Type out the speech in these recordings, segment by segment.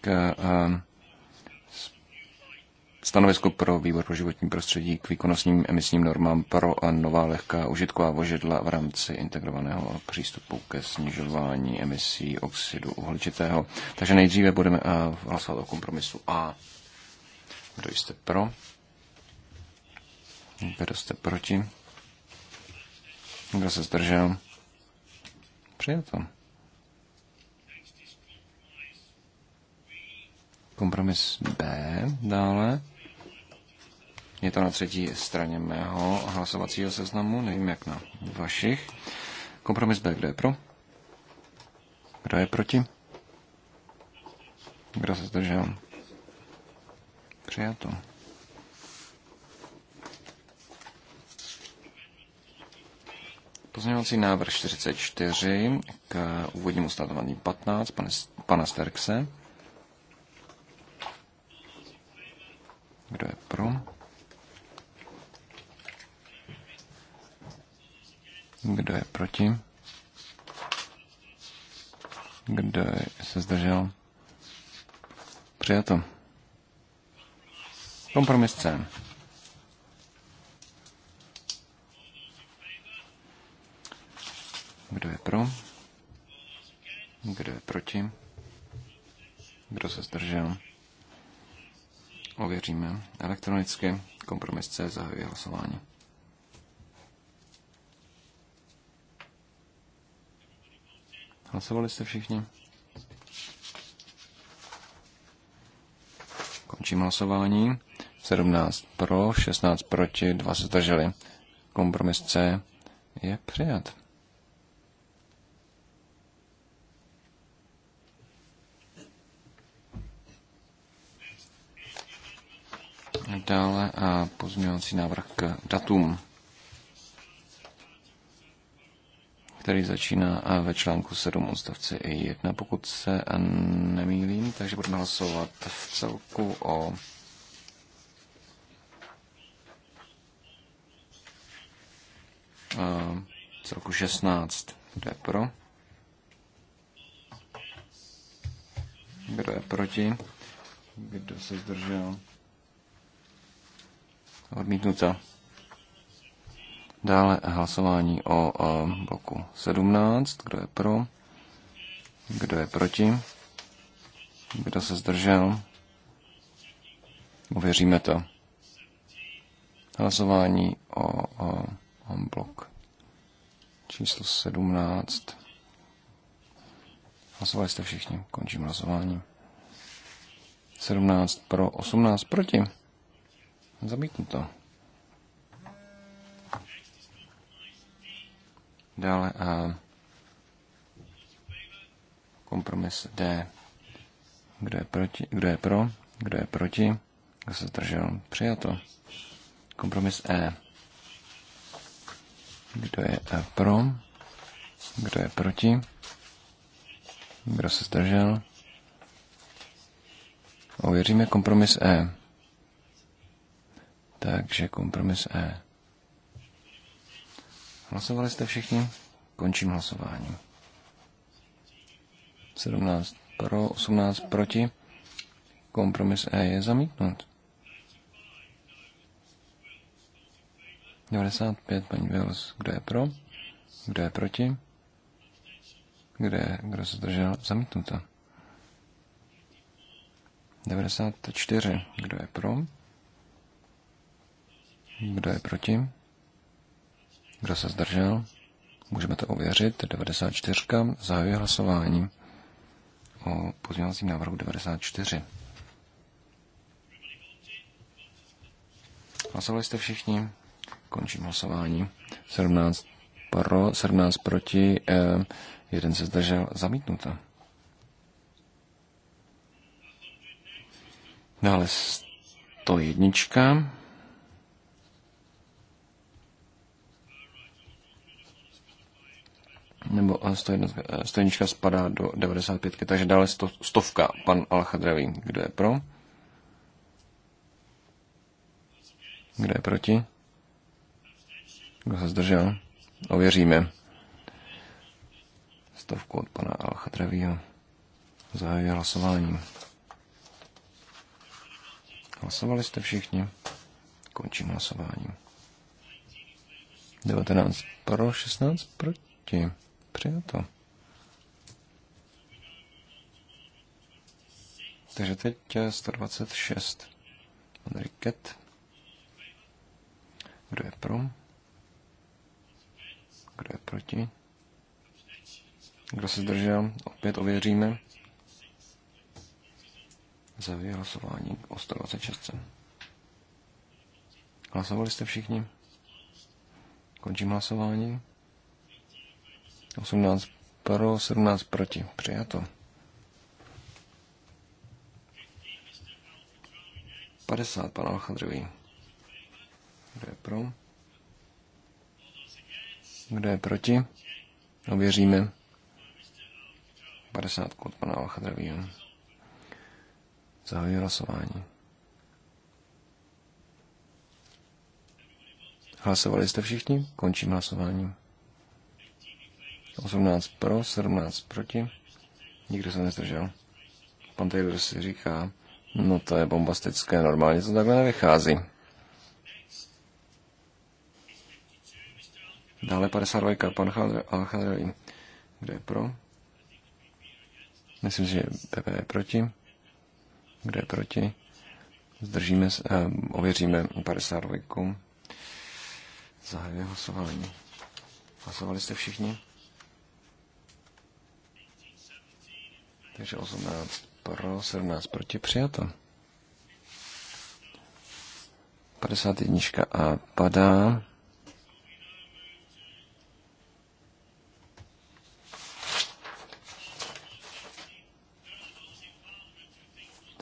k eh, stanovisku pro výbor pro životní prostředí k výkonnostním emisním normám pro eh, nová lehká užitková vožidla v rámci integrovaného přístupu ke snižování emisí oxidu uhličitého. Takže nejdříve budeme eh, hlasovat o kompromisu A. Kdo jste pro? Kdo jste proti? Kdo se zdržel? Přijato. to. Kompromis B dále. Je to na třetí straně mého hlasovacího seznamu, nevím jak na vašich. Kompromis B, kdo je pro? Kdo je proti? Kdo se zdržel? Přijato. Pozměňovací návrh 44 k úvodnímu statování 15 pane, pana Sterkse. Kdo je pro? Kdo je proti? Kdo se zdržel? Přijato. Kompromis C. Kdo je pro? Kdo je proti? Kdo se zdržel? Ověříme elektronicky. Kompromis C zahajuje hlasování. Hlasovali jste všichni? Končím hlasování. 17 pro, 16 proti, 2 se drželi. Kompromis C je přijat. Dále a pozměňovací návrh k datům, který začíná ve článku 7 odstavce 1, pokud se nemýlím, takže budeme hlasovat v celku o v celku 16. Kdo je pro? Kdo je proti? Kdo se zdržel? odmítnuta. Dále hlasování o bloku 17. Kdo je pro? Kdo je proti? Kdo se zdržel? Uvěříme to. Hlasování o, o, o blok číslo 17. Hlasovali jste všichni. Končím hlasování. 17 pro, 18 proti. Zamítnuto. Dále a kompromis D. Kdo je, proti, kdo je pro? Kdo je proti? Kdo se zdržel? Přijato. Kompromis E. Kdo je pro? Kdo je proti? Kdo se zdržel? Ověříme kompromis E. Takže kompromis E. Hlasovali jste všichni? Končím hlasování. 17 pro, 18 proti. Kompromis E je zamítnut. 95, paní Wills, kdo je pro? Kdo je proti? Kdo, je, kdo se zdržel? Zamítnuto. 94, kdo je pro? Kdo je proti? Kdo se zdržel? Můžeme to ověřit. 94. Zahajuje hlasování o pozměňovacím návrhu 94. Hlasovali jste všichni? Končím hlasování. 17 pro, 17 proti, eh, jeden se zdržel, Zamítnuta. Dále 101. nebo eh, eh, stojnička spadá do 95, takže dále sto, stovka, pan Alchadravý. Kdo je pro? Kdo je proti? Kdo se zdržel? Ověříme. Stovku od pana Alchadravýho. Zahajuje hlasování. Hlasovali jste všichni? Končím hlasování. 19 pro, 16 proti. Přijato. Takže teď 126. Pan Kdo je pro? Kdo je proti? Kdo se zdržel? Opět ověříme. Za vyhlasování o 126. Hlasovali jste všichni? Končím hlasování. 18 pro, 17 proti. Přijato. 50, pan Alchadrový. Kdo je pro? Kdo je proti? Ověříme. No, 50 od pana Alchadrovýho. Zahajuji hlasování. Hlasovali jste všichni? Končím hlasování. 18 pro, 17 proti. Nikdo se nezdržel. Pan Taylor si říká, no to je bombastické, normálně to takhle nevychází. Dále 52, pan Alchadrelí. Kdo je pro? Myslím si, že PP je proti. Kdo je proti? Zdržíme, eh, ověříme 52. Zahajuje hlasování. Hlasovali jste všichni? Takže 18 pro, 17 proti přijato. 51 a padá.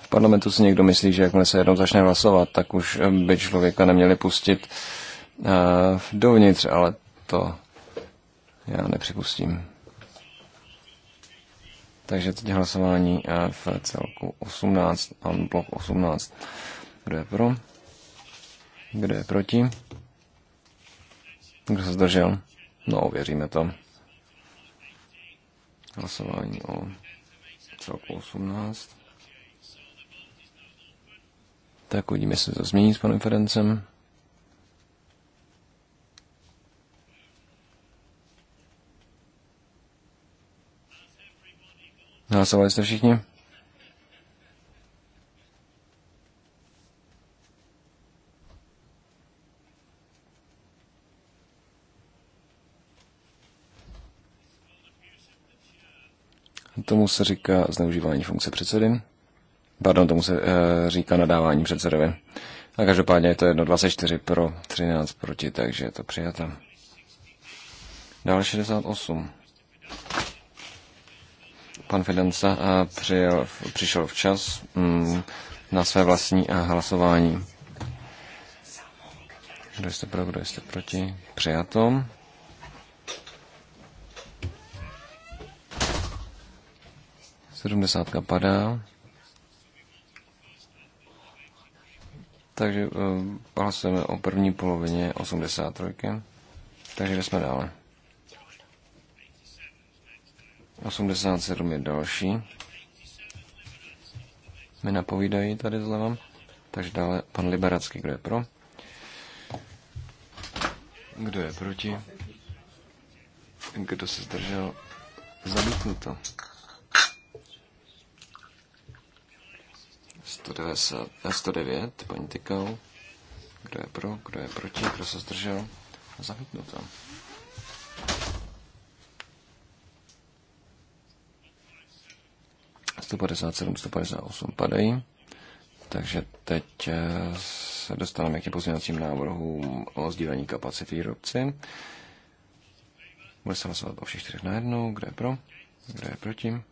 V parlamentu si někdo myslí, že jakmile se jednou začne hlasovat, tak už by člověka neměli pustit uh, dovnitř, ale to já nepřipustím. Takže teď hlasování eh, v celku 18, on blok 18. Kdo je pro? Kdo je proti? Kdo se zdržel? No, věříme to. Hlasování o celku 18. Tak uvidíme, jestli to změní s panem Ferencem. Hlasovali jste všichni? Tomu se říká zneužívání funkce předsedy. Pardon, tomu se e, říká nadávání předsedovi. A každopádně je to 24 pro 13 proti, takže je to přijaté. Dále 68 pan a přijel, přišel včas mm, na své vlastní hlasování. Kdo jste pro, kdo jste proti? Přijato. Sedmdesátka padá. Takže eh, hlasujeme o první polovině 83. Takže jsme dále. 87 je další. Mi napovídají tady zleva. Takže dále pan Liberacký, kdo je pro? Kdo je proti? Kdo se zdržel? Zamítnuto. 190, 109, eh, paní Tykal. Kdo je pro, kdo je proti, kdo se zdržel? Zamítnuto. 157, 158 padají. Takže teď eh, se dostaneme k těm pozměňovacím návrhům o sdílení kapacity výrobci. Bude se hlasovat o všech čtyřech najednou. Kdo je pro? Kdo je proti?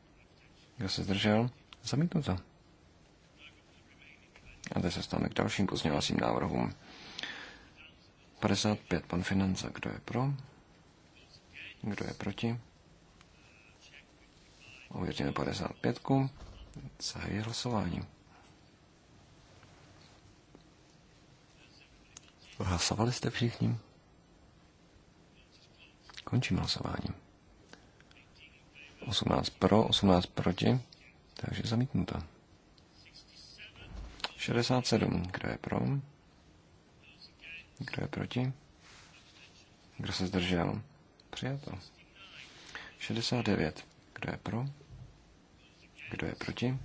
Kdo se zdržel? Zamítnu to. A teď se dostaneme k dalším pozměňovacím návrhům. 55. Pan Finanza. Kdo je pro? Kdo je proti? Ověříme 55. Zahajuji hlasování. Hlasovali jste všichni? Končím hlasování. 18 pro, 18 proti, takže zamítnuto. 67. Kdo je pro? Kdo je proti? Kdo se zdržel? Přijato. 69. Kdo je pro? Kdo je proti?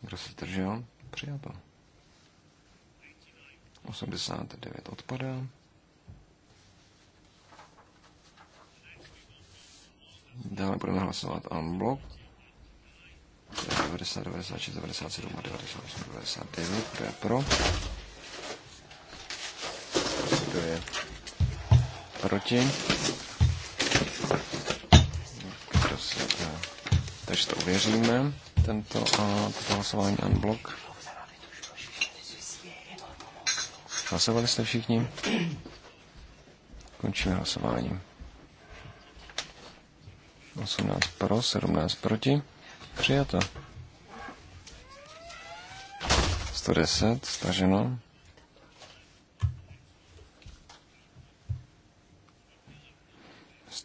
Kdo se zdržel? Přijato. 89 odpadá. Dále budeme hlasovat unblock. 90, 96, 97 98, 99. Kdo je pro? Kdo je proti? Takže to uvěříme, tento, a, toto hlasování unblock. Hlasovali jste všichni? Končíme hlasování. 18 pro, 17 proti. Přijato. 110, staženo.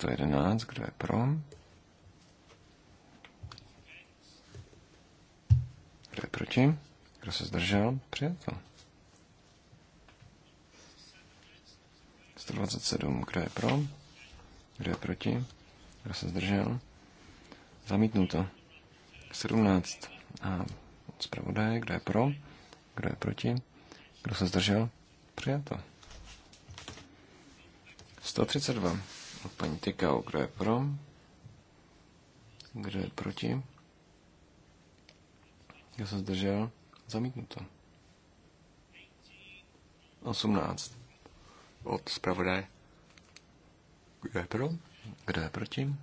jedenáct, kdo je pro? Kdo je proti? Kdo se zdržel? to. 127. Kdo je pro? Kdo je proti? Kdo se zdržel? Zamítnuto. 17. A zpravodaje, kdo je pro? Kdo je proti? Kdo se zdržel? to. 132. Od paní Tykau, kdo je pro? Kdo je proti? Kdo se zdržel? Zamítnuto. 18. Od zpravodaje. Kdo je pro? Kdo je proti?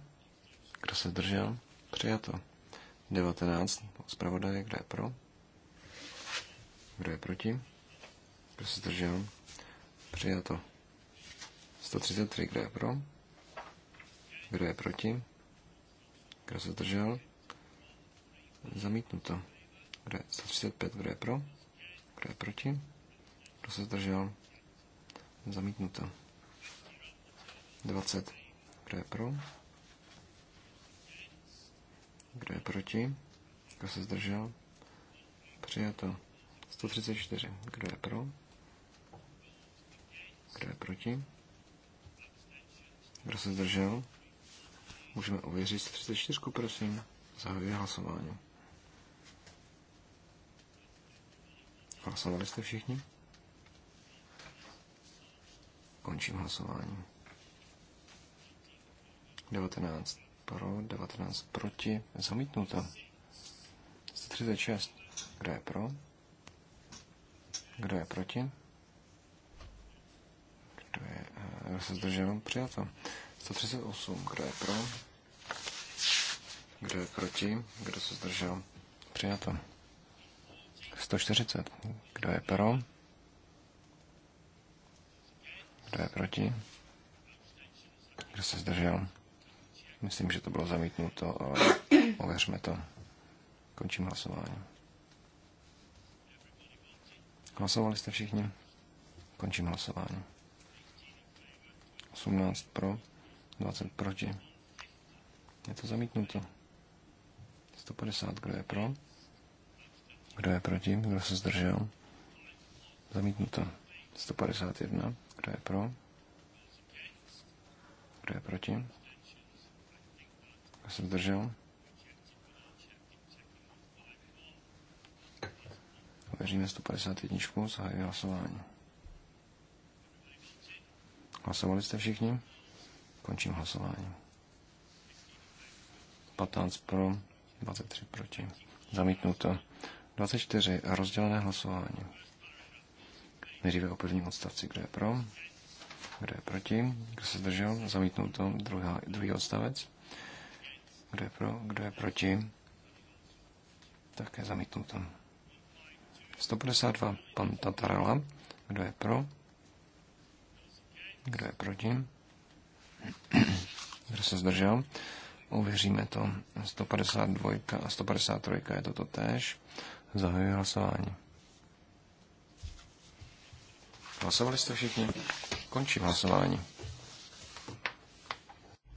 Kdo se zdržel? Přijato. 19. Od zpravodaje. Kdo je pro? Kdo je proti? Kdo se zdržel? Přijato. 133. Kdo je pro? Kdo je proti? Kdo se zdržel? Zamítnuto. Kdo je 135, kdo je pro? Kdo je proti? Kdo se zdržel? Zamítnuto. 20. Kdo je pro? Kdo je proti? Kdo se zdržel? Přijato. 134. Kdo je pro? Kdo je proti? Kdo se zdržel? Můžeme ověřit 134, prosím. Zahajuji hlasování. Hlasovali jste všichni? Končím hlasování. 19 pro, 19 proti, zamítnuto. 136. Kdo je pro? Kdo je proti? Kdo je, eh, kdo se zdržel? Přijato. 138. Kdo je pro? Kdo je proti? Kdo se zdržel? Přijato. 140. Kdo je pro? Kdo je proti? Kdo se zdržel? Myslím, že to bylo zamítnuto, ale ověřme to. Končím hlasování. Hlasovali jste všichni? Končím hlasování. 18 pro, 20 proti. Je to zamítnuto. 150, kdo je pro? Kdo je proti? Kdo se zdržel? Zamítnuto. 151. Kdo je pro? Kdo je proti? Kdo se zdržel? Věříme 151. Zahajuji hlasování. Hlasovali jste všichni? Končím hlasování. 15 pro, 23 proti. Zamítnuto. 24. Rozdělené hlasování. Nejdříve o prvním odstavci. Kdo je pro? Kdo je proti? Kdo se zdržel? to Druhá, druhý odstavec. Kdo je pro? Kdo je proti? Také to 152. Pan Tatarela. Kdo je pro? Kdo je proti? Kdo se zdržel? Uvěříme to. 152 a 153 je toto tež. Zahajuji hlasování. Hlasovali jste všichni? Končím hlasování.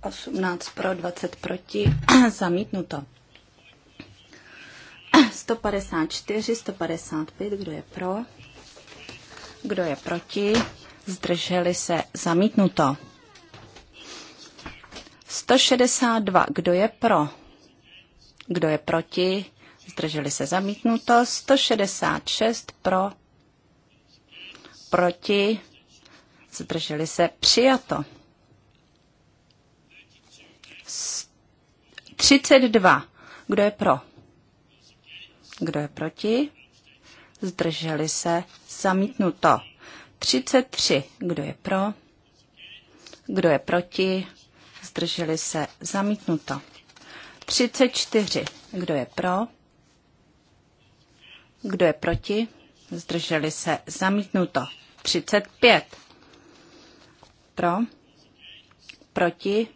18 pro, 20 proti. Zamítnuto. 154, 155, kdo je pro? Kdo je proti? Zdrželi se zamítnuto. 162, kdo je pro? Kdo je proti? zdrželi se zamítnuto, 166 pro, proti, zdrželi se přijato. 32. Kdo je pro? Kdo je proti? Zdrželi se zamítnuto. 33. Kdo je pro? Kdo je proti? Zdrželi se zamítnuto. 34. Kdo je pro? Kdo je proti? Zdrželi se. Zamítnuto. 35. Pro. Proti.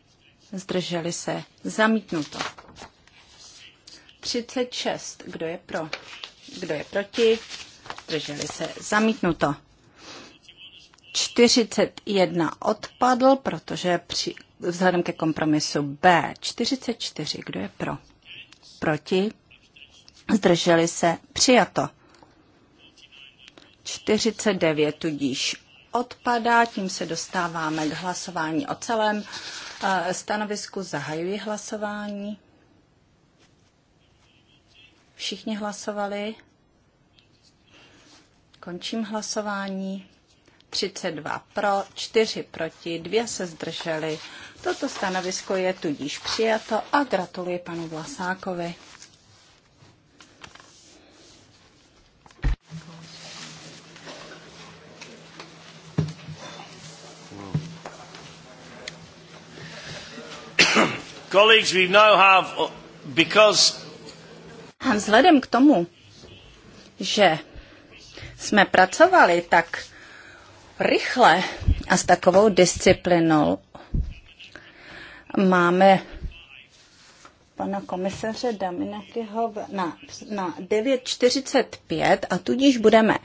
Zdrželi se. Zamítnuto. 36. Kdo je pro? Kdo je proti? Zdrželi se. Zamítnuto. 41 odpadl, protože při, vzhledem ke kompromisu B. 44. Kdo je pro? Proti? zdrželi se, přijato. 49 tudíž odpadá, tím se dostáváme k hlasování o celém eh, stanovisku. Zahajuji hlasování. Všichni hlasovali. Končím hlasování. 32 pro, 4 proti, 2 se zdrželi. Toto stanovisko je tudíž přijato a gratuluji panu Vlasákovi. Uh, a vzhledem k tomu, že jsme pracovali tak rychle a s takovou disciplinou, máme pana komisaře Daminakyho na, na 9.45 a tudíž budeme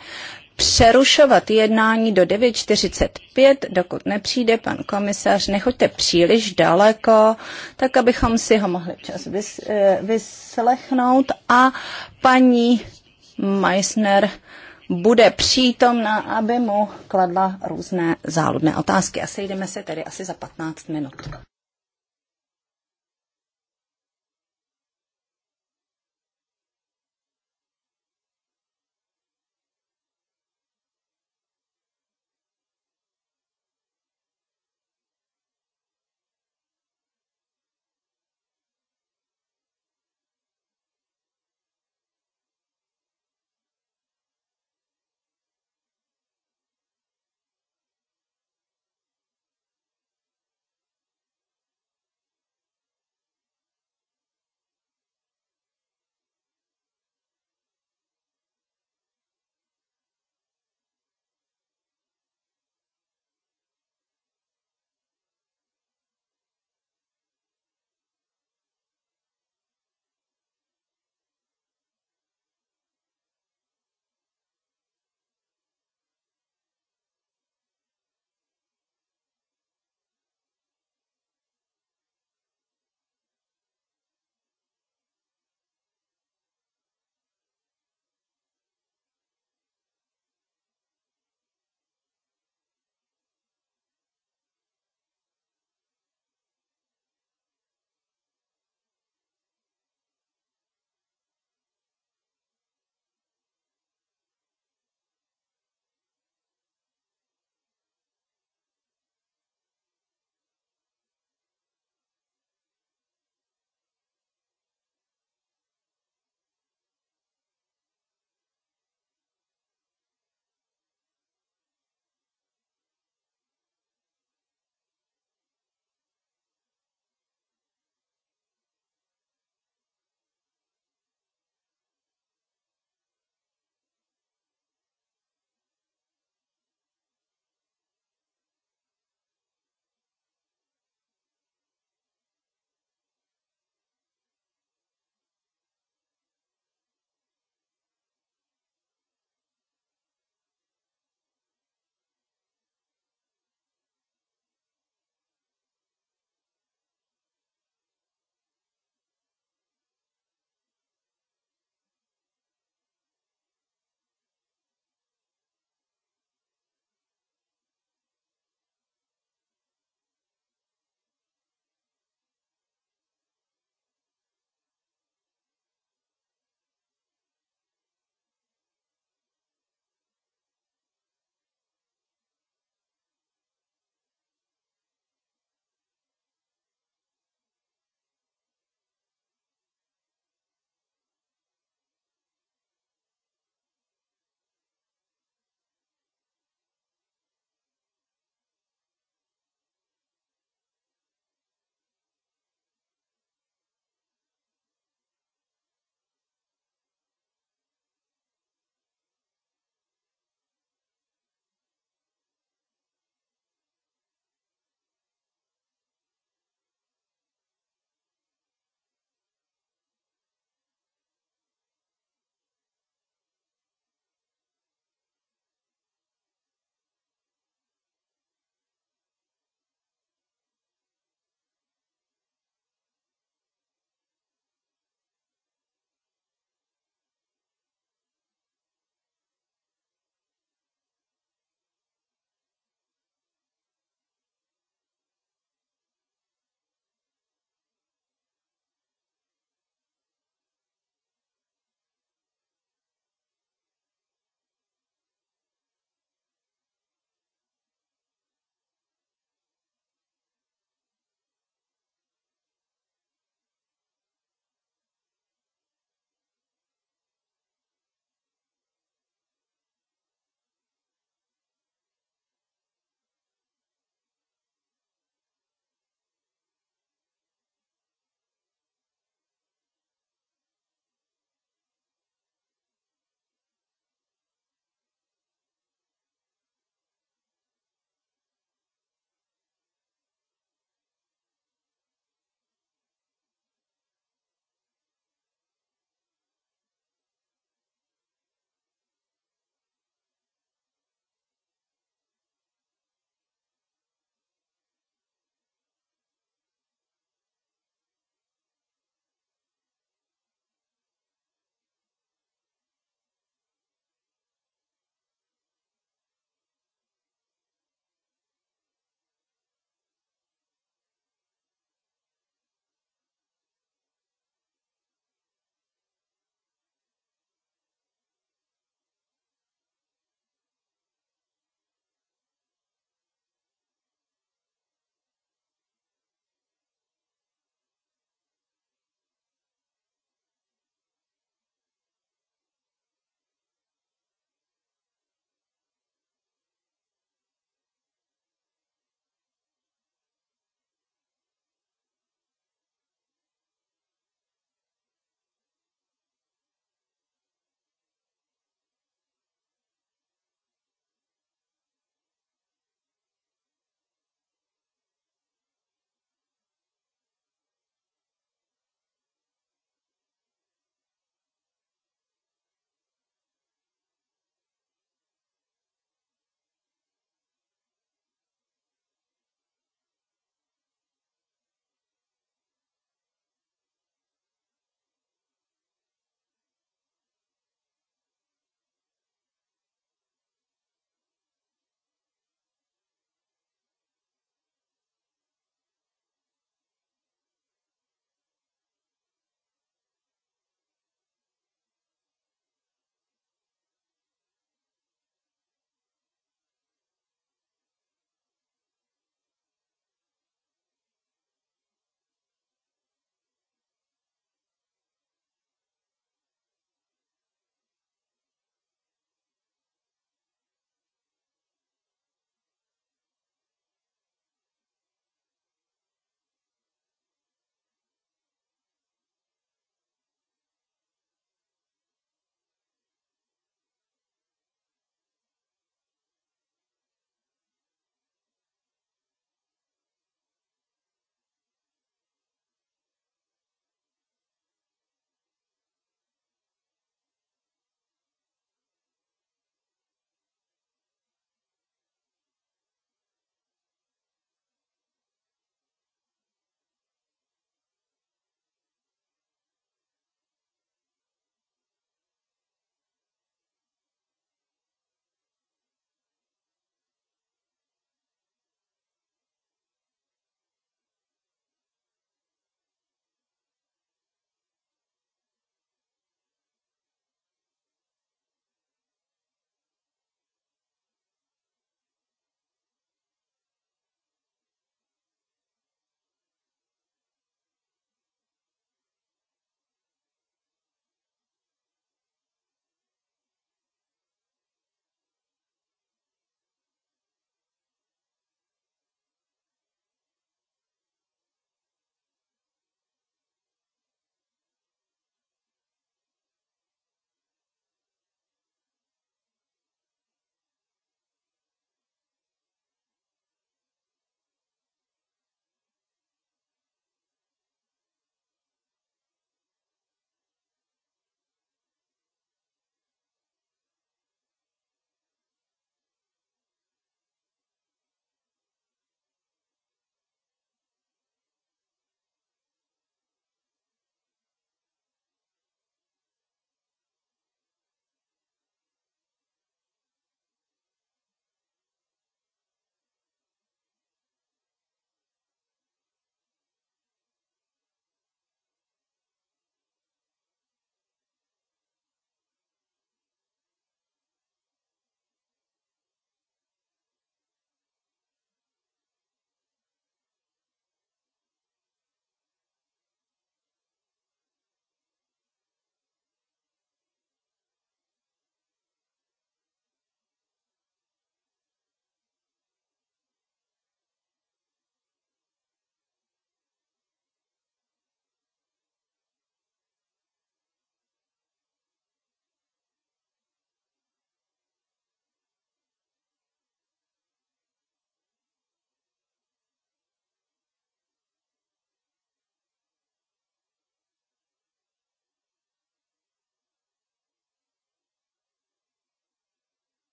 přerušovat jednání do 9.45, dokud nepřijde pan komisař. Nechoďte příliš daleko, tak abychom si ho mohli čas vys, eh, vyslechnout. A paní Meissner bude přítomna, aby mu kladla různé záludné otázky. A sejdeme se tedy asi za 15 minut.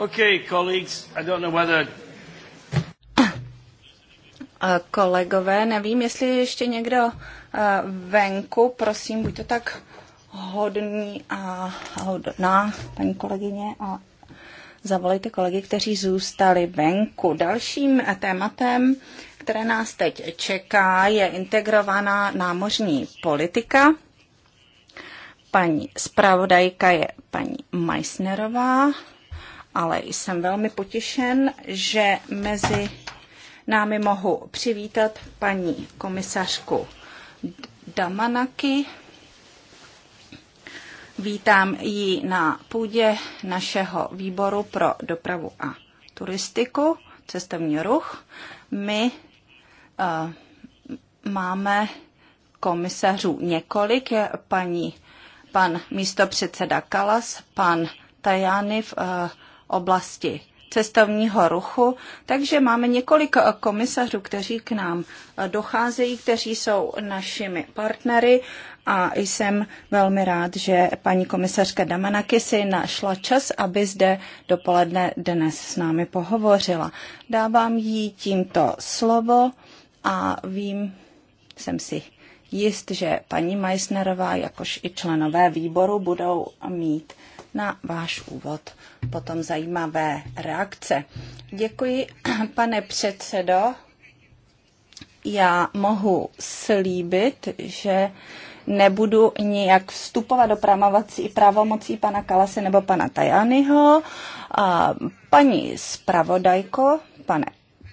Okay, colleagues, I don't know whether... Kolegové, nevím, jestli ještě někdo eh, venku, prosím, buďte tak hodný a hodná, paní kolegyně, a zavolejte kolegy, kteří zůstali venku. Dalším tématem, které nás teď čeká, je integrovaná námořní politika. Paní zpravodajka je paní Meissnerová ale jsem velmi potěšen, že mezi námi mohu přivítat paní komisařku Damanaky. Vítám ji na půdě našeho výboru pro dopravu a turistiku, cestovní ruch. My uh, máme komisařů několik, paní, pan místopředseda Kalas, pan Tajány v uh, oblasti cestovního ruchu. Takže máme několik eh, komisařů, kteří k nám eh, docházejí, kteří jsou našimi partnery a jsem velmi rád, že paní komisařka Damanaky si našla čas, aby zde dopoledne dnes s námi pohovořila. Dávám jí tímto slovo a vím, jsem si jist, že paní Meissnerová, jakož i členové výboru budou mít na váš úvod. Potom zajímavé reakce. Děkuji, pane předsedo. Já mohu slíbit, že nebudu nijak vstupovat do pravomocí, pravomocí pana Kalase nebo pana Tajanyho. A paní zpravodajko, pane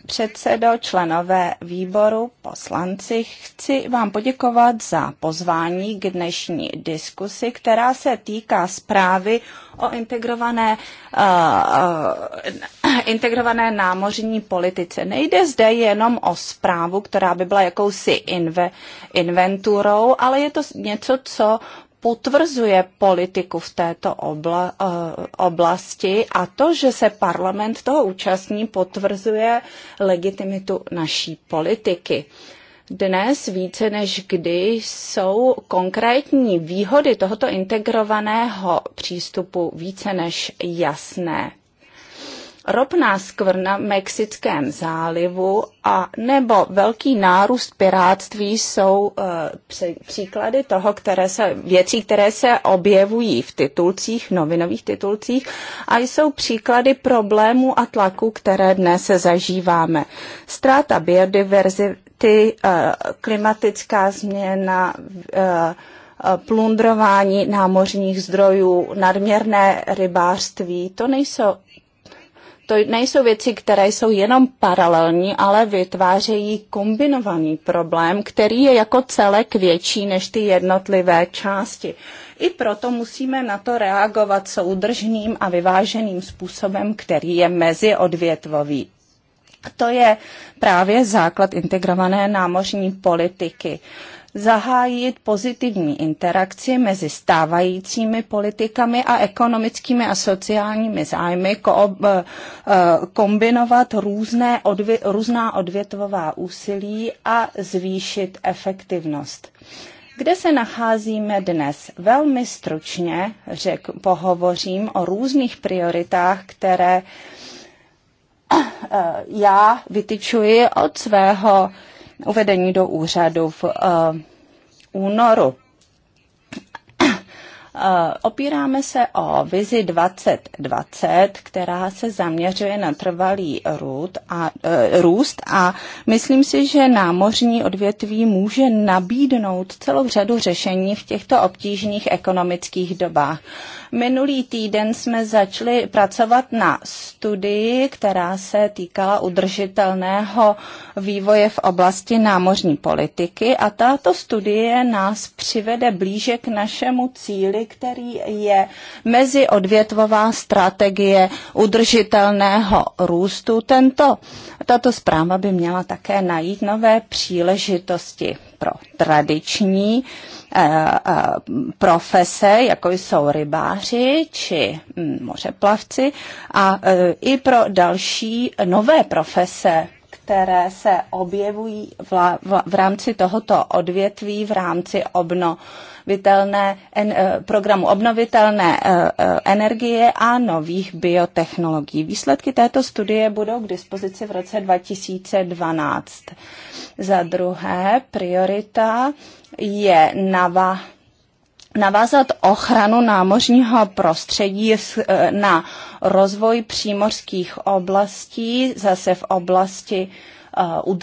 předsedo, členové výboru, poslanci, chci vám poděkovat za pozvání k dnešní diskusi, která se týká zprávy o integrované, uh, uh, integrované námořní politice. Nejde zde jenom o zprávu, která by byla jakousi inve, inventurou, ale je to něco, co potvrzuje politiku v této obla, eh, oblasti a to, že se parlament toho účastní, potvrzuje legitimitu naší politiky. Dnes více než kdy jsou konkrétní výhody tohoto integrovaného přístupu více než jasné ropná skvrna v Mexickém zálivu a nebo velký nárůst pirátství jsou uh, příklady toho, které se, věcí, které se objevují v titulcích, novinových titulcích a jsou příklady problémů a tlaku, které dnes zažíváme. Ztráta biodiverzity, uh, klimatická změna, uh, plundrování námořních zdrojů, nadměrné rybářství, to nejsou to nejsou věci, které jsou jenom paralelní, ale vytvářejí kombinovaný problém, který je jako celek větší než ty jednotlivé části. I proto musíme na to reagovat soudržným a vyváženým způsobem, který je meziodvětvový. To je právě základ integrované námořní politiky. Uh, zahájit pozitivní interakci mezi stávajícími politikami a ekonomickými a sociálními zájmy, ko- eh, eh, kombinovat různé odvě- různá odvětvová úsilí a zvýšit efektivnost. Kde se nacházíme dnes? Velmi stručně řek, pohovořím o různých prioritách, které eh, já vytyčuji od svého uvedení do úřadu v eh, únoru. Eh, opíráme se o vizi 2020, která se zaměřuje na trvalý růd a, eh, růst a myslím si, že námořní odvětví může nabídnout celou řadu řešení v těchto obtížných ekonomických dobách. Minulý týden jsme začali pracovat na studii, která se týkala udržitelného vývoje v oblasti námořní politiky a tato studie nás přivede blíže k našemu cíli, který je meziodvětvová strategie udržitelného růstu. Tento, tato zpráva by měla také najít nové příležitosti pro tradiční Eh, eh, profese, jako jsou rybáři či hm, mořeplavci, a eh, i pro další nové profese, které se objevují v, rámci tohoto odvětví, v rámci obno, obnovitelné, eh, programu obnovitelné eh, eh, energie a nových biotechnologií. Výsledky této studie budou k dispozici v roce 2012. Za druhé, priorita je nava navázat ochranu námořního prostředí na rozvoj přímořských oblastí, zase v oblasti Uh,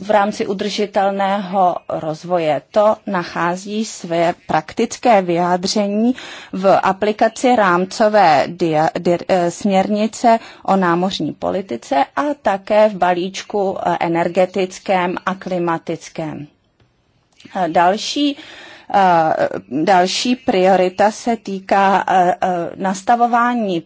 v rámci udržitelného rozvoje. To nachází své praktické vyjádření v aplikaci rámcové dia, di, eh, směrnice o námořní politice a také v balíčku eh, energetickém a klimatickém. Eh, další Další priorita se týká nastavování,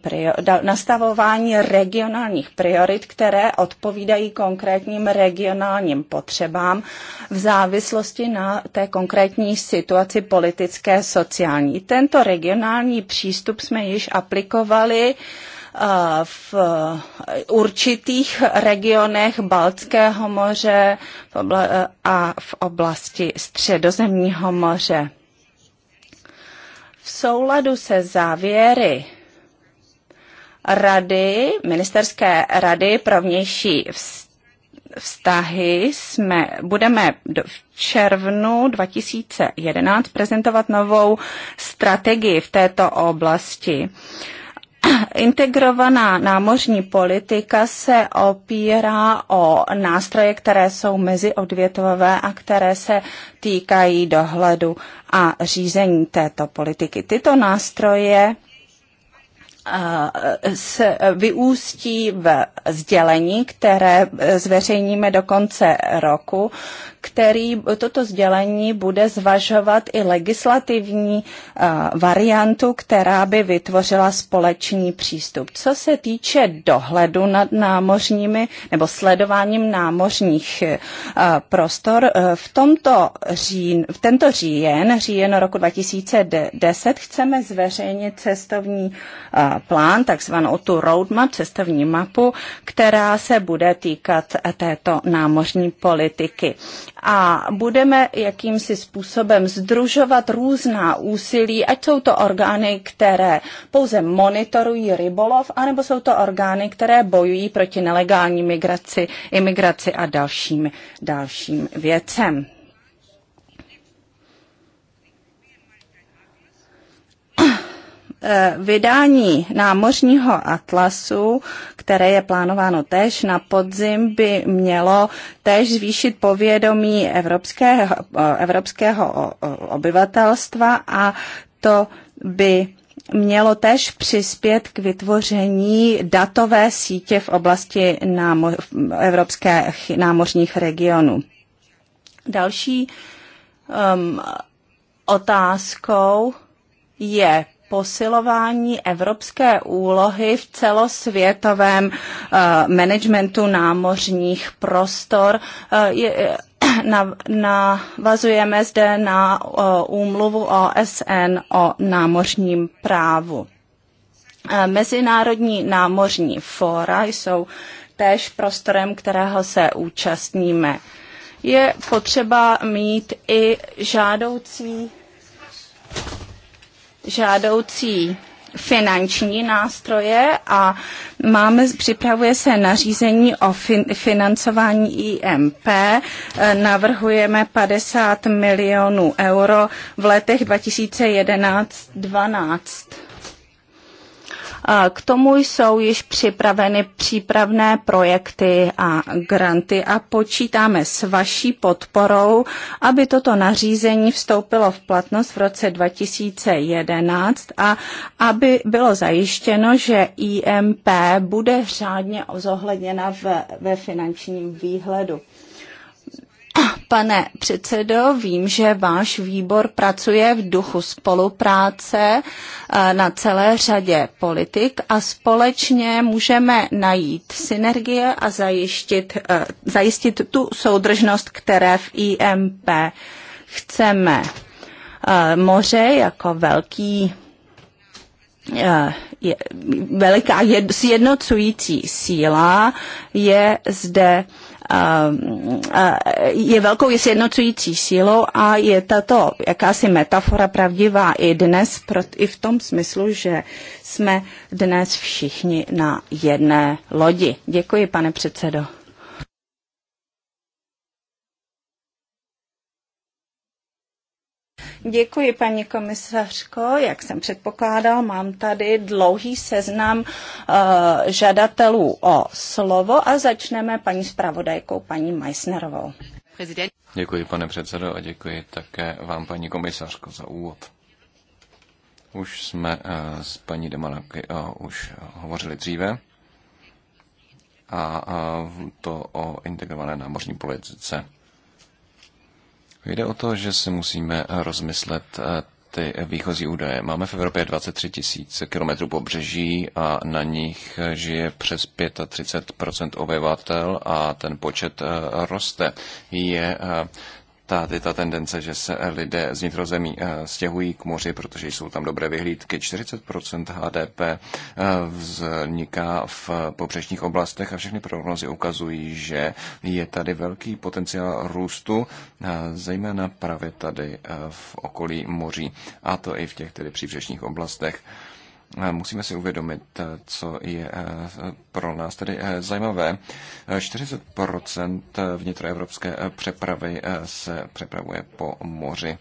nastavování regionálních priorit, které odpovídají konkrétním regionálním potřebám v závislosti na té konkrétní situaci politické, sociální. Tento regionální přístup jsme již aplikovali uh, Eh, v eh, určitých regionech Baltského moře eh, a v oblasti Středozemního moře. V souladu se závěry rady, ministerské rady pro vnější vztahy jsme, budeme v červnu 2011 prezentovat novou strategii v této oblasti. Uh, Integrovaná námořní politika se opírá o nástroje, které jsou meziodvětové a které se týkají dohledu a řízení této politiky. Tyto nástroje eh, se vyústí v sdělení, které zveřejníme do konce roku, který toto sdělení bude zvažovat i legislativní eh, variantu, která by vytvořila společný přístup. Co se týče dohledu nad námořními nebo sledováním námořních eh, prostor, eh, v, tomto říjen, v tento říjen, říjen roku 2010, chceme zveřejnit cestovní plán, takzvanou tu roadmap, cestovní mapu, která se bude týkat této námořní politiky a budeme jakýmsi způsobem združovat různá úsilí, ať jsou to orgány, které pouze monitorují rybolov, anebo jsou to orgány, které bojují proti nelegální migraci, imigraci a dalším, dalším věcem. Eh, vydání námořního atlasu, které je plánováno též na podzim, by mělo též zvýšit povědomí evropského, eh, evropského obyvatelstva a to by mělo též přispět k vytvoření datové sítě v oblasti námo- evropských námořních regionů. Další um, otázkou je posilování evropské úlohy v celosvětovém uh, managementu námořních prostor. Uh, je, eh, navazujeme zde na úmluvu OSN o námořním právu. Mezinárodní námořní fóra jsou též prostorem, kterého se účastníme. Je potřeba mít i žádoucí žádoucí finanční nástroje a máme, připravuje se nařízení o fin, financování IMP. Eh, navrhujeme 50 milionů euro v letech 2011-12. K tomu jsou již připraveny přípravné projekty a granty a počítáme s vaší podporou, aby toto nařízení vstoupilo v platnost v roce 2011 a aby bylo zajištěno, že IMP bude řádně zohledněna ve, ve finančním výhledu. Pane předsedo, vím, že váš výbor pracuje v duchu spolupráce eh, na celé řadě politik a společně můžeme najít synergie a zajistit, eh, zajistit tu soudržnost, které v IMP chceme. Eh, moře jako velký je, veliká jed, sjednocující síla je zde je velkou sjednocující sílou a je tato jakási metafora pravdivá i dnes, i v tom smyslu, že jsme dnes všichni na jedné lodi. Děkuji, pane předsedo. Děkuji, paní komisařko. Jak jsem předpokládal, mám tady dlouhý seznam uh, žadatelů o slovo a začneme paní zpravodajkou, paní Meissnerovou. Děkuji, pane předsedo, a děkuji také vám, paní komisařko, za úvod. Už jsme uh, s paní Demanaky uh, eh, už hovořili dříve a, a to o integrované námořní politice. Jde o to, že si musíme rozmyslet eh, ty výchozí údaje. Máme v Evropě 23 tisíc kilometrů pobřeží a na nich žije přes 35 obyvatel a ten počet eh, roste. Je eh, je ta tendence, že se lidé z vnitrozemí eh, stěhují k moři, protože jsou tam dobré vyhlídky. 40% HDP eh, vzniká v pobřežních oblastech a všechny prognozy ukazují, že je tady velký potenciál růstu, eh, zejména právě tady v okolí moří, a to i v těch tedy příbřežních oblastech. Eh, musíme si uvědomit, eh, co je eh, pro nás tedy zajímavé. 40% vnitroevropské přepravy se přepravuje po moři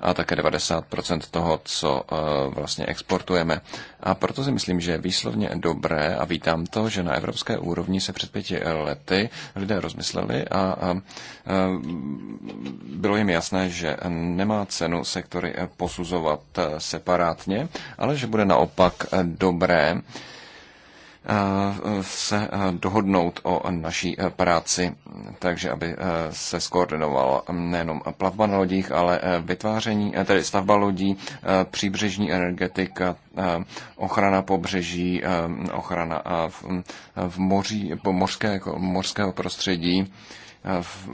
a také 90% toho, co vlastně exportujeme. A proto si myslím, že je výslovně dobré a vítám to, že na evropské úrovni se před pěti lety lidé rozmysleli a bylo jim jasné, že nemá cenu sektory posuzovat separátně, ale že bude naopak tak dobré eh, se eh, dohodnout o naší eh, práci, takže aby se skoordinovala nejenom plavba na lodích, ale vytváření, tedy stavba lodí, příbřežní energetika, ochrana pobřeží, ochrana v, v moří, mořské, jako mořského prostředí, v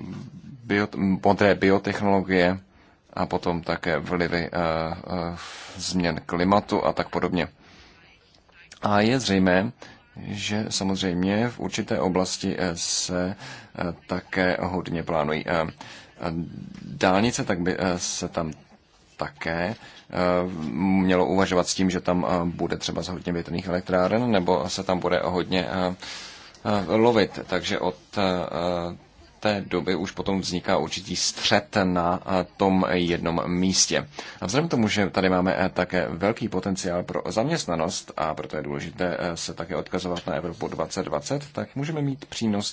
bio, modré biotechnologie a potom také vlivy změn klimatu a tak podobně. A je zřejmé, že samozřejmě v určité oblasti eh, se eh, také hodně plánují eh, dálnice, tak by se tam také mělo uvažovat s tím, že tam bude třeba z hodně větrných elektráren, nebo se tam bude hodně lovit. Takže od té doby už potom vzniká určitý střet na eh, tom jednom místě. A vzhledem k tomu, že tady máme eh, také velký potenciál pro zaměstnanost a proto je důležité eh, se také odkazovat na Evropu 2020, tak můžeme mít přínos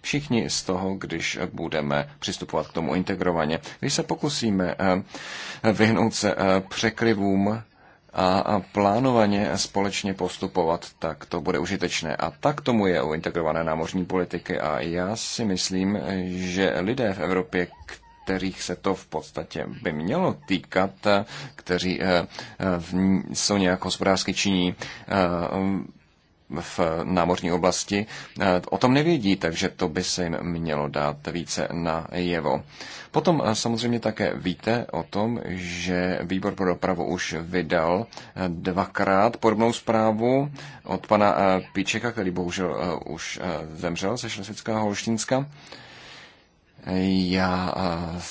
všichni z toho, když budeme přistupovat k tomu integrovaně. Když se pokusíme vyhnout se překryvům a plánovaně společně postupovat, tak to bude užitečné. A tak tomu je u integrované námořní politiky. A já si myslím, že lidé v Evropě, kterých se to v podstatě by mělo týkat, kteří eh, eh, jsou nějak hospodářsky činí, eh, v námořní oblasti, eh, o tom nevědí, takže to by se jim mělo dát více na jevo. Potom eh, samozřejmě také víte o tom, že výbor pro dopravu už vydal eh, dvakrát podobnou zprávu od pana Píčeka, který bohužel už zemřel ze Šlesvická holštinska. Holštinska já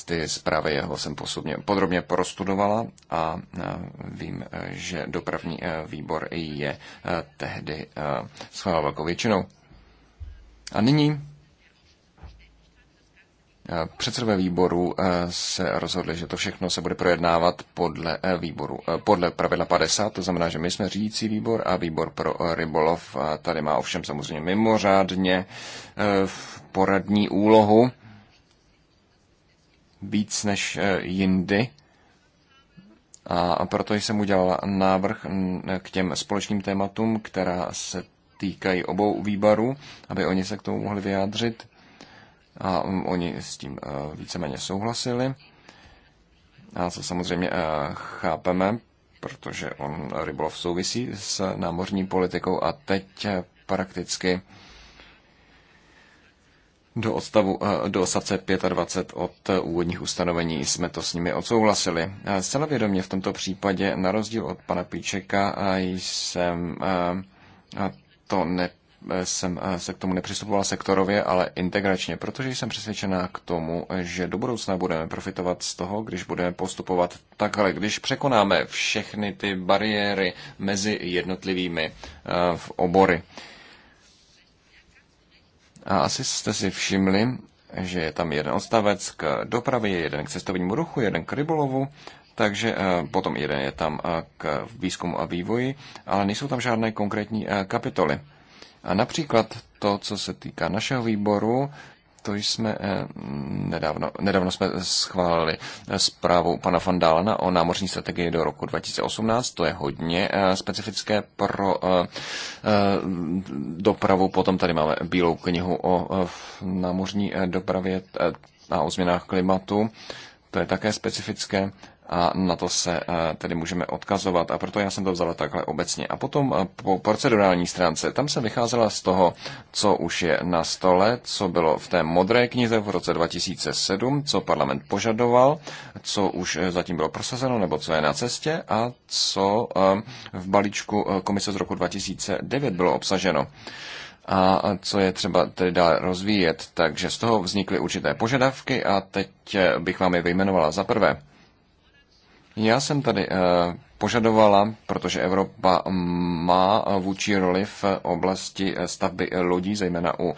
ty zprávy jeho jsem posudně, podrobně prostudovala a vím, e, že dopravní e, výbor je e, tehdy schválil velkou většinou. A nyní Předsedové výboru se rozhodli, že to všechno se bude projednávat podle výboru, podle pravidla 50, to znamená, že my jsme řídící výbor a výbor pro rybolov tady má ovšem samozřejmě mimořádně poradní úlohu víc než eh, jindy. A proto jsem udělal návrh k těm společným tématům, která se týkají obou výbarů, aby oni se k tomu mohli vyjádřit. A mm, oni s tím eh, víceméně souhlasili. A co samozřejmě eh, chápeme, protože on rybolov souvisí s námořní politikou a teď prakticky do, odstavu, eh, do odstavce 25 od eh, úvodních ustanovení jsme to s nimi odsouhlasili. Eh, zcela vědomě v tomto případě, na rozdíl od pana Píčeka, jsem to ne, jsem se k tomu nepřistupoval sektorově, ale integračně, protože jsem přesvědčená k tomu, že do budoucna budeme profitovat z toho, když budeme postupovat takhle, když překonáme všechny ty bariéry mezi jednotlivými v obory. A asi jste si všimli, že je tam jeden odstavec k dopravě, jeden k cestovnímu ruchu, jeden k rybolovu, takže eh, potom jeden je tam eh, k výzkumu a vývoji, ale nejsou tam žádné konkrétní eh, kapitoly. A například to, co se týká našeho výboru, to jsme eh, nedávno, nedávno jsme schválili eh, zprávu pana van o námořní strategii do roku 2018. To je hodně eh, specifické pro dopravu. Potom tady máme bílou knihu o námořní dopravě a o změnách klimatu. To je také specifické a na to se eh, tedy můžeme odkazovat. A proto já jsem to vzala takhle obecně. A potom eh, po procedurální stránce, tam jsem vycházela z toho, co už je na stole, co bylo v té modré knize v roce 2007, co parlament požadoval, co už eh, zatím bylo prosazeno nebo co je na cestě a co v balíčku komise z roku 2009 bylo obsaženo a co je třeba tedy dál rozvíjet. Takže z toho vznikly určité požadavky a teď bych vám je vyjmenovala za prvé. Já jsem tady eh, požadovala, protože Evropa má eh, vůči roli v oblasti eh, stavby lodí, zejména u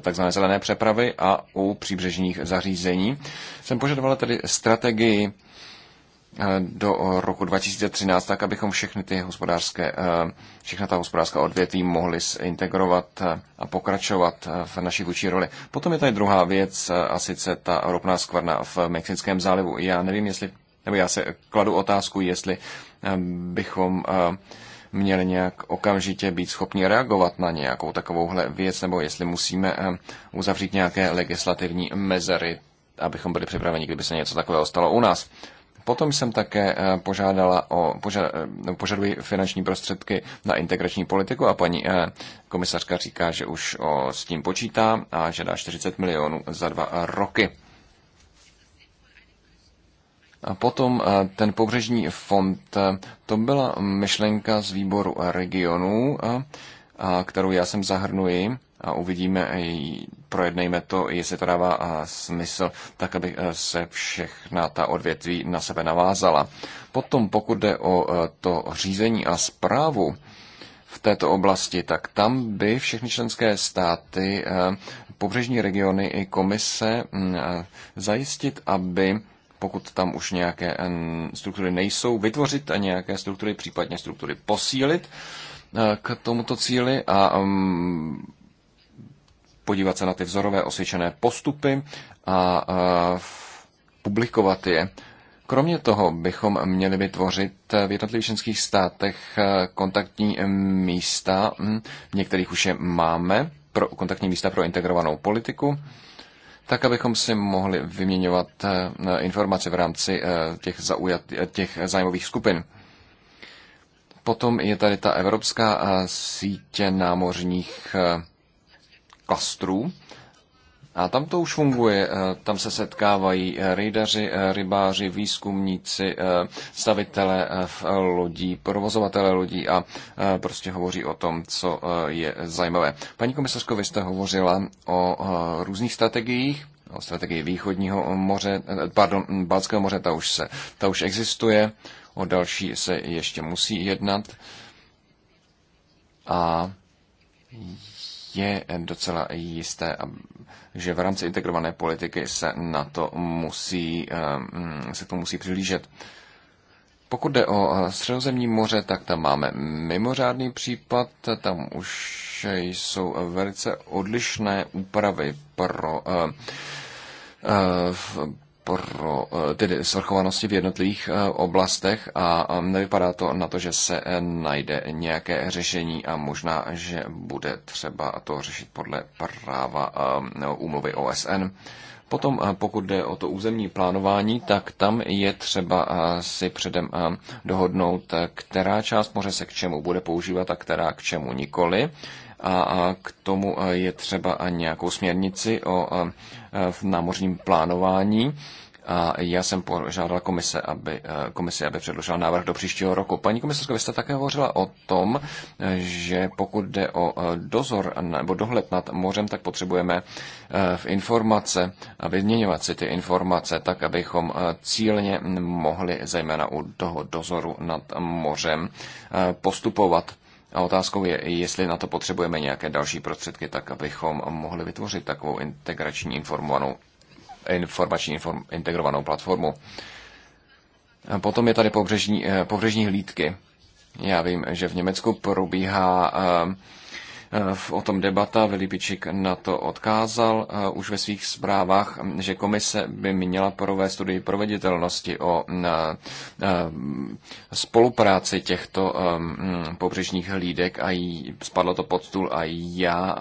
takzvané zelené přepravy a u příbřežních zařízení. Jsem požadovala tedy strategii do roku 2013, tak abychom všechny ty hospodářské, všechna ta hospodářská odvětví mohli integrovat a pokračovat v naší vůči roli. Potom je tady druhá věc, a sice ta ropná skvrna v Mexickém zálivu. Já nevím, jestli nebo já se kladu otázku, jestli eh, bychom eh, měli nějak okamžitě být schopni reagovat na nějakou takovouhle věc, nebo jestli musíme eh, uzavřít nějaké legislativní mezery, abychom byli připraveni, kdyby se něco takového stalo u nás. Potom jsem také požádala o, poža, no, požaduji finanční prostředky na integrační politiku a paní komisařka říká, že už o, s tím počítá a že dá 40 milionů za dva roky. A potom eh, ten pobřežní fond, eh, to byla myšlenka z výboru regionů, eh, kterou já sem zahrnuji a uvidíme, projednejme to, jestli to dává smysl, tak aby se všechna ta odvětví na sebe navázala. Potom pokud jde o to řízení a zprávu, v této oblasti, tak tam by všechny členské státy, pobřežní regiony i komise mm, zajistit, aby pokud tam už nějaké struktury nejsou, vytvořit a nějaké struktury, případně struktury posílit eh, k tomuto cíli a podívat se na ty vzorové osvědčené postupy a eh, publikovat je. Kromě toho bychom měli vytvořit eh, v jednotlivých členských státech kontaktní místa, hm, v některých už je máme, pro kontaktní místa pro integrovanou politiku tak abychom si mohli vyměňovat eh, informace v rámci eh, těch, zaujat, eh, těch zájmových skupin. Potom je tady ta evropská sítě námořních klastrů. A tam to už funguje, eh, tam se setkávají eh, rejdaři, eh, rybáři, výzkumníci, stavitele lodí, provozovatele lodí a prostě hovoří o tom, co je zajímavé. Paní komisařko, vy jste hovořila o různých strategiích, o strategii východního moře, pardon, Balckého moře, ta už, se, ta už existuje, o další se ještě musí jednat. A je docela jisté, že v rámci integrované politiky se na to musí, eh, se to musí přihlížet. Pokud jde o eh, středozemní moře, tak tam máme mimořádný případ, tam už jsou velice odlišné úpravy pro eh, pro eh, tedy svrchovanosti v jednotlivých eh, oblastech a nevypadá to na to, že se eh, najde nějaké řešení a možná, že bude třeba to řešit podle práva úmluvy OSN. Potom, pokud jde o to územní plánování, tak tam je třeba si předem dohodnout, která část moře se k čemu bude používat a která k čemu nikoli. A k tomu je třeba nějakou směrnici o v námořním plánování. A já jsem požádal komise, aby, eh, komisi, aby předložila návrh do příštího roku. Paní komisařko, vy jste také hovořila o tom, eh, že pokud jde o eh, dozor nebo dohled nad mořem, tak potřebujeme v informace a vyměňovat si ty informace tak, abychom cílně mohli zejména u toho dozoru nad mořem postupovat a otázkou je, jestli na to potřebujeme nějaké další prostředky, tak abychom mohli vytvořit takovou integrační informovanou, informační inform, integrovanou platformu. A potom je tady pobřežní, eh, pobřežní hlídky. Já vím, že v Německu probíhá uh, Eh, o tom debata, Vilipičik na to odkázal eh, už ve svých zprávách, mm, že komise by měla provést studii proveditelnosti o mm, eh, spolupráci těchto mm, pobřežních hlídek a jí spadlo to pod stůl a já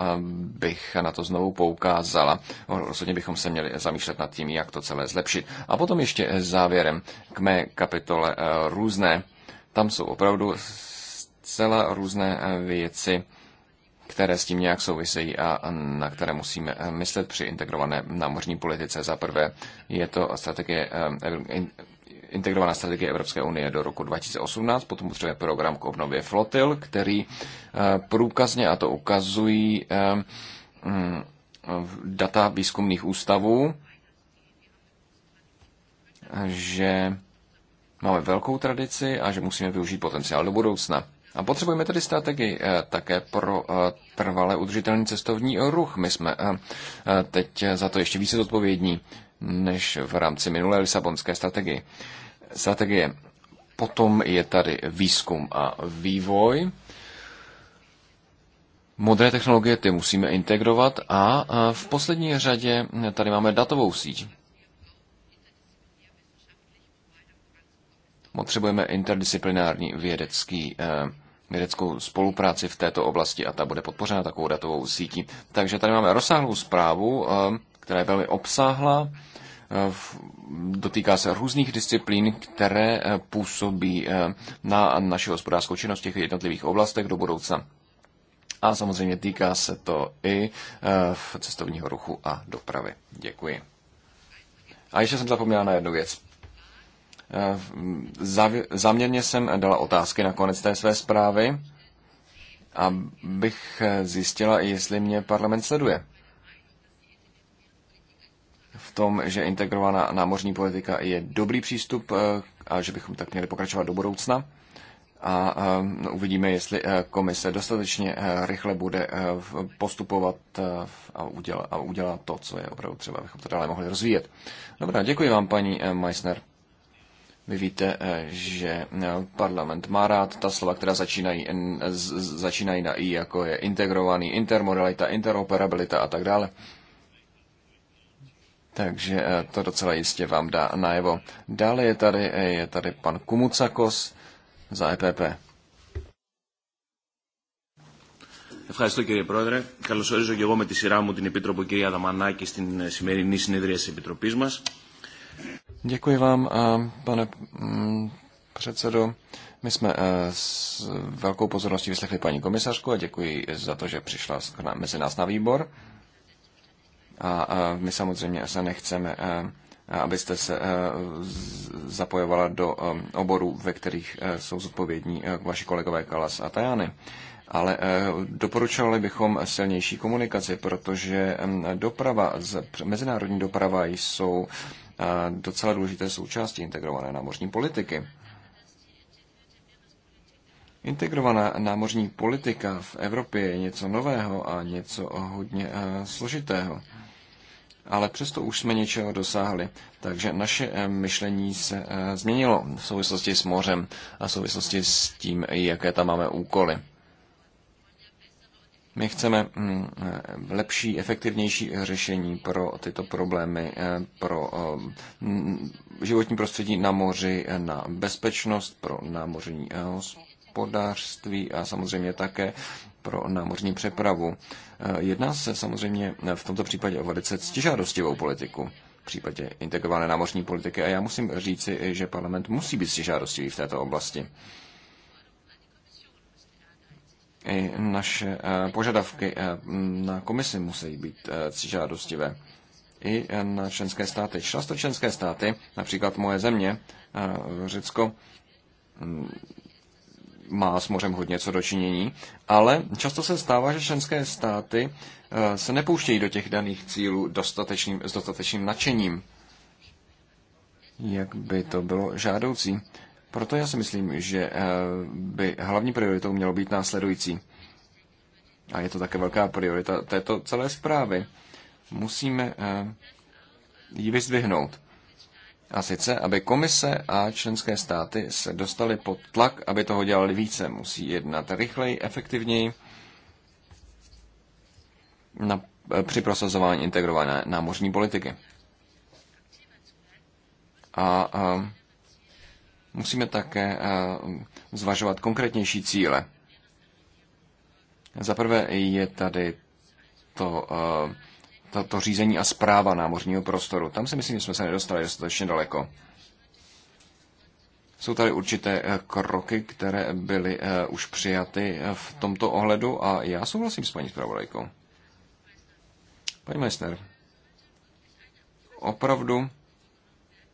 bych na to znovu poukázala. Rozhodně bychom se měli zamýšlet nad tím, jak to celé zlepšit. A potom ještě závěrem k mé kapitole různé. Tam jsou opravdu zcela různé věci které s tím nějak souvisejí a na které musíme eh, myslet při integrované námořní politice. Za prvé je to strategie eh, integrovaná strategie Evropské unie do roku 2018, potom potřebuje program k obnově flotil, který eh, průkazně, a to ukazují mm, data výzkumných ústavů, že máme velkou tradici a že musíme využít potenciál do budoucna. A potřebujeme tedy strategii eh, také pro eh, trvale udržitelný cestovní ruch. My jsme eh, teď za to ještě více zodpovědní než v rámci minulé Lisabonské strategie. strategie. Potom je tady výzkum a vývoj. Modré technologie ty musíme integrovat a v poslední řadě tady máme datovou síť. Potřebujeme interdisciplinární vědecký eh, vědeckou spolupráci v této oblasti a ta bude podpořena takovou datovou sítí. Takže tady máme rozsáhlou zprávu, eh, která je velmi obsáhla, eh, dotýká se různých disciplín, které eh, působí na naši hospodářskou činnost v těch jednotlivých oblastech do budoucna. A samozřejmě týká se to i v cestovního ruchu a dopravy. Děkuji. A ještě jsem zapomněla na jednu věc. Eh, Zaměrně jsem dala otázky na konec té své zprávy, abych eh, zjistila, jestli mě parlament sleduje. V tom, že integrovaná námořní politika je dobrý přístup eh, a že bychom tak měli pokračovat do budoucna. A no, uvidíme, jestli komise dostatečně rychle bude postupovat a udělá, a udělá to, co je opravdu třeba, abychom to dále mohli rozvíjet. Dobrá, děkuji vám, paní Meissner. Vy víte, eh, že eh, parlament má rád ta slova, která začínají, začínají na i, jako je integrovaný, intermodalita, interoperabilita a tak dále. Takže eh, to docela jistě vám dá najevo. Dále je tady, je tady pan Kumucakos za EPP. Ευχαριστώ κύριε Πρόεδρε. Καλωσορίζω και εγώ με τη σειρά μου την Επίτροπο κυρία Δαμανάκη στην σημερινή συνεδρία της Επιτροπής μας. Děkuji vám, pane mm, předsedo. My jsme e, s velkou pozorností vyslechli paní komisařku a děkuji za to, že přišla mezi nás na výbor. A my samozřejmě se nechceme, e, abyste se e, zapojovala do oborů, ve kterých jsou zodpovědní vaši kolegové Kalas a Tajany. Ale doporučovali bychom silnější komunikaci, protože doprava, mezinárodní doprava jsou docela důležité součástí integrované námořní politiky. Integrovaná námořní politika v Evropě je něco nového a něco hodně eh, složitého. Ale přesto už jsme něčeho dosáhli, takže naše eh, myšlení se eh, změnilo v souvislosti s mořem a v souvislosti s tím, jaké tam máme úkoly. My chceme mm, eh, lepší, efektivnější řešení pro tyto problémy, eh, pro eh, mm, životní prostředí na moři, na bezpečnost, pro námořní hospodářství a samozřejmě také pro námořní přepravu. Jedná se samozřejmě v tomto případě o velice ctižádostivou politiku v případě integrované námořní politiky a já musím říci, že parlament musí být stěžádostivý v této oblasti. I naše eh, požadavky eh, na komisi musí být eh, žádostivé. I na členské státy. Často členské státy, například moje země, Řecko, mm, má s mořem hodně co dočinění, ale často se stává, že členské státy se nepouštějí do těch daných cílů dostatečným, s dostatečným nadšením, jak by to bylo žádoucí. Proto já si myslím, že eh, by hlavní prioritou mělo být následující. A je to také velká priorita této celé zprávy. Musíme eh, ji vyzdvihnout. A sice, aby komise a členské státy se dostaly pod tlak, aby toho dělali více. Musí jednat rychleji, efektivněji na, eh, při prosazování integrované námořní politiky. A, a Musíme také eh, zvažovat konkrétnější cíle. Za prvé je tady to, eh, to, to řízení a zpráva námořního prostoru. Tam si myslím, že jsme se nedostali dostatečně daleko. Jsou tady určité eh, kroky, které byly už přijaty v tomto ohledu a já souhlasím s paní zpravodajkou. Paní Meissner, opravdu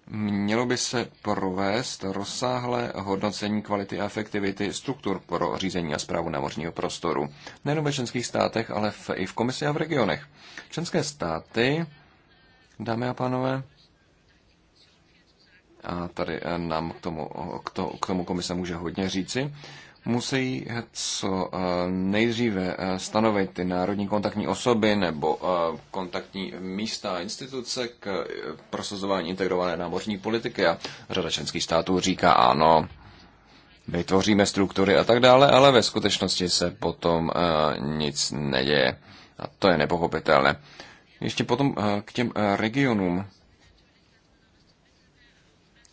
Mělo by se provést rozsáhlé hodnocení kvality a efektivity struktur pro řízení a zprávu námořního prostoru. Nejen ve členských státech, ale v, i v komisi a v regionech. Členské státy, dámy a pánové, a tady eh, nám k tomu, eh, k, to, k tomu komise může hodně říci, musí co eh, nejdříve eh, stanovit ty národní kontaktní osoby nebo eh, kontaktní místa a instituce k prosazování integrované námořní politiky. A řada členských států říká ano, vytvoříme struktury a tak dále, ale ve skutečnosti se potom nic neděje. A to je nepochopitelné. Ještě potom k těm regionům.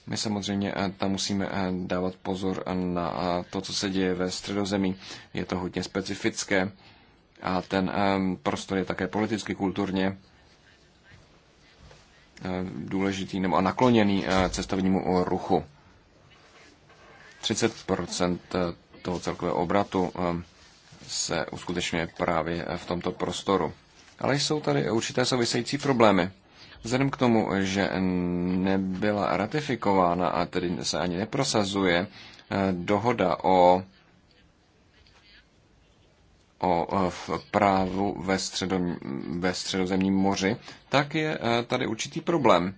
My samozřejmě eh, tam musíme eh, dávat pozor eh, na to, co se děje ve středozemí. Je to hodně specifické a ten prostor je také politicky, kulturně důležitý nebo nakloněný cestovnímu ruchu. 30% toho celkového obratu se uskutečňuje právě v tomto prostoru. Ale jsou tady určité související problémy. Vzhledem k tomu, že nebyla ratifikována a tedy se ani neprosazuje eh, dohoda o, o eh, v právu ve, středo, ve středozemním moři, tak je eh, tady určitý problém.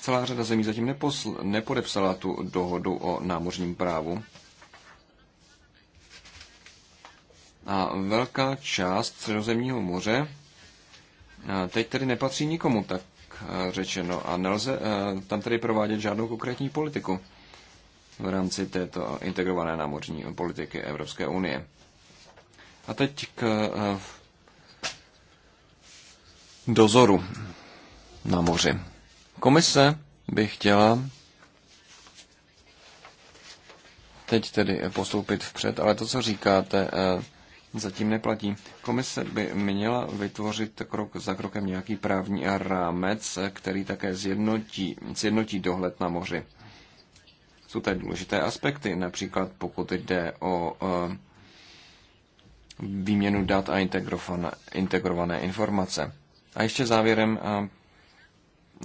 Celá řada zemí zatím neposl- nepodepsala tu dohodu o námořním právu A velká část Středozemního moře teď tedy nepatří nikomu, tak řečeno, a nelze tam tedy provádět žádnou konkrétní politiku v rámci této integrované námořní politiky Evropské unie. A teď k dozoru na moři. Komise by chtěla teď tedy postoupit vpřed, ale to, co říkáte, zatím neplatí. Komise by měla vytvořit krok za krokem nějaký právní rámec, který také zjednotí, zjednotí dohled na moři. Jsou tady důležité aspekty, například pokud jde o eh, výměnu dat a integrované informace. A ještě závěrem eh,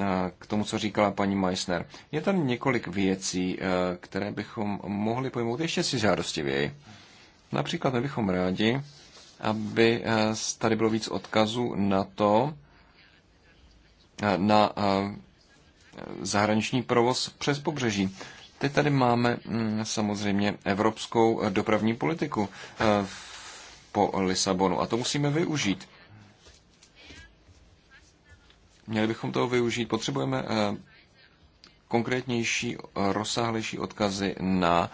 eh, k tomu, co říkala paní Meissner. Je tam několik věcí, které bychom mohli pojmout ještě si žádostivěji. Například my bychom rádi, aby eh, tady bylo víc odkazů na to, eh, na eh, zahraniční provoz přes pobřeží. Teď tady máme mm, samozřejmě evropskou dopravní politiku po Lisabonu a to musíme využít. Měli bychom toho využít. Potřebujeme konkrétnější, rozsáhlejší odkazy na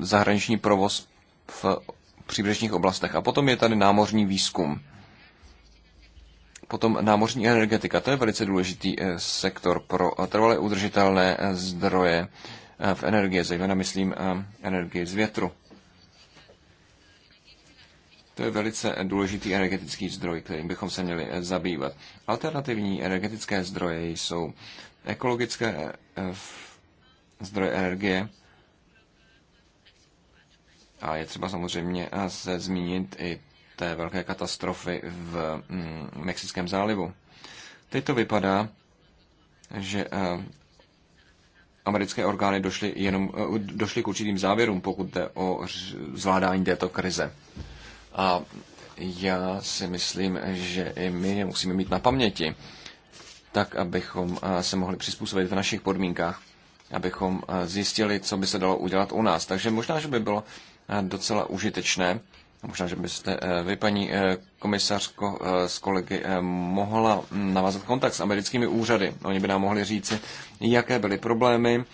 zahraniční provoz v příbřežních oblastech. A potom je tady námořní výzkum. Potom námořní energetika, to je velice důležitý eh, sektor pro eh, trvalé udržitelné eh, zdroje v energie, zejména myslím energii z větru. To je velice důležitý energetický zdroj, kterým bychom se měli zabývat. Alternativní energetické zdroje jsou ekologické zdroje energie, a je třeba samozřejmě eh, se zmínit i té velké katastrofy v mm, Mexickém zálivu. Teď to vypadá, že eh, americké orgány došly, jenom, eh, došly k určitým závěrům, pokud jde o zvládání této krize. A já si myslím, že i my je musíme mít na paměti, tak abychom se mohli přizpůsobit v našich podmínkách, abychom zjistili, co by se dalo udělat u nás. Takže možná, že by bylo docela užitečné. Možná, že byste eh, vy, paní eh, komisařko, eh, s kolegy mohla navázat kontakt s americkými úřady. Oni by nám mohli říci, jaké byly problémy,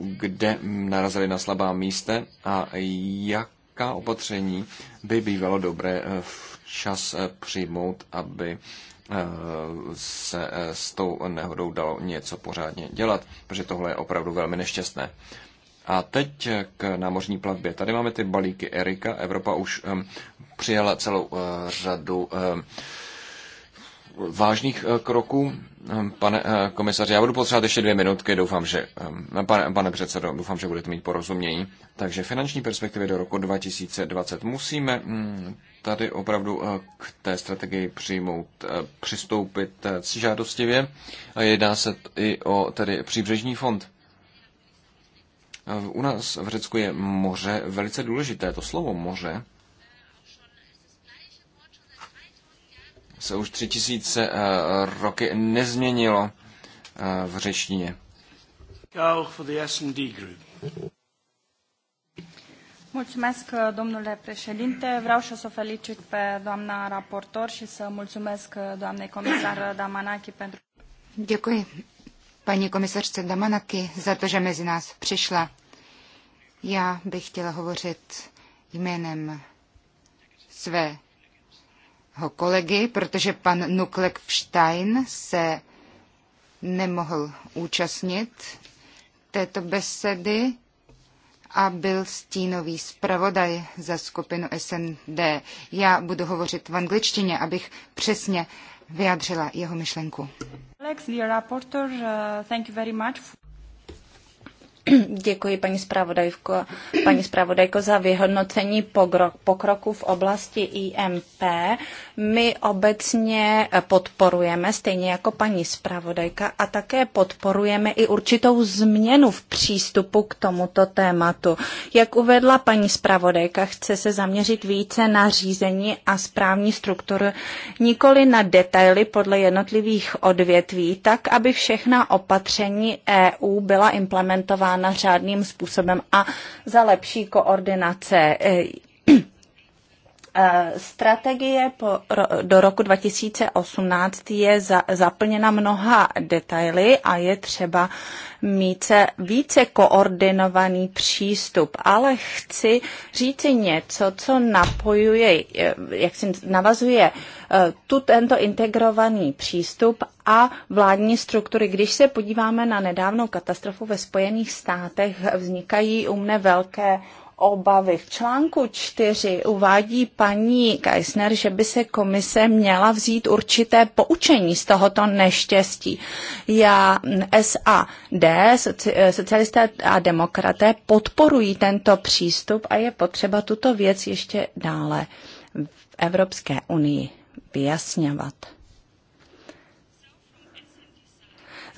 kde narazili na slabá místa a jaká opatření by bývalo dobré včas přijmout, aby se s tou nehodou dalo něco pořádně dělat, protože tohle je opravdu velmi nešťastné. A teď k námořní plavbě. Tady máme ty balíky Erika. Evropa už přijala celou eh, řadu eh, vážných eh, kroků. Pane komisaři, já budu potřebovat ještě dvě minutky, doufám, že, no, pane, pane předsedo, doufám, že budete mít porozumění. Takže finanční perspektivy do roku 2020 musíme mm, tady opravdu k té strategii přijmout, přistoupit žádostivě. Jedná se i o tedy příbřežní fond. U nás v Řecku je moře velice důležité. To slovo moře se už tři tisíce eh, roky nezměnilo eh, v řečtině. Mulțumesc, domnule președinte. Vreau și o să felicit pe doamna raportor și să mulțumesc doamnei comisar Damanaki pentru... Děkuji paní komisařce Damanaki, za to, že mezi nás přišla. Já bych chtěla hovořit jménem svého kolegy, protože pan Nuklekstein se nemohl účastnit této besedy a byl stínový zpravodaj za skupinu SND. Já budu hovořit v angličtině, abych přesně vyjádřila jeho myšlenku. Alex, dear rapporteur, uh, thank you very much. Děkuji paní zpravodajko, paní zpravodajko za vyhodnocení pokroku v oblasti IMP my obecně podporujeme, stejně jako paní zpravodajka, a také podporujeme i určitou změnu v přístupu k tomuto tématu. Jak uvedla paní zpravodajka, chce se zaměřit více na řízení a správní strukturu, nikoli na detaily podle jednotlivých odvětví, tak, aby všechna opatření EU byla implementována řádným způsobem a za lepší koordinace. Eh, strategie po, do roku 2018 je za, zaplněna mnoha detaily a je třeba mít se více koordinovaný přístup, ale chci říci něco, co napojuje, eh, jak si navazuje eh, tu tento integrovaný přístup a vládní struktury. Když se podíváme na nedávnou katastrofu ve Spojených státech, vznikají u mne velké obavy. V článku 4 uvádí paní Geisner, že by se komise měla vzít určité poučení z tohoto neštěstí. Já SAD, socialisté a demokraté podporují tento přístup a je potřeba tuto věc ještě dále v Evropské unii vyjasňovat.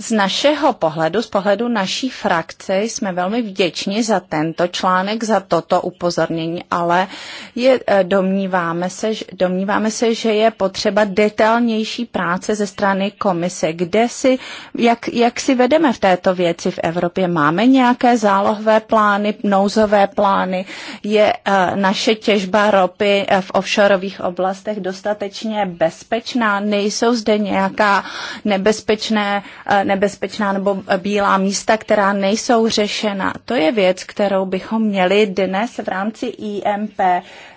Z našeho pohledu, z pohledu naší frakce, jsme velmi vděční za tento článek, za toto upozornění, ale je, eh, domníváme, se, domníváme se, že je potřeba detailnější práce ze strany komise. Kde si, jak, jak si vedeme v této věci v Evropě? Máme nějaké zálohové plány, nouzové plány? Je eh, naše těžba ropy eh, v offshoreových oblastech dostatečně bezpečná? Nejsou zde nějaká nebezpečné nebezpečná nebo bílá místa, která nejsou řešena. To je věc, kterou bychom měli dnes v rámci IMP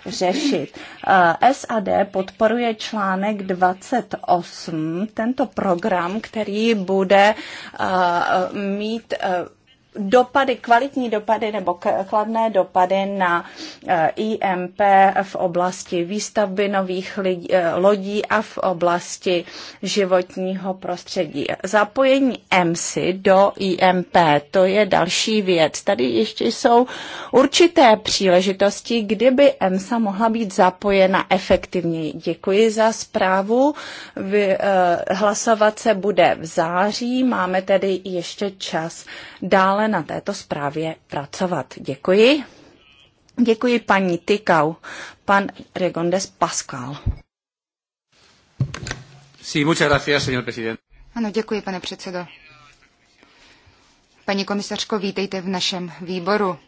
řešit. Eh, SAD podporuje článek 28, tento program, který bude eh, mít eh, dopady, kvalitní dopady nebo kladné dopady na eh, IMP v oblasti výstavby nových lidí, eh, lodí a v oblasti životního prostředí. Zapojení EMSI do IMP, to je další věc. Tady ještě jsou určité příležitosti, kdyby EMSA mohla být zapojena efektivněji. Děkuji za zprávu. Vy, eh, hlasovat se bude v září, máme tedy ještě čas dále na této zprávě pracovat. Děkuji. Děkuji paní Tykau, pan Regondes Pascal. Sí, muchas gracias, señor presidente. Ano, děkuji, pane předsedo. Paní komisařko, vítejte v našem výboru.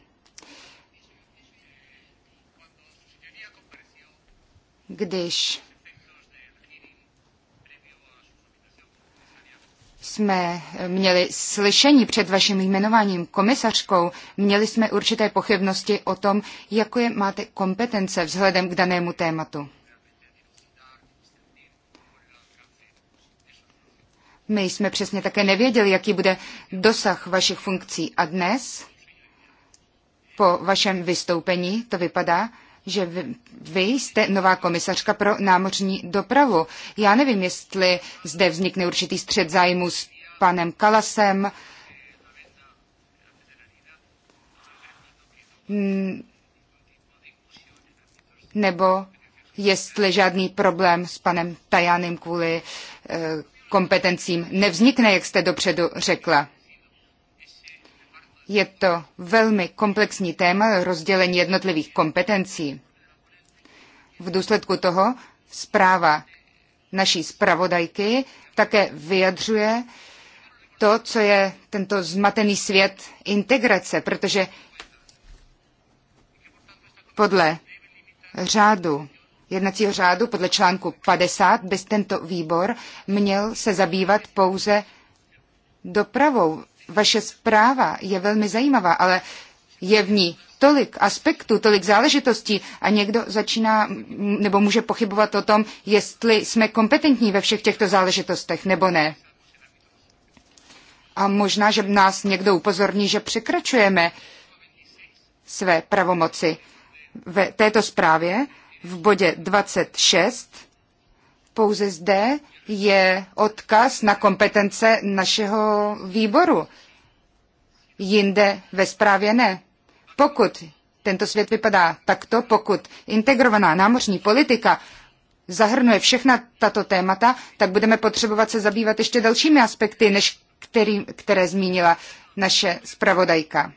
Když jsme měli slyšení před vaším jmenováním komisařkou, měli jsme určité pochybnosti o tom, jaké máte kompetence vzhledem k danému tématu. My jsme přesně také nevěděli, jaký bude dosah vašich funkcí. A dnes, po vašem vystoupení, to vypadá, že vy, vy jste nová komisařka pro námořní dopravu. Já nevím, jestli zde vznikne určitý střed zájmu s panem Kalasem. Hmm. Nebo jestli žádný problém s panem Tajánem kvůli eh, kompetencím nevznikne, jak jste dopředu řekla. Je to velmi komplexní téma rozdělení jednotlivých kompetencí. V důsledku toho zpráva naší zpravodajky také vyjadřuje to, co je tento zmatený svět integrace, protože podle řádu jednacího řádu podle článku 50 by tento výbor měl se zabývat pouze dopravou vaše zpráva je velmi zajímavá, ale je v ní tolik aspektů, tolik záležitostí a někdo začíná nebo může pochybovat o tom, jestli jsme kompetentní ve všech těchto záležitostech nebo ne. A možná, že nás někdo upozorní, že překračujeme své pravomoci. Ve této zprávě v bodě 26 pouze zde je odkaz na kompetence našeho výboru. Jinde ve zprávě ne. Pokud tento svět vypadá takto, pokud integrovaná námořní politika zahrnuje všechna tato témata, tak budeme potřebovat se zabývat ještě dalšími aspekty, než který, které zmínila naše zpravodajka.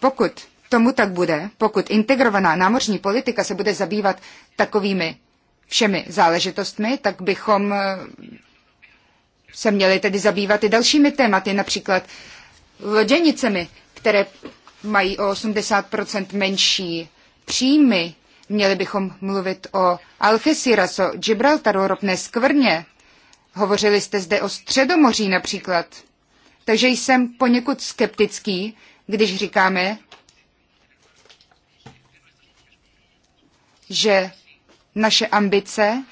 Pokud tomu tak bude, pokud integrovaná námořní politika se bude zabývat takovými všemi záležitostmi, tak bychom eh, se měli tedy zabývat i dalšími tématy, například loděnicemi, které mají o 80% menší příjmy. Měli bychom mluvit o Algeciras, o Gibraltaru, o ropné skvrně. Hovořili jste zde o Středomoří například. Takže jsem poněkud skeptický, když říkáme, že naše ambice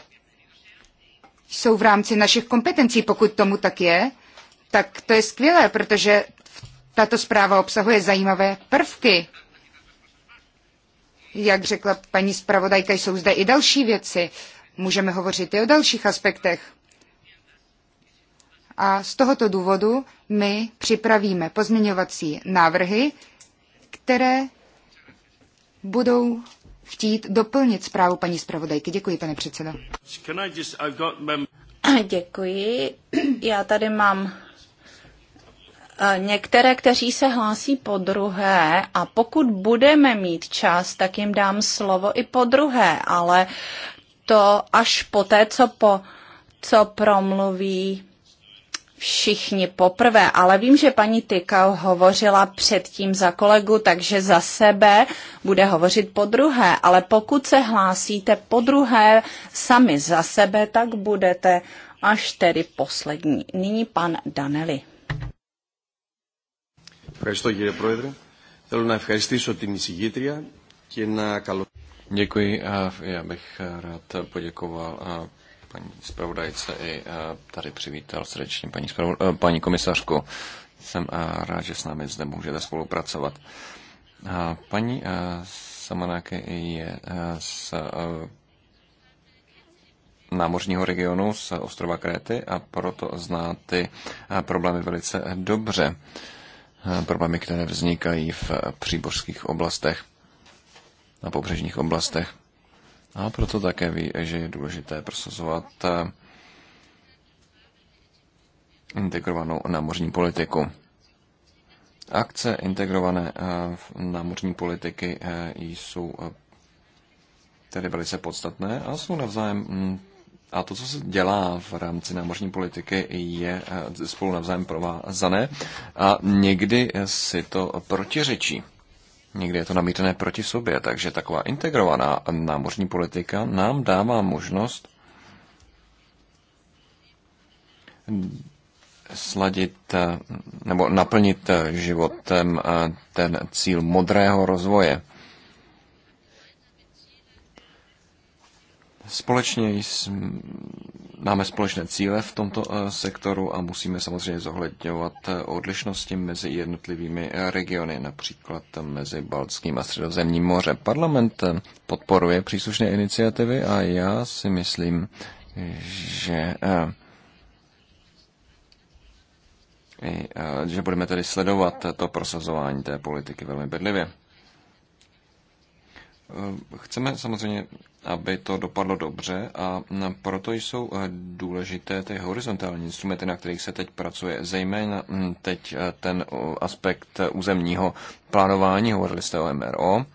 jsou v rámci našich kompetencí. Pokud tomu tak je, tak to je skvělé, protože tato zpráva obsahuje zajímavé prvky. Jak řekla paní zpravodajka, jsou zde i další věci. Můžeme hovořit i o dalších aspektech. A z tohoto důvodu my připravíme pozměňovací návrhy, které budou chtít doplnit zprávu paní zpravodajky. Děkuji, pane předsedo. Děkuji. Já tady mám eh, Některé, kteří se hlásí po druhé a pokud budeme mít čas, tak jim dám slovo i po druhé, ale to až po té, co, po, co promluví všichni poprvé, ale vím, že paní Tyka hovořila předtím za kolegu, takže za sebe bude hovořit po druhé, ale pokud se hlásíte po druhé sami za sebe, tak budete až tedy poslední. Nyní pan Daneli. Děkuji a Já bych rád poděkoval paní zpravodajce i eh, tady přivítal srdečně paní, eh, paní komisařku. Jsem eh, rád, že s námi zde můžete spolupracovat. Paní Samanáky je z námořního regionu z ostrova Kréty a proto zná ty problémy velice dobře. Problémy, které vznikají v příbořských oblastech, na pobřežních oblastech. A proto také ví, že je důležité prosazovat eh, integrovanou námořní politiku. Akce integrované eh, námořní politiky eh, jsou tedy velice podstatné a jsou navzájem. Hm, a to, co se dělá v rámci námořní politiky, je spolu navzájem provázané a někdy si to protiřečí. Někdy je to namítané proti sobě, takže taková integrovaná námořní politika nám dává možnost sladit nebo naplnit životem ten cíl modrého rozvoje. Společně jsme Máme společné cíle v tomto eh, sektoru a musíme samozřejmě zohledňovat eh, odlišnosti mezi jednotlivými eh, regiony, například mezi Baltským a Středozemním mořem. Parlament podporuje příslušné iniciativy a já si myslím, že že budeme tedy sledovat to prosazování té politiky velmi bedlivě. Eh, chceme samozřejmě, aby to dopadlo dobře a hm, proto jsou eh, důležité ty horizontální instrumenty, na kterých se teď pracuje, zejména hm, teď eh, ten aspekt územního plánování, hovořili jste o MRO.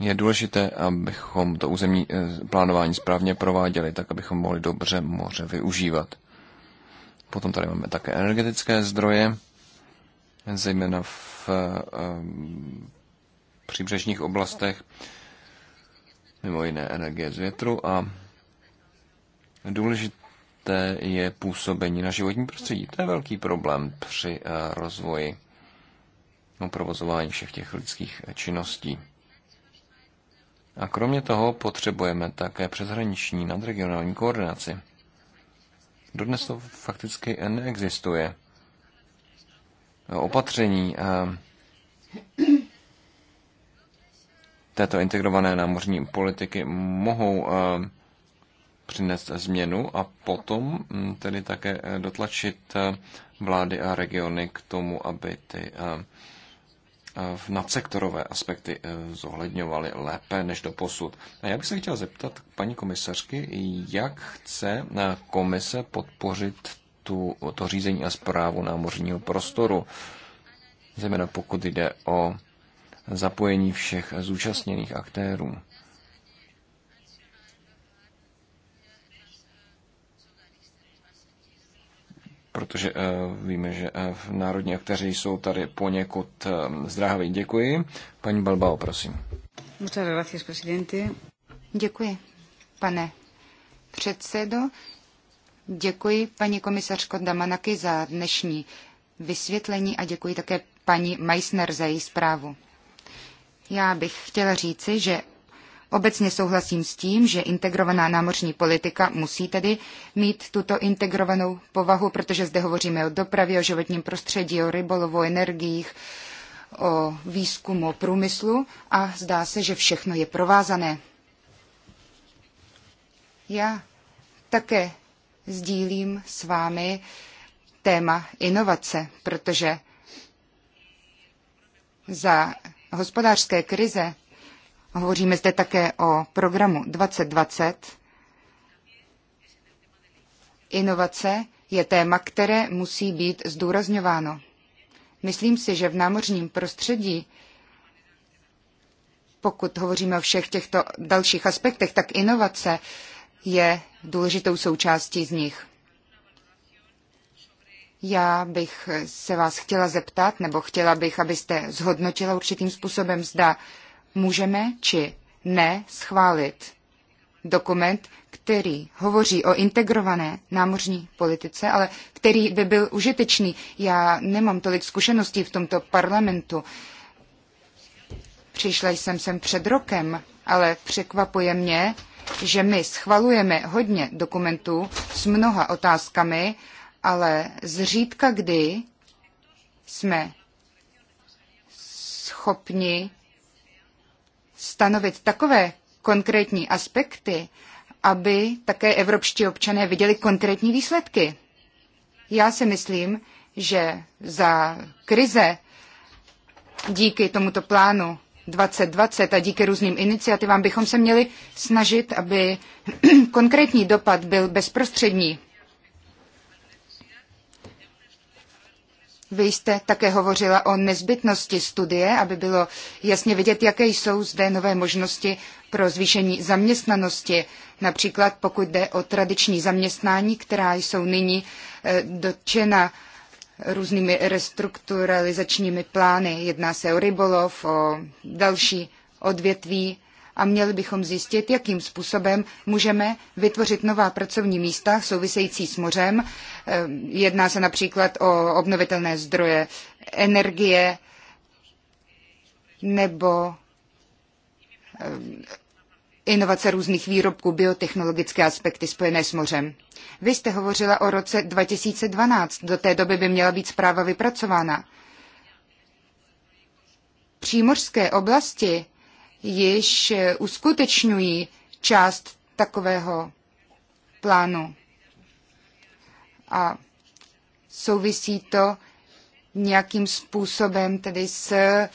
Je důležité, abychom to územní plánování správně prováděli, tak abychom mohli dobře moře využívat. Potom tady máme také energetické zdroje, zejména v příbřežních oblastech, mimo jiné energie z větru a důležité je působení na životní prostředí. To je velký problém při eh, rozvoji no, provozování všech těch lidských eh, činností. A kromě toho potřebujeme také přeshraniční nadregionální koordinaci. Dodnes to fakticky neexistuje. Opatření eh, této integrované námořní politiky mohou eh, přinést změnu a potom hm, tedy také eh, dotlačit eh, vlády a regiony k tomu, aby ty v nadsektorové aspekty zohledňovaly lépe než do posud. A já bych se chtěl zeptat paní komisařky, jak chce komise podpořit tu, to řízení a zprávu námořního prostoru, zejména pokud jde o zapojení všech zúčastněných aktérů. protože eh, víme, že eh, národní aktéři jsou tady poněkud eh, zdráhaví. Děkuji. Paní Balbao, prosím. Děkuji, pane předsedo. Děkuji, paní komisařko Damanaky, za dnešní vysvětlení a děkuji také paní Meissner za její zprávu. Já bych chtěla říci, že obecně souhlasím s tím, že integrovaná námořní politika musí tedy mít tuto integrovanou povahu, protože zde hovoříme o dopravě, o životním prostředí, o rybolovu, o energiích, o výzkumu, o průmyslu a zdá se, že všechno je provázané. Já také sdílím s vámi téma inovace, protože za hospodářské krize, hovoříme zde také o programu 2020, inovace je téma, které musí být zdůrazňováno. Myslím si, že v námořním prostředí, pokud hovoříme o všech těchto dalších aspektech, tak inovace je důležitou součástí z nich. Já bych se vás chtěla zeptat, nebo chtěla bych, abyste zhodnotila určitým způsobem, zda můžeme či ne schválit dokument, který hovoří o integrované námořní politice, ale který by byl užitečný. Já nemám tolik zkušeností v tomto parlamentu. Přišla jsem sem před rokem, ale překvapuje mě, že my schvalujeme hodně dokumentů s mnoha otázkami ale zřídka kdy jsme schopni stanovit takové konkrétní aspekty, aby také evropští občané viděli konkrétní výsledky. Já si myslím, že za krize díky tomuto plánu 2020 a díky různým iniciativám bychom se měli snažit, aby konkrétní dopad byl bezprostřední. Vy jste také hovořila o nezbytnosti studie, aby bylo jasně vidět, jaké jsou zde nové možnosti pro zvýšení zaměstnanosti, například pokud jde o tradiční zaměstnání, která jsou nyní eh, dotčena různými restrukturalizačními plány. Jedná se o rybolov, o další odvětví a měli bychom zjistit, jakým způsobem můžeme vytvořit nová pracovní místa související s mořem. Eh, jedná se například o obnovitelné zdroje energie nebo eh, inovace různých výrobků, biotechnologické aspekty spojené s mořem. Vy jste hovořila o roce 2012. Do té doby by měla být zpráva vypracována. Přímořské oblasti již eh, uskutečňují část takového plánu. A souvisí to nějakým způsobem tedy s eh,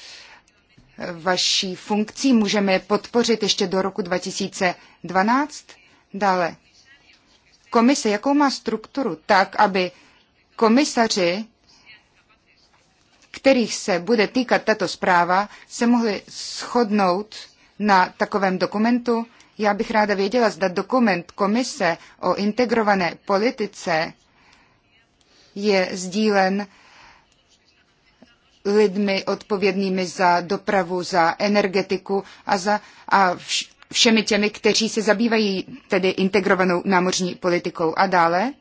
vaší funkcí. Můžeme podpořit ještě do roku 2012? Dále. Komise, jakou má strukturu? Tak, aby komisaři kterých se bude týkat tato zpráva, se mohli shodnout na takovém dokumentu. Já bych ráda věděla, zda dokument Komise o integrované politice je sdílen lidmi odpovědnými za dopravu, za energetiku a, za, a vš, všemi těmi, kteří se zabývají tedy integrovanou námořní politikou. A dále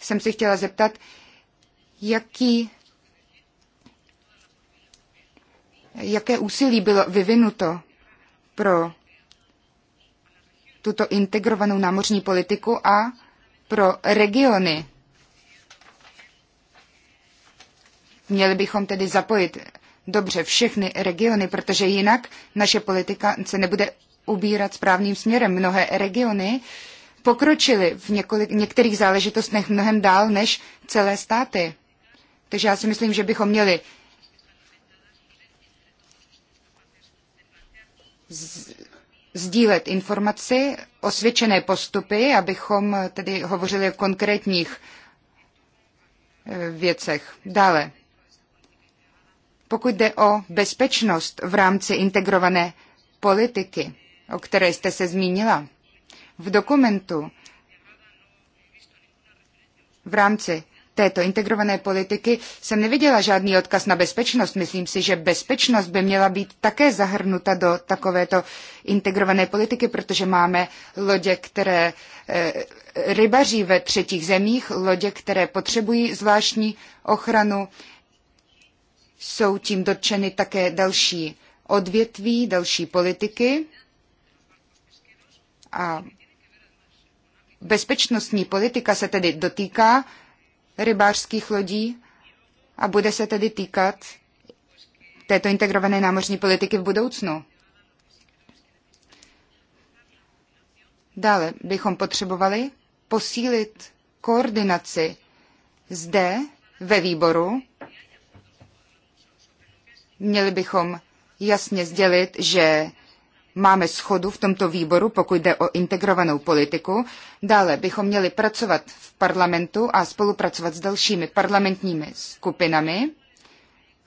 jsem si chtěla zeptat, jaký jaké úsilí bylo vyvinuto pro tuto integrovanou námořní politiku a pro regiony. Měli bychom tedy zapojit dobře všechny regiony, protože jinak naše politika se nebude ubírat správným směrem. Mnohé regiony pokročily v několik, některých záležitostech mnohem dál než celé státy. Takže já si myslím, že bychom měli sdílet informaci, osvědčené postupy, abychom tedy hovořili o konkrétních eh, věcech. Dále, pokud jde o bezpečnost v rámci integrované politiky, o které jste se zmínila, v dokumentu v rámci této integrované politiky jsem neviděla žádný odkaz na bezpečnost. Myslím si, že bezpečnost by měla být také zahrnuta do takovéto integrované politiky, protože máme lodě, které eh, rybaří ve třetích zemích, lodě, které potřebují zvláštní ochranu. Jsou tím dotčeny také další odvětví, další politiky. A bezpečnostní politika se tedy dotýká rybářských lodí a bude se tedy týkat této integrované námořní politiky v budoucnu. Dále bychom potřebovali posílit koordinaci zde ve výboru. Měli bychom jasně sdělit, že máme schodu v tomto výboru, pokud jde o integrovanou politiku. Dále bychom měli pracovat v parlamentu a spolupracovat s dalšími parlamentními skupinami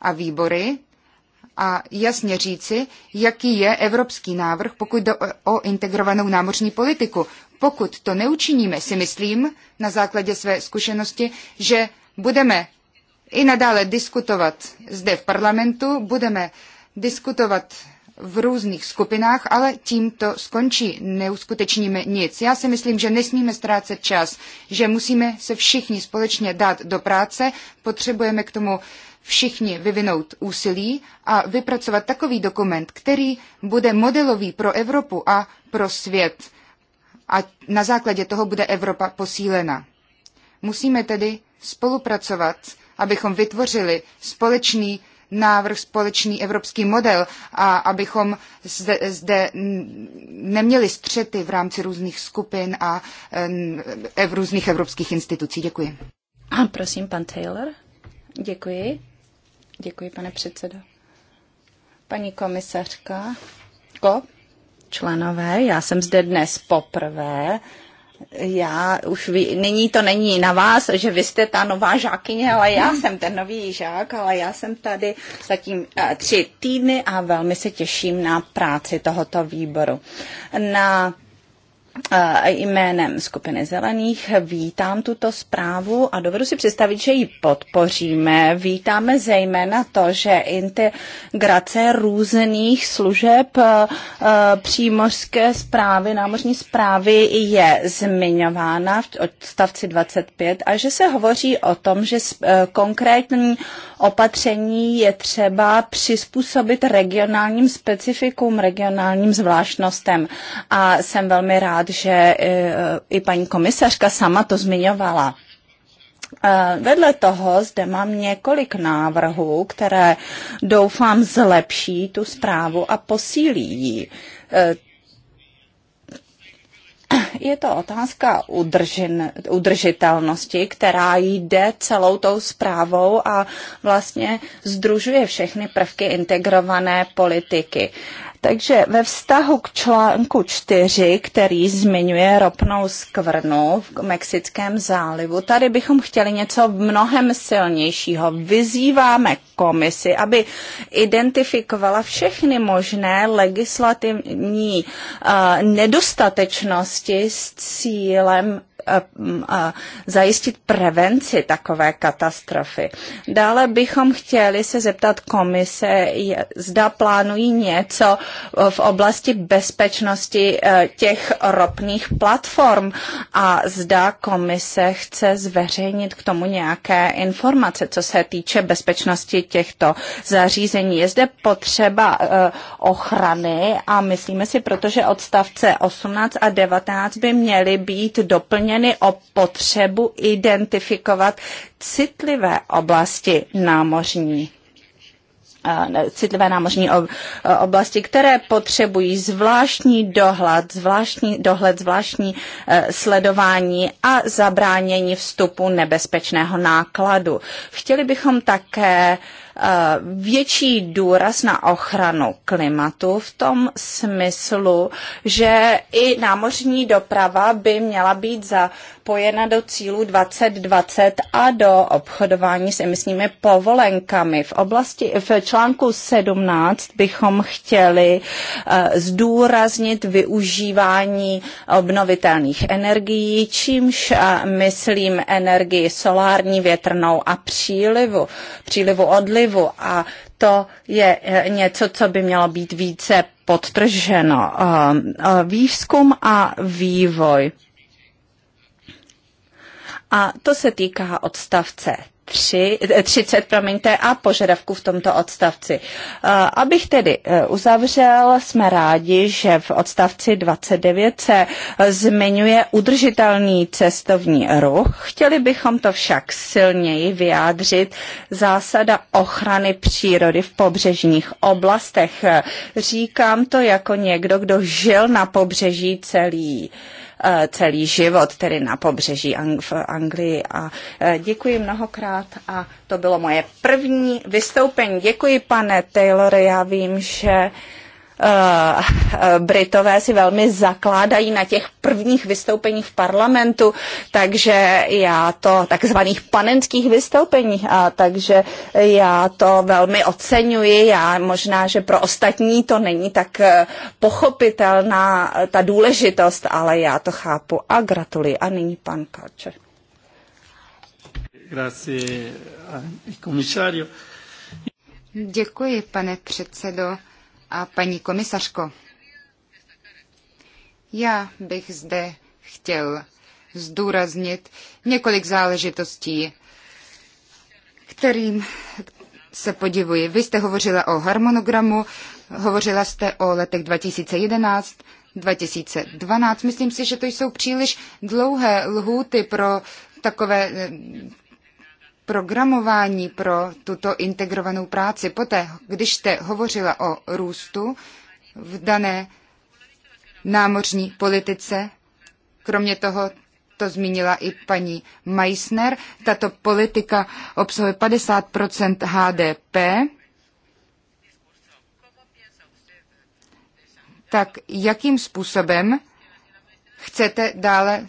a výbory a jasně říci, jaký je evropský návrh, pokud jde o integrovanou námořní politiku. Pokud to neučiníme, si myslím, na základě své zkušenosti, že budeme i nadále diskutovat zde v parlamentu, budeme diskutovat v různých skupinách, ale tím to skončí. Neuskutečníme nic. Já si myslím, že nesmíme ztrácet čas, že musíme se všichni společně dát do práce, potřebujeme k tomu všichni vyvinout úsilí a vypracovat takový dokument, který bude modelový pro Evropu a pro svět. A na základě toho bude Evropa posílena. Musíme tedy spolupracovat, abychom vytvořili společný návrh společný evropský model a abychom zde, zde neměli střety v rámci různých skupin a v různých evropských institucí. Děkuji. A prosím, pan Taylor. Děkuji. Děkuji, pane předsedo. Paní komisařka, ko, členové, já jsem zde dnes poprvé já už ví, nyní to není na vás, že vy jste ta nová žákyně, ale já mhm. jsem ten nový žák, ale já jsem tady zatím eh, tři týdny a velmi se těším na práci tohoto výboru. Na Eh, jménem skupiny zelených vítám tuto zprávu a dovedu si představit, že ji podpoříme. Vítáme zejména to, že integrace různých služeb eh, přímořské zprávy, námořní zprávy je zmiňována v odstavci 25 a že se hovoří o tom, že eh, konkrétní opatření je třeba přizpůsobit regionálním specifikům, regionálním zvláštnostem. A jsem velmi rád, že e, i paní komisařka sama to zmiňovala. E, vedle toho zde mám několik návrhů, které doufám zlepší tu zprávu a posílí ji. E, je to otázka udržen, udržitelnosti, která jde celou tou zprávou a vlastně združuje všechny prvky integrované politiky. Uh, takže ve vztahu k článku 4, který zmiňuje ropnou skvrnu v Mexickém zálivu, tady bychom chtěli něco mnohem silnějšího. Vyzýváme komisi, aby identifikovala všechny možné legislativní uh, nedostatečnosti s cílem a zajistit prevenci takové katastrofy. Dále bychom chtěli se zeptat komise, zda plánují něco e, v oblasti bezpečnosti e, těch ropných platform a zda komise chce zveřejnit k tomu nějaké informace, co se týče bezpečnosti těchto zařízení. Je zde potřeba e, ochrany a myslíme si, protože odstavce 18 a 19 by měly být doplněny zmíněny o potřebu identifikovat citlivé oblasti námořní eh, citlivé námořní eh, oblasti, které potřebují zvláštní dohled, zvláštní dohled, zvláštní eh, sledování a zabránění vstupu nebezpečného nákladu. Chtěli bychom také uh, Eh, větší důraz na ochranu klimatu v tom smyslu, že i námořní doprava by měla být za zapojena do cílu 2020 a do obchodování s emisními povolenkami. V oblasti v článku 17 bychom chtěli eh, zdůraznit využívání obnovitelných energií, čímž eh, myslím energii solární, větrnou a přílivu, přílivu odlivu a to je eh, něco, co by mělo být více podtrženo. Výzkum a vývoj. A to se týká odstavce 3, 30 eh, promiňte, a požadavku v tomto odstavci. Eh, abych tedy eh, uzavřel, jsme rádi, že v odstavci 29 se zmiňuje udržitelný cestovní ruch. Chtěli bychom to však silněji vyjádřit. Zásada ochrany přírody v pobřežních oblastech. Říkám to jako někdo, kdo žil na pobřeží celý Eh, celý život, tedy na pobřeží v Anglii. A eh, děkuji mnohokrát a to bylo moje první vystoupení. Děkuji, pane Taylor, já vím, že Eh, eh, Britové si velmi zakládají na těch prvních vystoupeních v parlamentu, takže já to, takzvaných panenských vystoupení, a takže já to velmi oceňuji. Já možná, že pro ostatní to není tak eh, pochopitelná ta důležitost, ale já to chápu a gratuluji. A nyní pan Karčer. Děkuji, pane předsedo a paní komisařko. Já bych zde chtěl zdůraznit několik záležitostí, kterým se podivuji. Vy jste hovořila o harmonogramu, hovořila jste o letech 2011, 2012. Myslím si, že to jsou příliš dlouhé lhůty pro takové programování pro tuto integrovanou práci. Poté, když jste hovořila o růstu v dané námořní politice, kromě toho to zmínila i paní Meissner, tato politika obsahuje 50 HDP. Tak jakým způsobem chcete dále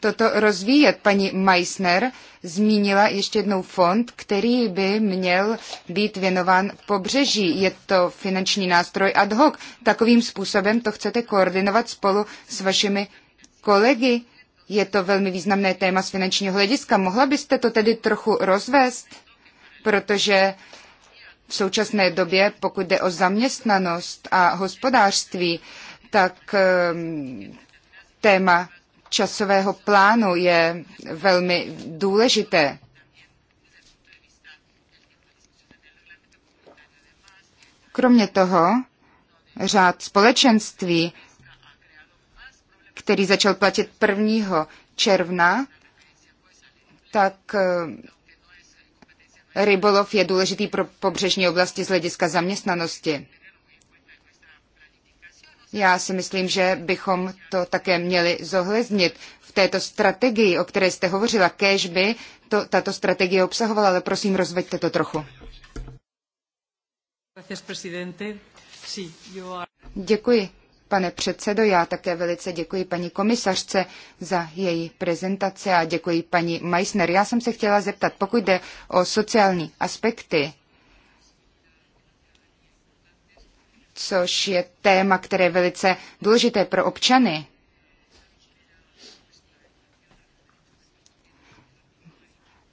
toto rozvíjet. Paní Meissner zmínila ještě jednou fond, který by měl být věnován pobřeží. Je to finanční nástroj ad hoc. Takovým způsobem to chcete koordinovat spolu s vašimi kolegy. Je to velmi významné téma z finančního hlediska. Mohla byste to tedy trochu rozvést? Protože v současné době, pokud jde o zaměstnanost a hospodářství, tak ehm, téma časového plánu je velmi důležité. Kromě toho, řád společenství, který začal platit 1. června, tak eh, rybolov je důležitý pro pobřežní oblasti z hlediska zaměstnanosti. Já si myslím, že bychom to také měli zohleznit v této strategii, o které jste hovořila, kéž by to, tato strategie obsahovala, ale prosím, rozveďte to trochu. Děkuji, pane předsedo. Já také velice děkuji paní komisařce za její prezentaci a děkuji paní Meissner. Já jsem se chtěla zeptat, pokud jde o sociální aspekty což je téma, které je velice důležité pro občany.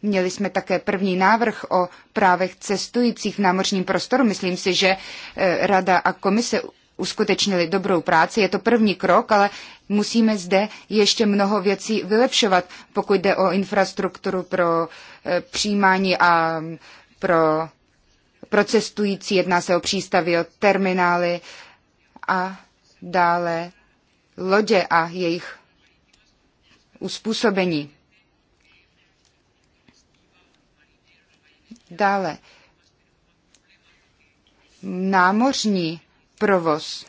Měli jsme také první návrh o právech cestujících v námořním prostoru. Myslím si, že eh, Rada a komise uskutečnili dobrou práci. Je to první krok, ale musíme zde ještě mnoho věcí vylepšovat, pokud jde o infrastrukturu pro eh, přijímání a mm, pro pro cestující, jedná se o přístavy, o terminály a dále lodě a jejich uspůsobení. Dále námořní provoz.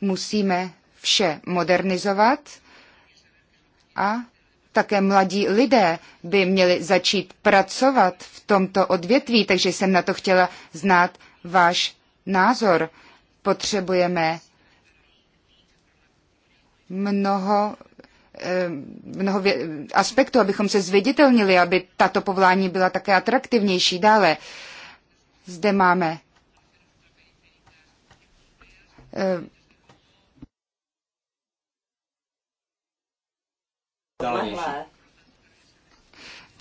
Musíme vše modernizovat a také mladí lidé by měli začít pracovat v tomto odvětví, takže jsem na to chtěla znát váš názor. Potřebujeme mnoho, eh, mnoho aspektů, abychom se zviditelnili, aby tato povolání byla také atraktivnější. Dále zde máme eh,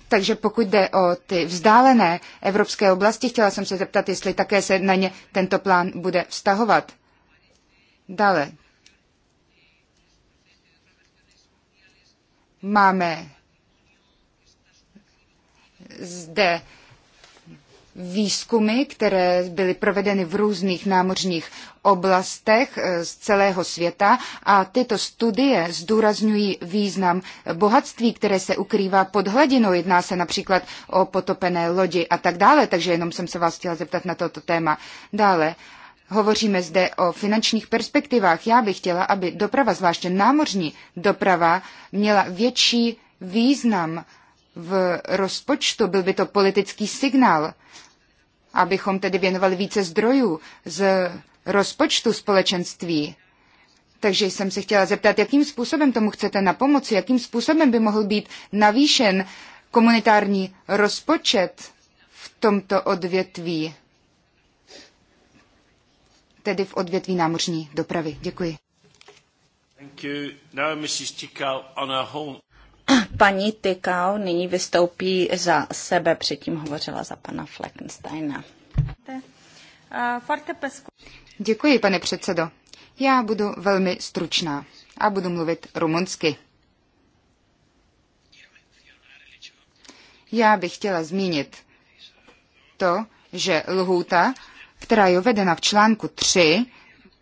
Takže pokud jde o ty vzdálené evropské oblasti, chtěla jsem se zeptat, jestli také se na ně tento plán bude vztahovat. Dále. Máme zde výzkumy, které byly provedeny v různých námořních oblastech eh, z celého světa a tyto studie zdůrazňují význam bohatství, které se ukrývá pod hladinou. Jedná se například o potopené lodi a tak dále, takže jenom jsem se vás chtěla zeptat na toto téma. Dále. Hovoříme zde o finančních perspektivách. Já bych chtěla, aby doprava, zvláště námořní doprava, měla větší význam v rozpočtu. Byl by to politický signál abychom tedy věnovali více zdrojů z rozpočtu společenství. Takže jsem se chtěla zeptat, jakým způsobem tomu chcete na pomoci, jakým způsobem by mohl být navýšen komunitární rozpočet v tomto odvětví, tedy v odvětví námořní dopravy. Děkuji. Thank you. Now, Mrs. Tikal, on her home. Paní Tykau nyní vystoupí za sebe, předtím hovořila za pana Fleckensteina. Děkuji, pane předsedo. Já budu velmi stručná a budu mluvit rumunsky. Já bych chtěla zmínit to, že lhůta, která je uvedena v článku 3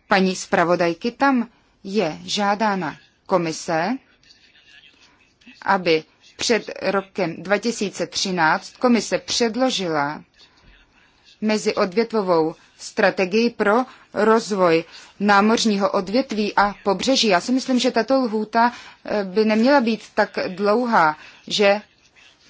paní zpravodajky, tam je žádána komise, aby před rokem 2013 komise předložila meziodvětvovou strategii pro rozvoj námořního odvětví a pobřeží. Já si myslím, že tato lhůta eh, by neměla být tak dlouhá, že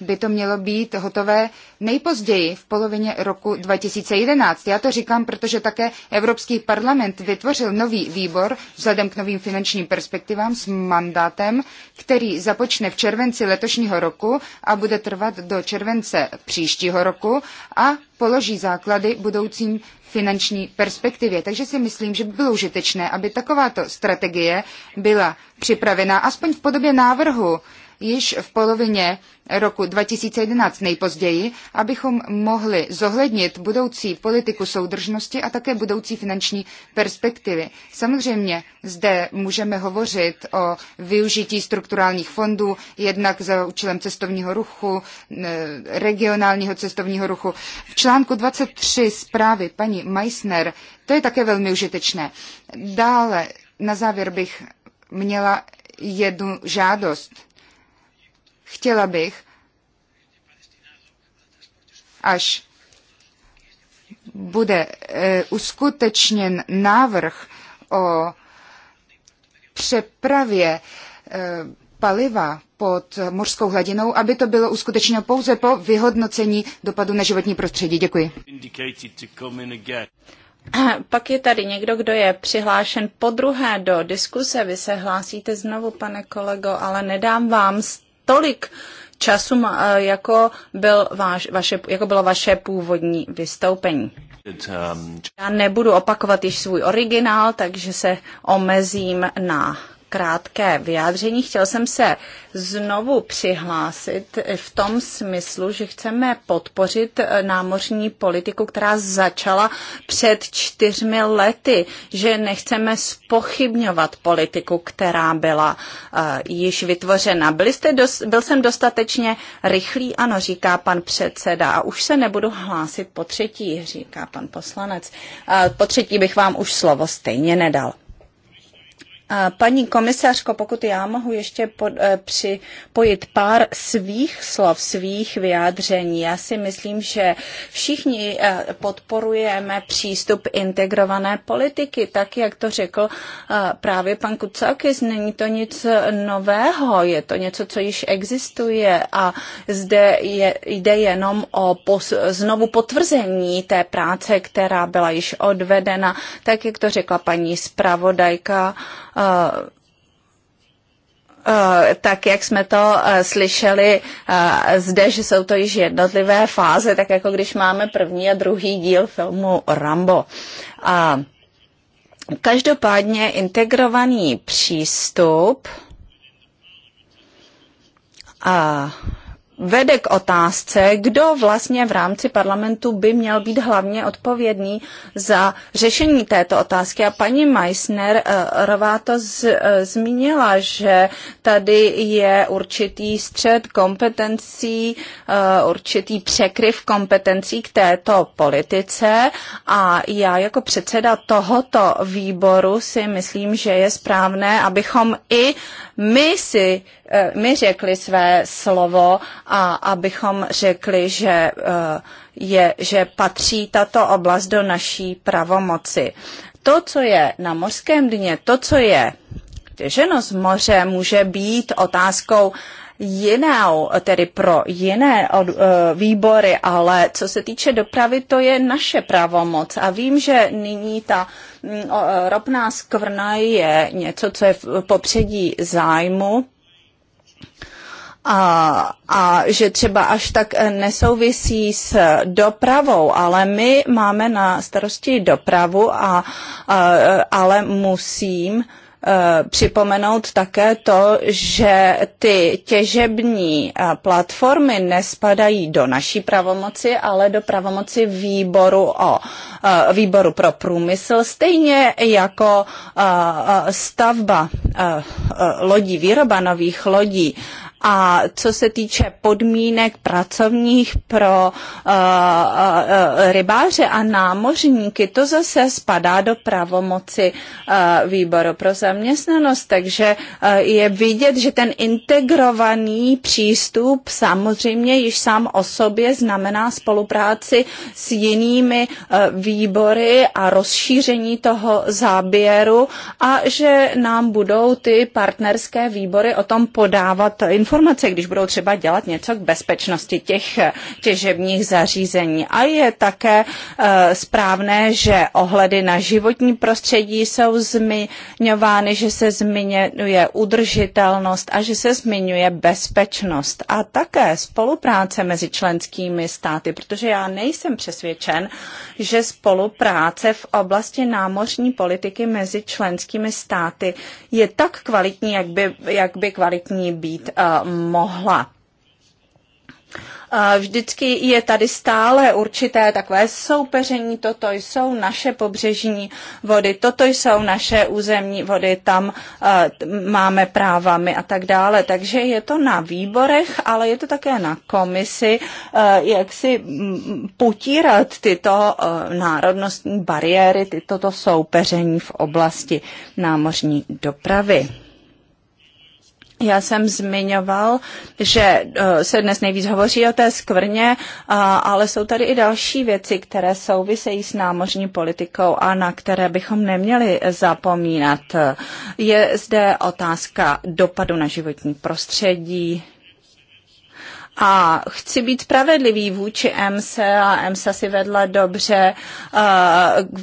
by to mělo být hotové nejpozději v polovině roku 2011. Já to říkám, protože také Evropský parlament vytvořil nový výbor vzhledem k novým finančním perspektivám s mandátem, který započne v červenci letošního roku a bude trvat do července příštího roku a položí základy budoucím finanční perspektivě. Takže si myslím, že by bylo užitečné, aby takováto strategie byla připravena aspoň v podobě návrhu již v polovině roku 2011 nejpozději, abychom mohli zohlednit budoucí politiku soudržnosti a také budoucí finanční perspektivy. Samozřejmě zde můžeme hovořit o využití strukturálních fondů, jednak za účelem cestovního ruchu, e, regionálního cestovního ruchu. V článku 23 zprávy paní Meissner, to je také velmi užitečné. Dále na závěr bych měla jednu žádost Chtěla bych, až bude e, uskutečněn návrh o přepravě e, paliva pod mořskou hladinou, aby to bylo uskutečněno pouze po vyhodnocení dopadu na životní prostředí. Děkuji. Pak je tady někdo, kdo je přihlášen po druhé do diskuse. Vy se hlásíte znovu, pane kolego, ale nedám vám tolik času, eh, jako, byl váš, vaše, jako bylo vaše původní vystoupení. Um, Já nebudu opakovat již svůj originál, takže se omezím na krátké vyjádření. Chtěl jsem se znovu přihlásit v tom smyslu, že chceme podpořit eh, námořní politiku, která začala před čtyřmi lety, že nechceme spochybňovat politiku, která byla uh, již vytvořena. Byli jste dos, byl jsem dostatečně rychlý, ano, říká pan předseda, a už se nebudu hlásit po třetí, říká pan poslanec. Uh, po třetí bych vám už slovo stejně nedal. Paní komisařko, pokud já mohu ještě pod, eh, připojit pár svých slov, svých vyjádření. Já si myslím, že všichni eh, podporujeme přístup integrované politiky, tak jak to řekl eh, právě pan Kucakis. Není to nic nového, je to něco, co již existuje a zde je, jde jenom o pos, znovu potvrzení té práce, která byla již odvedena, tak jak to řekla paní zpravodajka. Eh, tak jak jsme to eh, slyšeli eh, zde, že jsou to již jednotlivé fáze, tak jako když máme první a druhý díl filmu Rambo. A každopádně integrovaný přístup a vede k otázce, kdo vlastně v rámci parlamentu by měl být hlavně odpovědný za řešení této otázky. A paní Meissner eh, Rová to z, eh, zmínila, že tady je určitý střed kompetencí, eh, určitý překryv kompetencí k této politice a já jako předseda tohoto výboru si myslím, že je správné, abychom i my si Eh, my řekli své slovo a abychom řekli, že eh, je, že patří tato oblast do naší pravomoci. To, co je na mořském dně, to, co je těženo z moře, může být otázkou jinou, tedy pro jiné eh, výbory, ale co se týče dopravy, to je naše pravomoc. A vím, že nyní ta mm, ropná skvrna je něco, co je v popředí zájmu a, a že třeba až tak eh, nesouvisí s eh, dopravou, ale my máme na starosti dopravu, a, a, eh, ale musím připomenout také to, že ty těžební platformy nespadají do naší pravomoci, ale do pravomoci výboru, o, výboru pro průmysl, stejně jako stavba lodí, výroba nových lodí a co se týče podmínek pracovních pro uh, uh, rybáře a námořníky, to zase spadá do pravomoci uh, výboru pro zaměstnanost, takže je vidět, že ten integrovaný přístup samozřejmě již sám o sobě znamená spolupráci s jinými výbory a rozšíření toho záběru a že nám budou ty partnerské výbory o tom podávat informace informace, když budou třeba dělat něco k bezpečnosti těch těžebních zařízení. A je také eh, správné, že ohledy na životní prostředí jsou zmiňovány, že se zmiňuje udržitelnost a že se zmiňuje bezpečnost. A také spolupráce mezi členskými státy, protože já nejsem přesvědčen, že spolupráce v oblasti námořní politiky mezi členskými státy je tak kvalitní, jak by, jak by kvalitní být eh, mohla. Eh, vždycky je tady stále určité takové soupeření, toto jsou naše pobřežní vody, toto jsou naše územní vody, tam eh, máme právami a tak dále. Takže je to na výborech, ale je to také na komisi, eh, jak si mm, potírat tyto národnostní bariéry, tyto soupeření v oblasti námořní dopravy. Já jsem zmiňoval, že eh, se dnes nejvíc hovoří o té skvrně, eh, ale jsou tady i další věci, které souvisejí s námořní politikou a na které bychom neměli zapomínat. Je zde otázka dopadu na životní prostředí, a chci být spravedlivý vůči EMSA a EMSA si vedla dobře uh,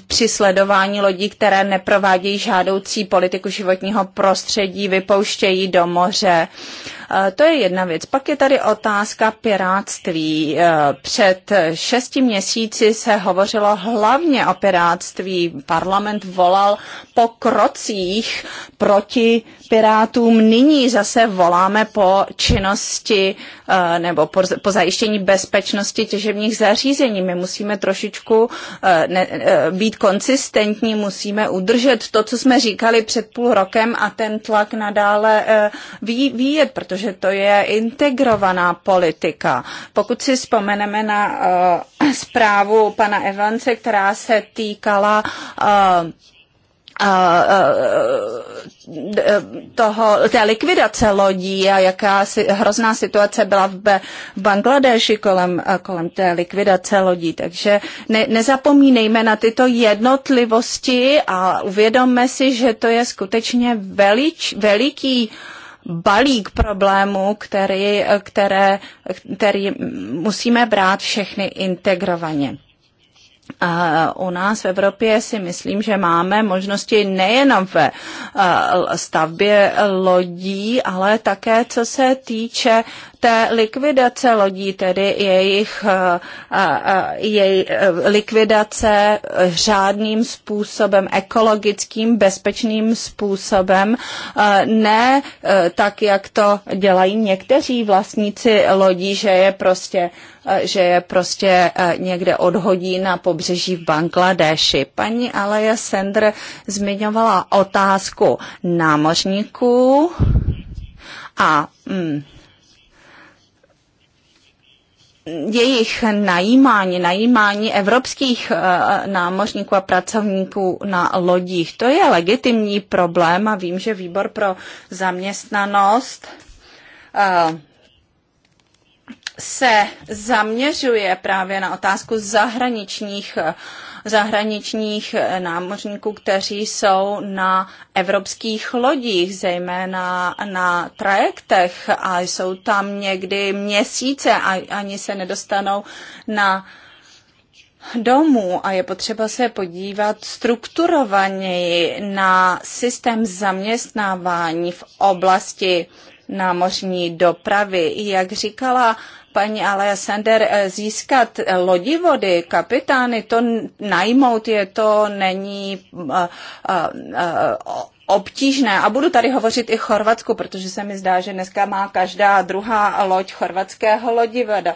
při sledování lodí, které neprovádějí žádoucí politiku životního prostředí, vypouštějí do moře. Uh, to je jedna věc. Pak je tady otázka piráctví. Uh, před šesti měsíci se hovořilo hlavně o piráctví. Parlament volal po krocích proti pirátům. Nyní zase voláme po činnosti eh, nebo po, po zajištění bezpečnosti těžebních zařízení. My musíme trošičku eh, ne, eh, být konsistentní, musíme udržet to, co jsme říkali před půl rokem a ten tlak nadále výjet, protože to je integrovaná politika. Pokud si vzpomeneme na zprávu pana Evance, která se týkala toho, té likvidace lodí a jaká si, hrozná situace byla v, v Bangladeši kolem, kolem té likvidace lodí. Takže ne, nezapomínejme na tyto jednotlivosti a uvědomme si, že to je skutečně velič, veliký balík problémů, který, které, který musíme brát všechny integrovaně u nás v Evropě si myslím, že máme možnosti nejenom ve stavbě lodí, ale také co se týče té likvidace lodí, tedy jejich jej, e, likvidace řádným způsobem, ekologickým, bezpečným způsobem, ne e, tak, jak to dělají někteří vlastníci lodí, že je prostě Eh, že je prostě eh, někde odhodí na pobřeží v Bangladeši. Paní Aleja Sender zmiňovala otázku námořníků a mm, jejich najímání, najímání evropských eh, námořníků a pracovníků na lodích. To je legitimní problém a vím, že výbor pro zaměstnanost se zaměřuje právě na otázku zahraničních zahraničních námořníků, kteří jsou na evropských lodích, zejména na trajektech a jsou tam někdy měsíce a ani se nedostanou na domů a je potřeba se podívat strukturovaněji na systém zaměstnávání v oblasti námořní dopravy. Jak říkala paní Alexander, eh, získat eh, lodivody, kapitány, to najmout je, to není eh, obtížné. A budu tady hovořit i chorvatsku, protože se mi zdá, že dneska má každá druhá loď chorvatského lodivoda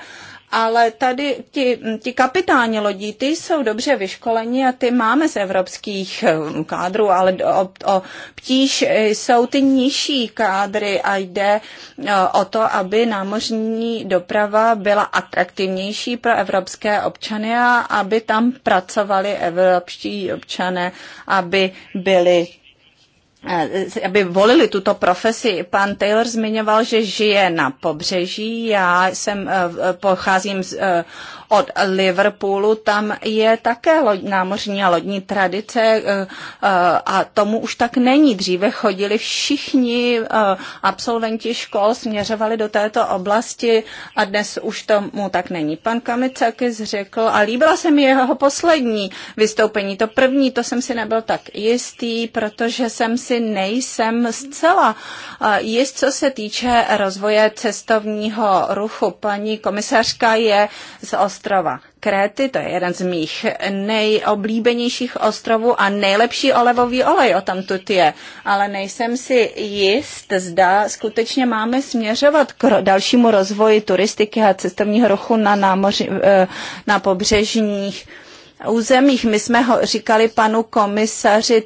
ale tady ti, ti kapitáni lodí, ty jsou dobře vyškoleni a ty máme z evropských eh, kádrů, ale o, o ptíž eh, jsou ty nižší kádry a jde eh, o to, aby námořní doprava byla atraktivnější pro evropské občany a aby tam pracovali evropští občané, aby byli Eh, aby volili tuto profesi. Pan Taylor zmiňoval, že žije na pobřeží. Já jsem, eh, pocházím z eh, od Liverpoolu, tam je také loď, námořní a lodní tradice eh, eh, a tomu už tak není. Dříve chodili všichni eh, absolventi škol, směřovali do této oblasti a dnes už tomu tak není. Pan Kamicakis řekl, a líbila se mi jeho poslední vystoupení, to první, to jsem si nebyl tak jistý, protože jsem si nejsem zcela jist, co se týče rozvoje cestovního ruchu. Paní komisařka je z ostrova Kréty, to je jeden z mých nejoblíbenějších ostrovů a nejlepší olevový olej o tam tut je. Ale nejsem si jist, zda skutečně máme směřovat k dalšímu rozvoji turistiky a cestovního ruchu na, námoři, eh, na pobřežních územích. My jsme ho říkali panu komisaři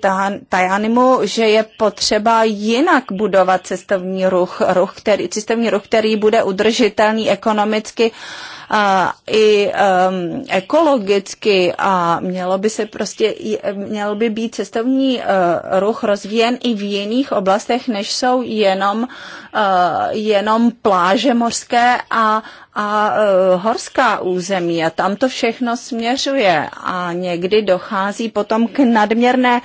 Tajanimu, že je potřeba jinak budovat cestovní ruch, ruch který, cestovní ruch, který bude udržitelný ekonomicky i ekologicky a mělo by se prostě, měl by být cestovní eh, ruch rozvíjen i v jiných oblastech, než jsou jenom, eh, jenom pláže mořské a, a eh, horská území a tam to všechno směřuje a někdy dochází potom k nadměrné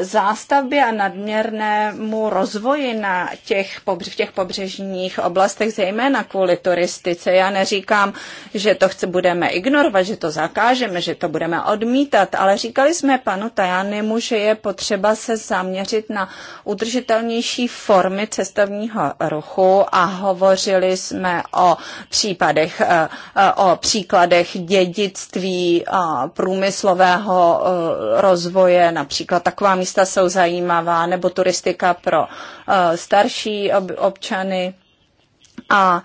zástavbě a nadměrnému rozvoji na těch, v těch pobřežních oblastech, zejména kvůli turistice. Já neříkám, že to chce, budeme ignorovat, že to zakážeme, že to budeme odmítat, ale říkali jsme panu Tajanemu, že je potřeba se zaměřit na udržitelnější formy cestovního ruchu a hovořili jsme o případech, eh, eh, o příkladech dědictví eh, průmyslového rozvoje, například taková místa jsou zajímavá, nebo turistika pro starší občany a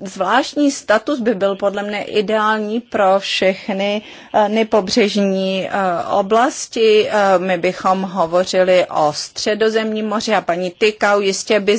zvláštní status by byl podle mne ideální pro všechny eh, nepobřežní eh, oblasti. Eh, my bychom hovořili o středozemním moři a paní Tykau jistě by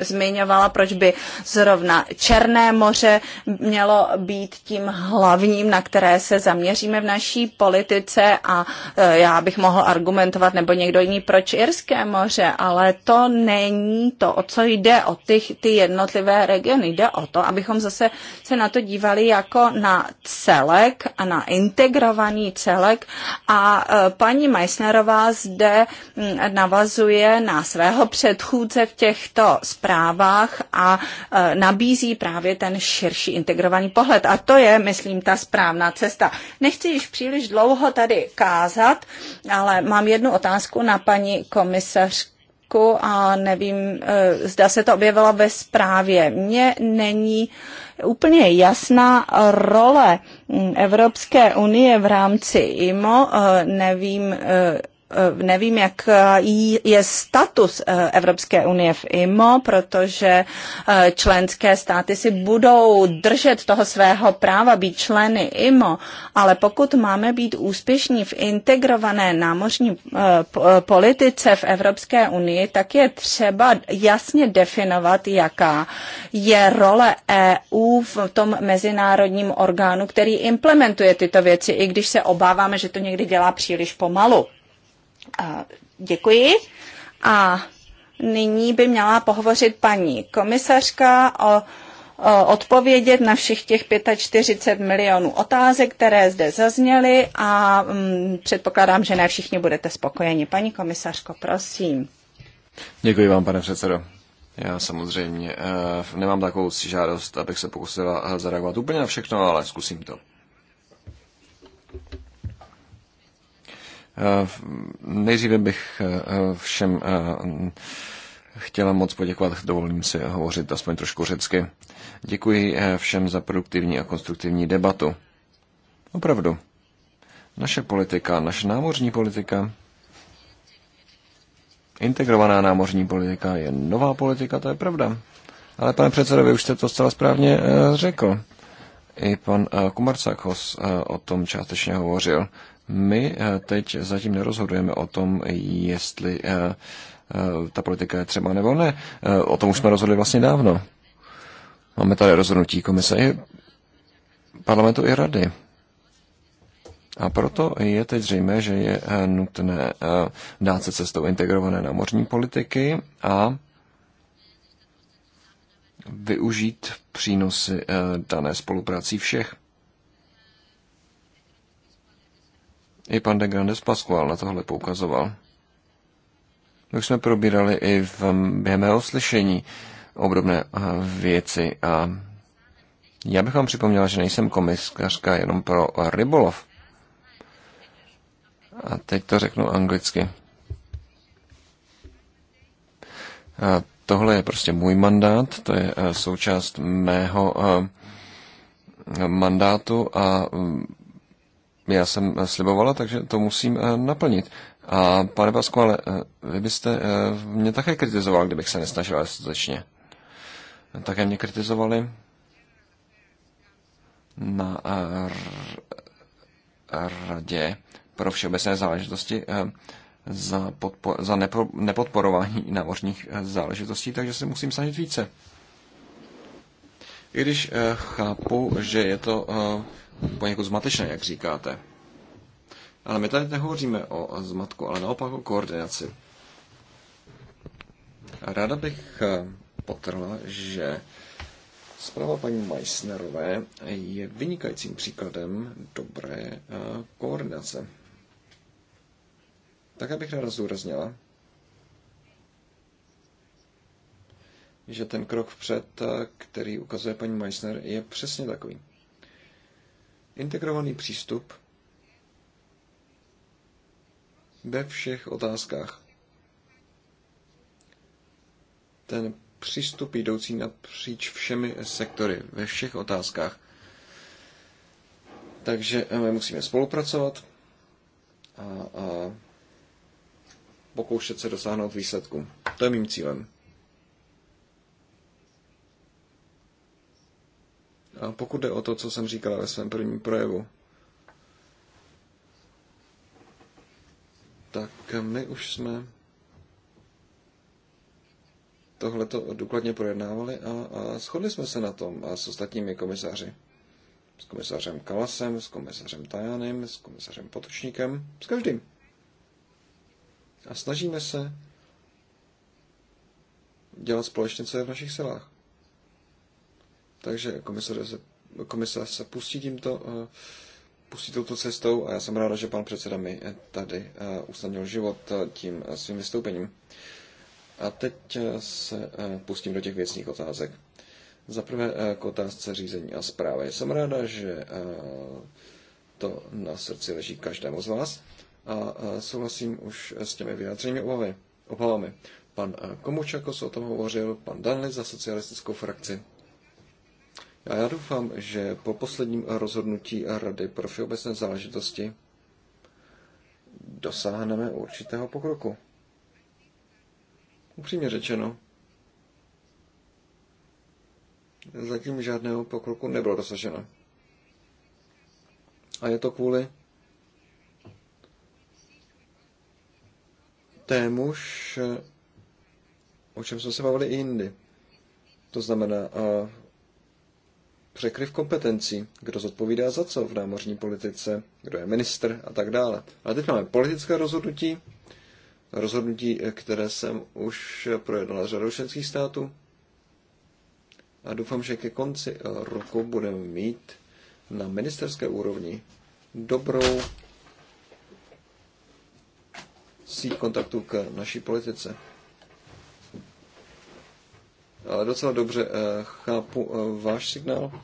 zmiňovala, proč by zrovna Černé moře mělo být tím hlavním, na které se zaměříme v naší politice a já bych mohl argumentovat nebo někdo jiný, proč Irské moře, ale to není to, o co jde, o ty, ty jednotlivé regiony. Jde o to, abychom zase se na to dívali jako na celek a na integrovaný celek. A e, paní Meissnerová zde mm, navazuje na svého předchůdce v těchto zprávách a e, nabízí právě ten širší integrovaný pohled. A to je, myslím, ta správná cesta. Nechci již příliš dlouho tady kázat, ale mám jednu otázku na paní komisařku článku a nevím, eh, zda se to objevilo ve zprávě. Mně není úplně jasná role mm, Evropské unie v rámci IMO. Eh, nevím, eh, Eh, nevím, jak eh, je status eh, Evropské unie v IMO, protože členské státy si budou držet toho svého práva být členy IMO, ale pokud máme být úspěšní v integrované námořní politice v Evropské unii, tak je třeba jasně definovat, jaká je role EU v tom mezinárodním orgánu, který implementuje tyto věci, i když se obáváme, že to někdy dělá příliš pomalu. Eh, děkuji. A nyní by měla pohovořit paní komisařka o odpovědět na všech těch 45 milionů otázek, které zde zazněly a m, mm, předpokládám, že ne všichni budete spokojeni. Paní komisařko, prosím. Děkuji vám, pane předsedo. Já samozřejmě eh, nemám takovou žádost, abych se pokusila eh, zareagovat úplně na všechno, ale zkusím to. Eh, nejdříve bych eh, všem eh, chtěla moc poděkovat, dovolím si hovořit aspoň trošku řecky. Děkuji všem za produktivní a konstruktivní debatu. Opravdu. Naše politika, naše námořní politika, integrovaná námořní politika je nová politika, to je pravda. Ale pane předsedo, vy už jste to zcela správně řekl. I pan Kumarcakos o tom částečně hovořil. My eh, teď zatím nerozhodujeme o tom, jestli eh, eh, ta politika je třeba nebo ne. O tom už jsme rozhodli vlastně dávno. Máme tady rozhodnutí komise i parlamentu i rady. A proto je teď zřejmé, že je nutné dát se cestou integrované námořní politiky a využít přínosy dané spoluprací všech. I pan de Grandes Pascual na tohle poukazoval. My už jsme probírali i v, během mého slyšení obdobné eh, věci a já bych vám připomněla, že nejsem komiskařka jenom pro rybolov. A teď to řeknu anglicky. A tohle je prostě můj mandát, to je eh, součást mého eh, mandátu a mm, já jsem eh, slibovala, takže to musím eh, naplnit. A pane Pasku, ale eh, vy byste mě také kritizoval, kdybych se nesnažil dostatečně. Také mě kritizovali na radě pro všeobecné záležitosti za, podpo- za nepo- nepodporování námořních záležitostí, takže se musím snažit více. I když eh, chápu, že je to eh, poněkud zmatečné, jak říkáte. Ale my tady nehovoříme o zmatku, ale naopak o koordinaci. Ráda bych eh, potrhla, že zpráva paní Meissnerové je vynikajícím příkladem dobré koordinace. Také bych ráda zdůraznila, že ten krok vpřed, eh, který ukazuje paní Meissner, je přesně takový. Integrovaný přístup ve všech otázkách. Ten přístup jdoucí napříč všemi sektory, ve všech otázkách. Takže eh, my musíme spolupracovat a, a pokoušet se dosáhnout výsledku. To je mým cílem. pokud jde o to, co jsem říkala ve svém prvním projevu, tak my už jsme tohleto důkladně projednávali a, a shodli jsme se na tom a s ostatními komisaři. S komisařem Kalasem, s komisařem Tajanem, s komisařem Potočníkem, s každým. A snažíme se dělat společně, co je v našich silách. Takže komisař se, se pustí tímto, eh, pustí touto cestou a já jsem ráda, že pan předseda mi eh, tady eh, usnadnil život tím svým vystoupením. A teď se pustím do těch věcných otázek. Za prvé k otázce řízení a zprávy. Jsem ráda, že to na srdci leží každému z vás a souhlasím už s těmi vyjádřenými obavy, obavami. Pan Komučakos o tom hovořil, pan Danli za socialistickou frakci. A já doufám, že po posledním rozhodnutí Rady pro všeobecné záležitosti dosáhneme určitého pokroku. Upřímně řečeno, zatím žádného pokroku nebylo dosaženo. A je to kvůli témuž, o čem jsme se bavili i jindy. To znamená překryv kompetencí, kdo zodpovídá za co v námořní politice, kdo je minister a tak dále. Ale teď máme politické rozhodnutí, rozhodnutí, které jsem už projednala řadou členských států. A doufám, že ke konci roku budeme mít na ministerské úrovni dobrou síť kontaktů k naší politice. Ale docela dobře eh, chápu eh, váš signál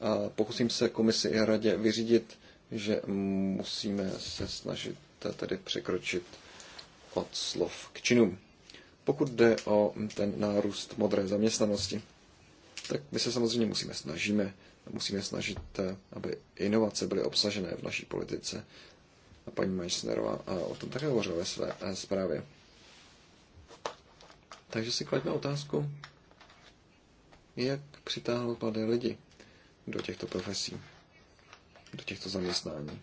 a pokusím se komisi i radě vyřídit, že musíme se snažit tady překročit od slov k činům. Pokud jde o ten nárůst modré zaměstnanosti, tak my se samozřejmě musíme snažíme, musíme snažit, eh, aby inovace byly obsažené v naší politice. A paní Majsnerová o tom také hovořila ve své zprávě. Takže si klaďme otázku, jak přitáhnout mladé lidi do těchto profesí, do těchto zaměstnání.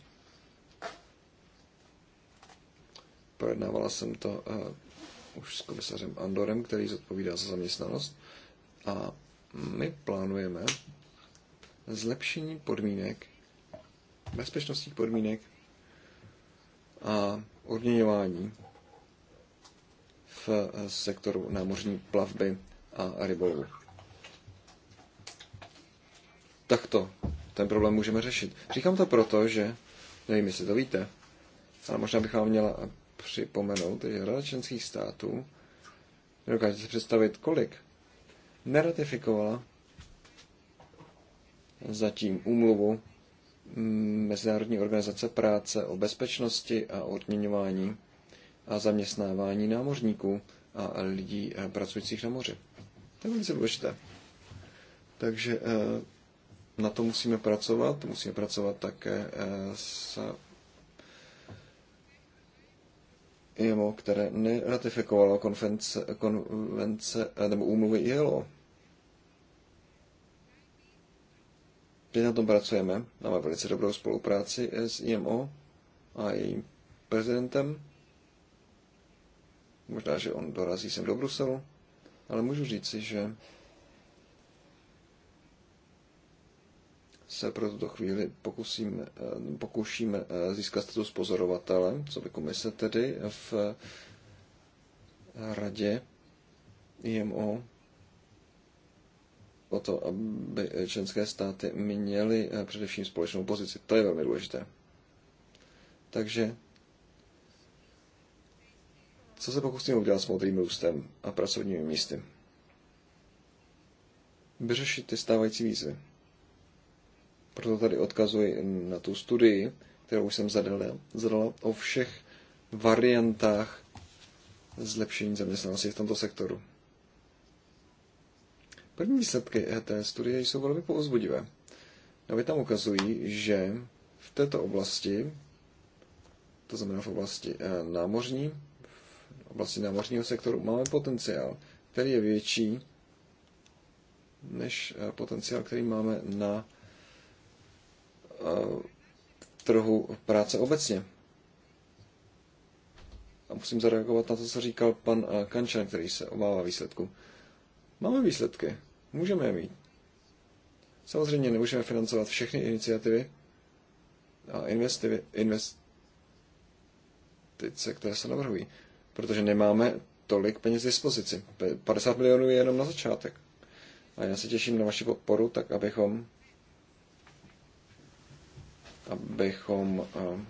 Projednávala jsem to uh, už s komisařem Andorem, který zodpovídá za zaměstnanost. A my plánujeme zlepšení podmínek, bezpečnostních podmínek a odměňování v eh, sektoru námořní plavby a rybolovu takto ten problém můžeme řešit. Říkám to proto, že, nevím, jestli to víte, ale možná bych vám měla připomenout, že Rada členských států, nedokážete si představit, kolik neratifikovala zatím úmluvu Mezinárodní organizace práce o bezpečnosti a odměňování a zaměstnávání námořníků a lidí eh, pracujících na moři. To je velice důležité. Takže eh, na to musíme pracovat. Musíme pracovat také eh, s IMO, které neratifikovalo konvence, konvence eh, nebo úmluvy ILO. Teď na tom pracujeme. Máme velice dobrou spolupráci eh, s IMO a jejím prezidentem. Možná, že on dorazí sem do Bruselu, ale můžu říci, že se pro tuto chvíli pokusím, eh, pokoušíme eh, získat status pozorovatele, co by komise tedy v eh, radě IMO o to, aby členské státy měly především společnou pozici. To je velmi důležité. Takže co se pokusíme udělat s modrým růstem a pracovními místy? Vyřešit ty stávající výzvy. Proto tady odkazuji na tu studii, kterou jsem zadal, zadala o všech variantách zlepšení zaměstnanosti v tomto sektoru. První výsledky té studie jsou velmi pouzbudivé. Nově tam ukazují, že v této oblasti, to znamená v oblasti eh, námořní, v oblasti námořního sektoru, máme potenciál, který je větší než eh, potenciál, který máme na trhu práce obecně. A musím zareagovat na to, co říkal pan Kančan, který se obává výsledku. Máme výsledky, můžeme je mít. Samozřejmě nemůžeme financovat všechny iniciativy a investivy, investice, které se navrhují, protože nemáme tolik peněz k dispozici. 50 milionů je jenom na začátek. A já se těším na vaši podporu, tak abychom abychom eh,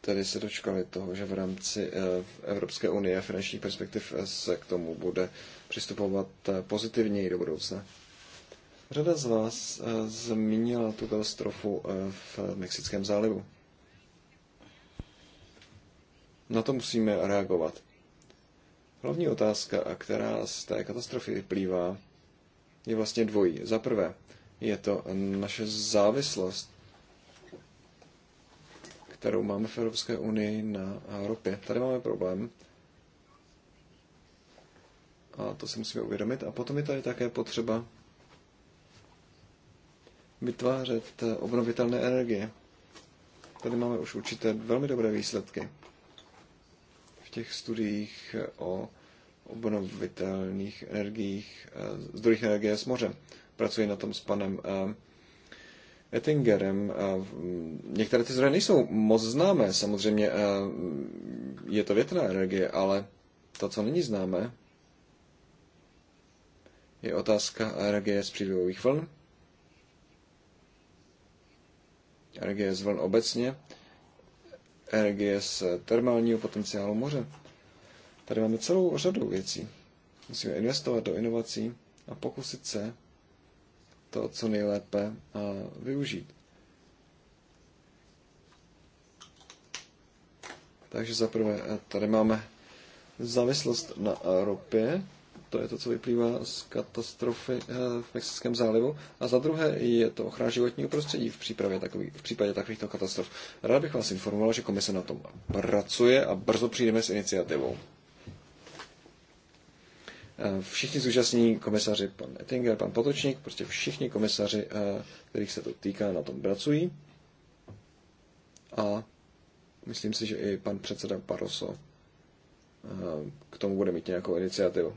tedy se dočkali toho, že v rámci eh, Evropské unie finančních perspektiv se k tomu bude přistupovat eh, pozitivněji do budoucna. Řada z vás zmínila tu katastrofu v Mexickém zálivu. Na to musíme reagovat. Hlavní otázka, která z té katastrofy vyplývá, je vlastně dvojí. Za prvé, je to naše závislost, kterou máme v Evropské unii na ropě. Tady máme problém, a to si musíme uvědomit. A potom je tady také potřeba vytvářet obnovitelné energie. Tady máme už určité velmi dobré výsledky těch studiích o obnovitelných energiích, eh, zdrojích energie s mořem. Pracuji na tom s panem eh, Ettingerem. Eh, některé ty zdroje nejsou moc známé, samozřejmě je to větrná energie, ale to, co není známé, je otázka energie z přílivových vln, energie z vln obecně, energie z termálního potenciálu moře. Tady máme celou řadu věcí. Musíme investovat do inovací a pokusit se to co nejlépe a využít. Takže zaprvé eh, tady máme závislost na ropě, to je to, co vyplývá z katastrofy eh, v Mexickém zálivu. A za druhé je to ochrana životního prostředí v, přípravě takový, v případě takovýchto katastrof. Rád bych vás informoval, že komise na tom pracuje a brzo přijdeme s iniciativou. Eh, všichni zúžasní komisaři, pan Ettinger, pan Potočník, prostě všichni komisaři, eh, kterých se to týká, na tom pracují. A myslím si, že i pan předseda Paroso k tomu bude mít nějakou iniciativu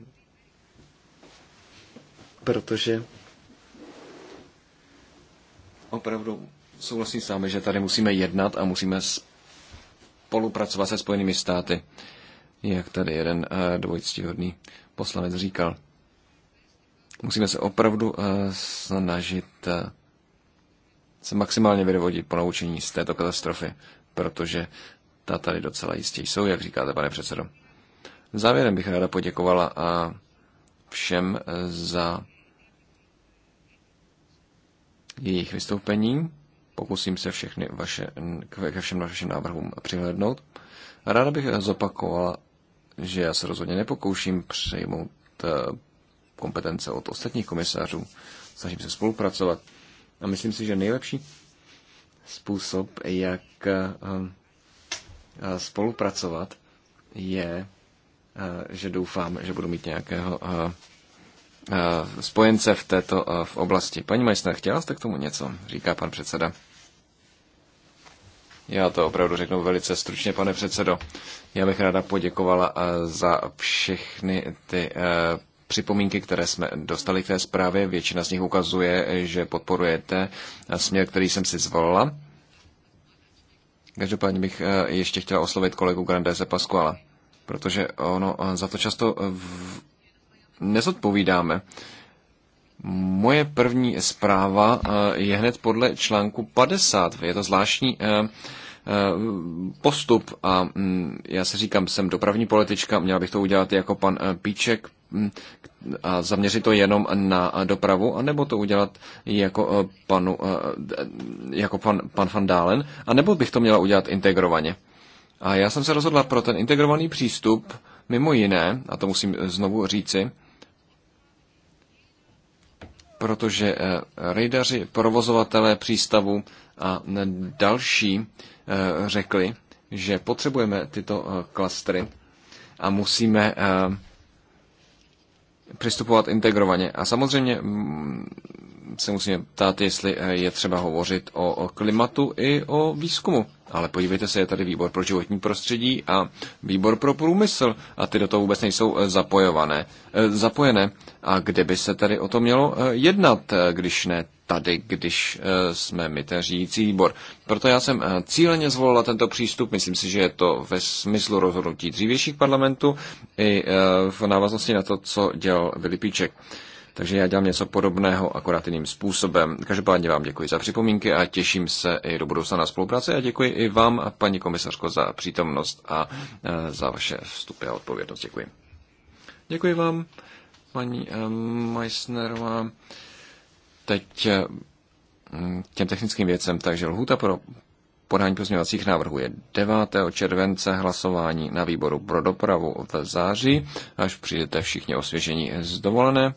protože opravdu souhlasím s vámi, že tady musíme jednat a musíme spolupracovat se Spojenými státy, jak tady jeden eh, dvojctihodný poslanec říkal. Musíme se opravdu eh, snažit eh, se maximálně po ponaučení z této katastrofy, protože ta tady docela jistě jsou, jak říkáte, pane předsedo. Závěrem bych ráda poděkovala a všem eh, za jejich vystoupení. Pokusím se všechny vaše, ke všem vašim návrhům přihlednout. Ráda bych zopakovala, že já se rozhodně nepokouším přejmout eh, kompetence od ostatních komisářů. Snažím se spolupracovat. A myslím si, že nejlepší způsob, jak eh, spolupracovat, je Eh, že doufám, že budu mít nějakého eh, eh, spojence v této v oblasti. Paní Majsner, chtěla jste k tomu něco? Říká pan předseda. Já to opravdu řeknu velice stručně, pane předsedo. Já bych ráda poděkovala za všechny ty připomínky, které jsme dostali k té zprávě. Většina z nich ukazuje, že podporujete směr, který jsem si zvolila. Každopádně bych ještě chtěla oslovit kolegu Grandese Pasquala protože ono eh, za to často eh, v... nezodpovídáme. Moje první zpráva eh, je hned podle článku 50. Je to zvláštní postup a mm, já se říkám, jsem dopravní politička, měla bych to udělat jako pan Píček mm, a zaměřit to jenom na dopravu, anebo to udělat jako, panu, jako pan, pan Van Dálen, anebo bych to měla udělat integrovaně. A já jsem se rozhodla pro ten integrovaný přístup, mimo jiné, a to musím znovu říci, protože eh, rejdaři, provozovatelé přístavu a další eh, řekli, že potřebujeme tyto eh, klastry a musíme přistupovat integrovaně. A samozřejmě mm, se musíme ptát, jestli eh, je třeba hovořit o klimatu i o výzkumu. Ale podívejte se, je tady výbor pro životní prostředí a výbor pro průmysl a ty do toho vůbec nejsou eh, zapojované, eh, zapojené. A kde by se tady o to mělo jednat, když ne tady, když jsme my ten řídící výbor. Proto já jsem cíleně zvolila tento přístup, myslím si, že je to ve smyslu rozhodnutí dřívějších parlamentů i v návaznosti na to, co dělal Vilipíček. Píček. Takže já dělám něco podobného, akorát jiným způsobem. Každopádně vám děkuji za připomínky a těším se i do budoucna na spolupráci a děkuji i vám, paní komisařko, za přítomnost a e, za vaše vstupy a odpovědnost. Děkuji. Děkuji vám, paní e, Meissnerová. Teď e, těm technickým věcem, takže lhůta pro podání pozměňovacích návrhů je 9. července hlasování na výboru pro dopravu v září, až přijdete všichni osvěžení z dovolené.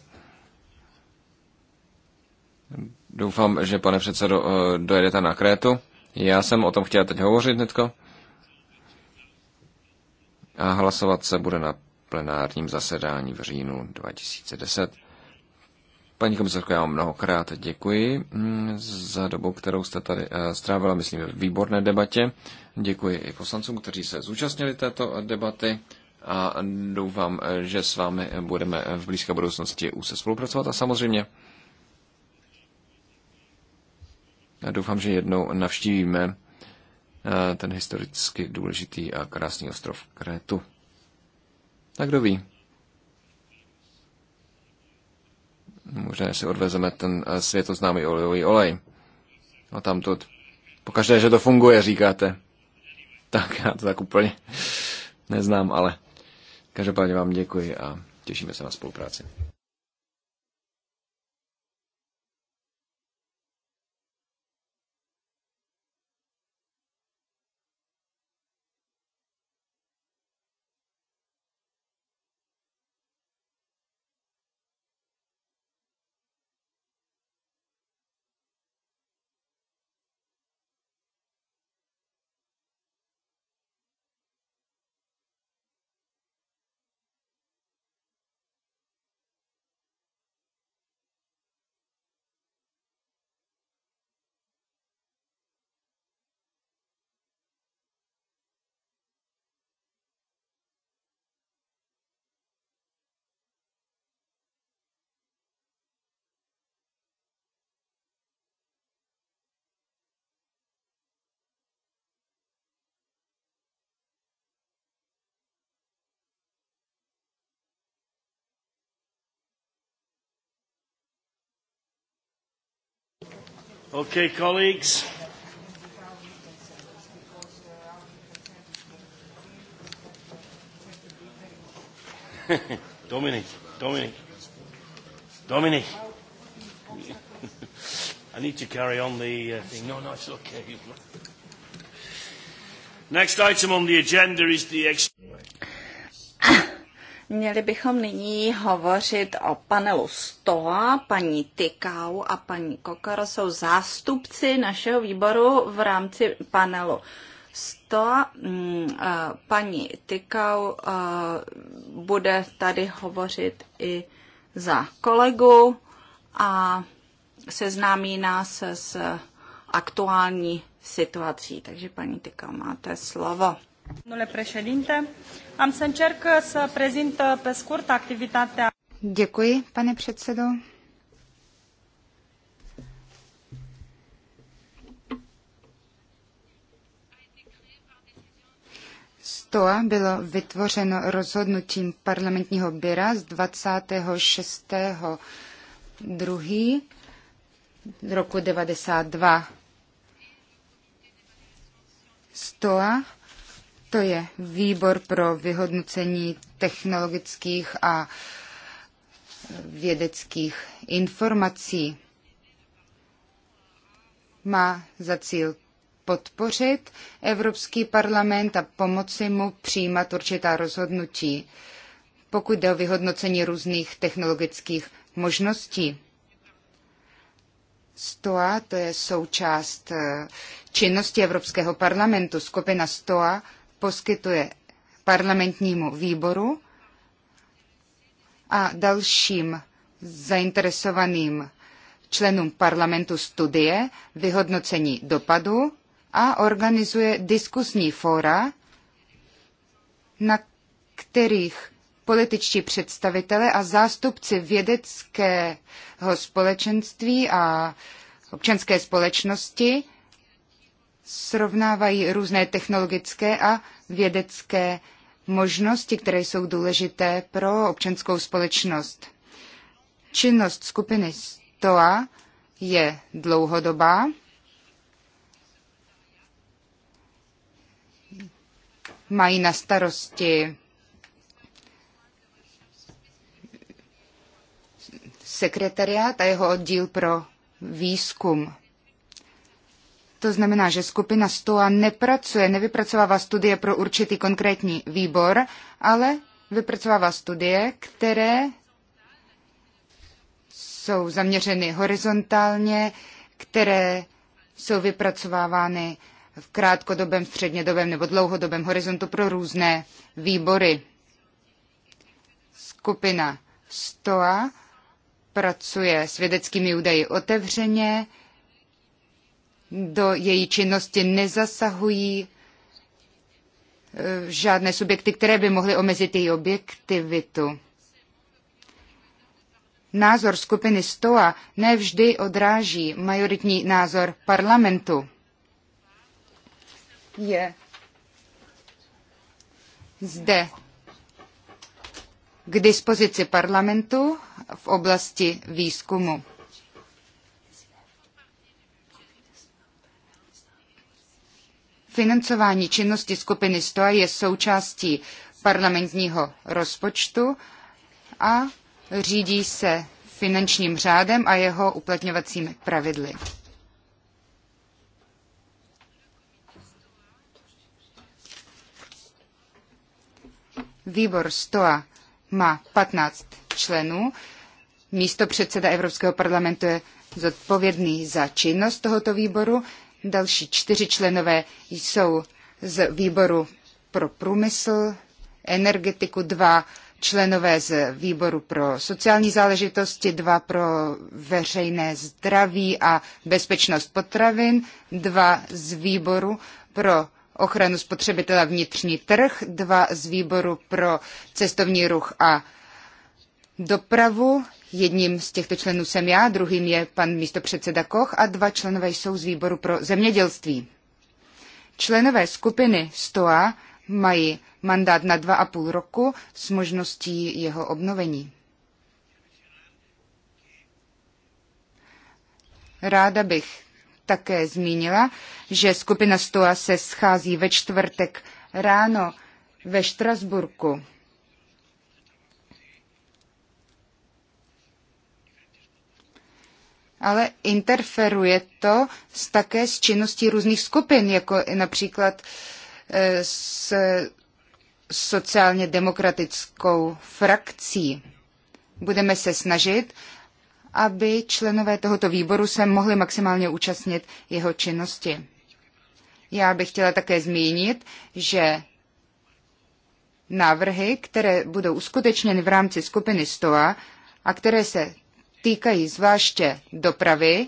Doufám, že pane předsedo eh, dojedete na Krétu. Já jsem o tom chtěl teď hovořit hnedko. A hlasovat se bude na plenárním zasedání v říjnu 2010. Paní komisarko, já vám mnohokrát děkuji mm, za dobu, kterou jste tady eh, strávila, myslím, v výborné debatě. Děkuji i poslancům, kteří se zúčastnili této debaty a doufám, eh, že s vámi budeme v blízké budoucnosti už se spolupracovat a samozřejmě Já doufám, že jednou navštívíme eh, ten historicky důležitý a krásný ostrov Krétu. Tak kdo ví? Možná si odvezeme ten eh, světoznámý olejový olej. A no, tam tamtud. Pokaždé, že to funguje, říkáte. Tak já to tak úplně neznám, ale každopádně vám děkuji a těšíme se na spolupráci. Okay, colleagues. Dominic, Dominic, Dominic. I need to carry on the uh, thing. No, no, it's okay. Next item on the agenda is the. Měli bychom nyní hovořit o panelu STOA. Paní Tykau a paní Kokaro jsou zástupci našeho výboru v rámci panelu STOA. Mm, eh, paní Tykau eh, bude tady hovořit i za kolegu a seznámí nás s aktuální situací. Takže paní Tykau, máte slovo. Domnule președinte, am să încerc să prezint uh, pe scurt activitatea. Děkuji, pane předsedo. STOA bylo vytvořeno rozhodnutím parlamentního byra z 26. 2. roku 92. STOA to je výbor pro vyhodnocení technologických a vědeckých informací. Má za cíl podpořit Evropský parlament a pomoci mu přijímat určitá rozhodnutí, pokud jde o vyhodnocení různých technologických možností. STOA, to je součást eh, činnosti Evropského parlamentu, skupina STOA, poskytuje parlamentnímu výboru a dalším zainteresovaným členům parlamentu studie, vyhodnocení dopadu a organizuje diskusní fóra, na kterých političtí představitelé a zástupci vědeckého společenství a občanské společnosti srovnávají různé technologické a vědecké možnosti, které jsou důležité pro občanskou společnost. Činnost skupiny STOA je dlouhodobá. Mají na starosti sekretariát a jeho oddíl pro výzkum. To znamená, že skupina STOA nepracuje, nevypracovává studie pro určitý konkrétní výbor, ale vypracovává studie, které jsou zaměřeny horizontálně, které jsou vypracovávány v krátkodobém, střednědobém nebo dlouhodobém horizontu pro různé výbory. Skupina STOA pracuje s vědeckými údaji otevřeně, do její činnosti nezasahují eh, žádné subjekty, které by mohly omezit její objektivitu. Názor skupiny STOA nevždy odráží majoritní názor parlamentu. Je zde k dispozici parlamentu v oblasti výzkumu. Financování činnosti skupiny STOA je součástí parlamentního rozpočtu a řídí se finančním řádem a jeho uplatňovacími pravidly. Výbor STOA má 15 členů. Místo předseda Evropského parlamentu je zodpovědný za činnost tohoto výboru. Další čtyři členové jsou z výboru pro průmysl, energetiku, dva členové z výboru pro sociální záležitosti, dva pro veřejné zdraví a bezpečnost potravin, dva z výboru pro ochranu spotřebitela vnitřní trh, dva z výboru pro cestovní ruch a dopravu, Jedním z těchto členů jsem já, druhým je pan místopředseda Koch a dva členové jsou z výboru pro zemědělství. Členové skupiny STOA mají mandát na dva a půl roku s možností jeho obnovení. Ráda bych také zmínila, že skupina STOA se schází ve čtvrtek ráno ve Štrasburku. ale interferuje to s, také s činností různých skupin, jako například eh, s sociálně demokratickou frakcí. Budeme se snažit, aby členové tohoto výboru se mohli maximálně účastnit jeho činnosti. Já bych chtěla také zmínit, že návrhy, které budou uskutečněny v rámci skupiny STOA a které se týkají zvláště dopravy,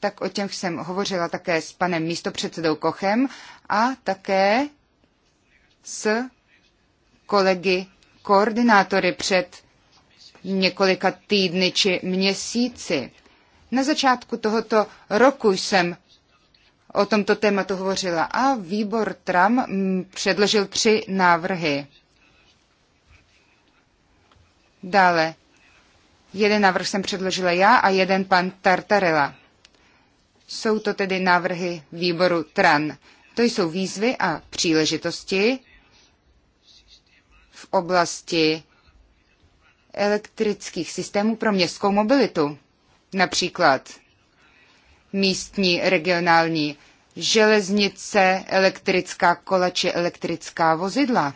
tak o těch jsem hovořila také s panem místopředsedou Kochem a také s kolegy koordinátory před několika týdny či měsíci. Na začátku tohoto roku jsem o tomto tématu hovořila a výbor Tram mm, předložil tři návrhy. Dále Jeden návrh jsem předložila já a jeden pan Tartarela. Jsou to tedy návrhy výboru TRAN. To jsou výzvy a příležitosti v oblasti elektrických systémů pro městskou mobilitu. Například místní regionální železnice, elektrická kola či elektrická vozidla.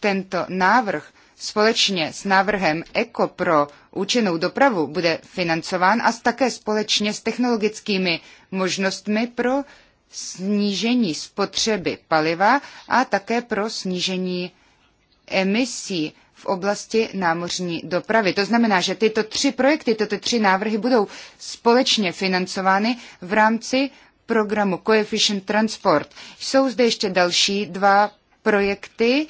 tento návrh společně s návrhem ECO pro účinnou dopravu bude financován a také společně s technologickými možnostmi pro snížení spotřeby paliva a také pro snížení emisí v oblasti námořní dopravy. To znamená, že tyto tři projekty, tyto tři návrhy budou společně financovány v rámci programu Coefficient Transport. Jsou zde ještě další dva projekty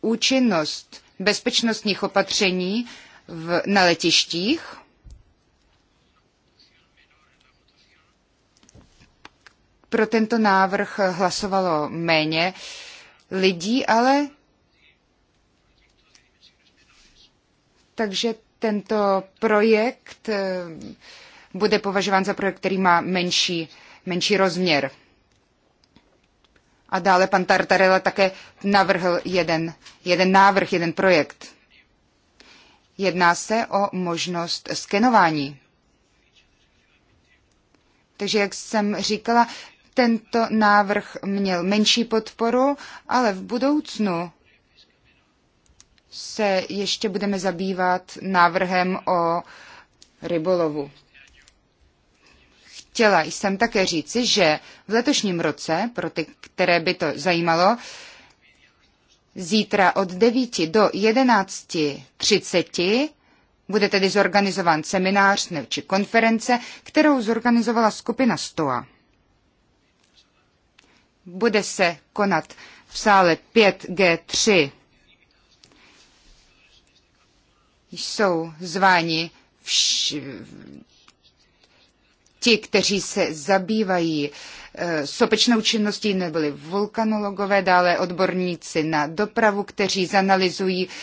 účinnost bezpečnostních opatření v, na letištích, pro tento návrh hlasovalo méně lidí, ale takže tento projekt eh, bude považován za projekt, který má menší, menší rozměr. A dále pan Tartarella také navrhl jeden, jeden návrh, jeden projekt. Jedná se o možnost skenování. Takže, jak jsem říkala, tento návrh měl menší podporu, ale v budoucnu se ještě budeme zabývat návrhem o rybolovu chtěla jsem také říci, že v letošním roce, pro ty, které by to zajímalo, zítra od 9 do 11.30 bude tedy zorganizován seminář či konference, kterou zorganizovala skupina STOA. Bude se konat v sále 5G3. Jsou zváni vš- ti, kteří se zabývají eh, sopečnou činností nebyli vulkanologové, dále odborníci na dopravu, kteří zanalizují eh,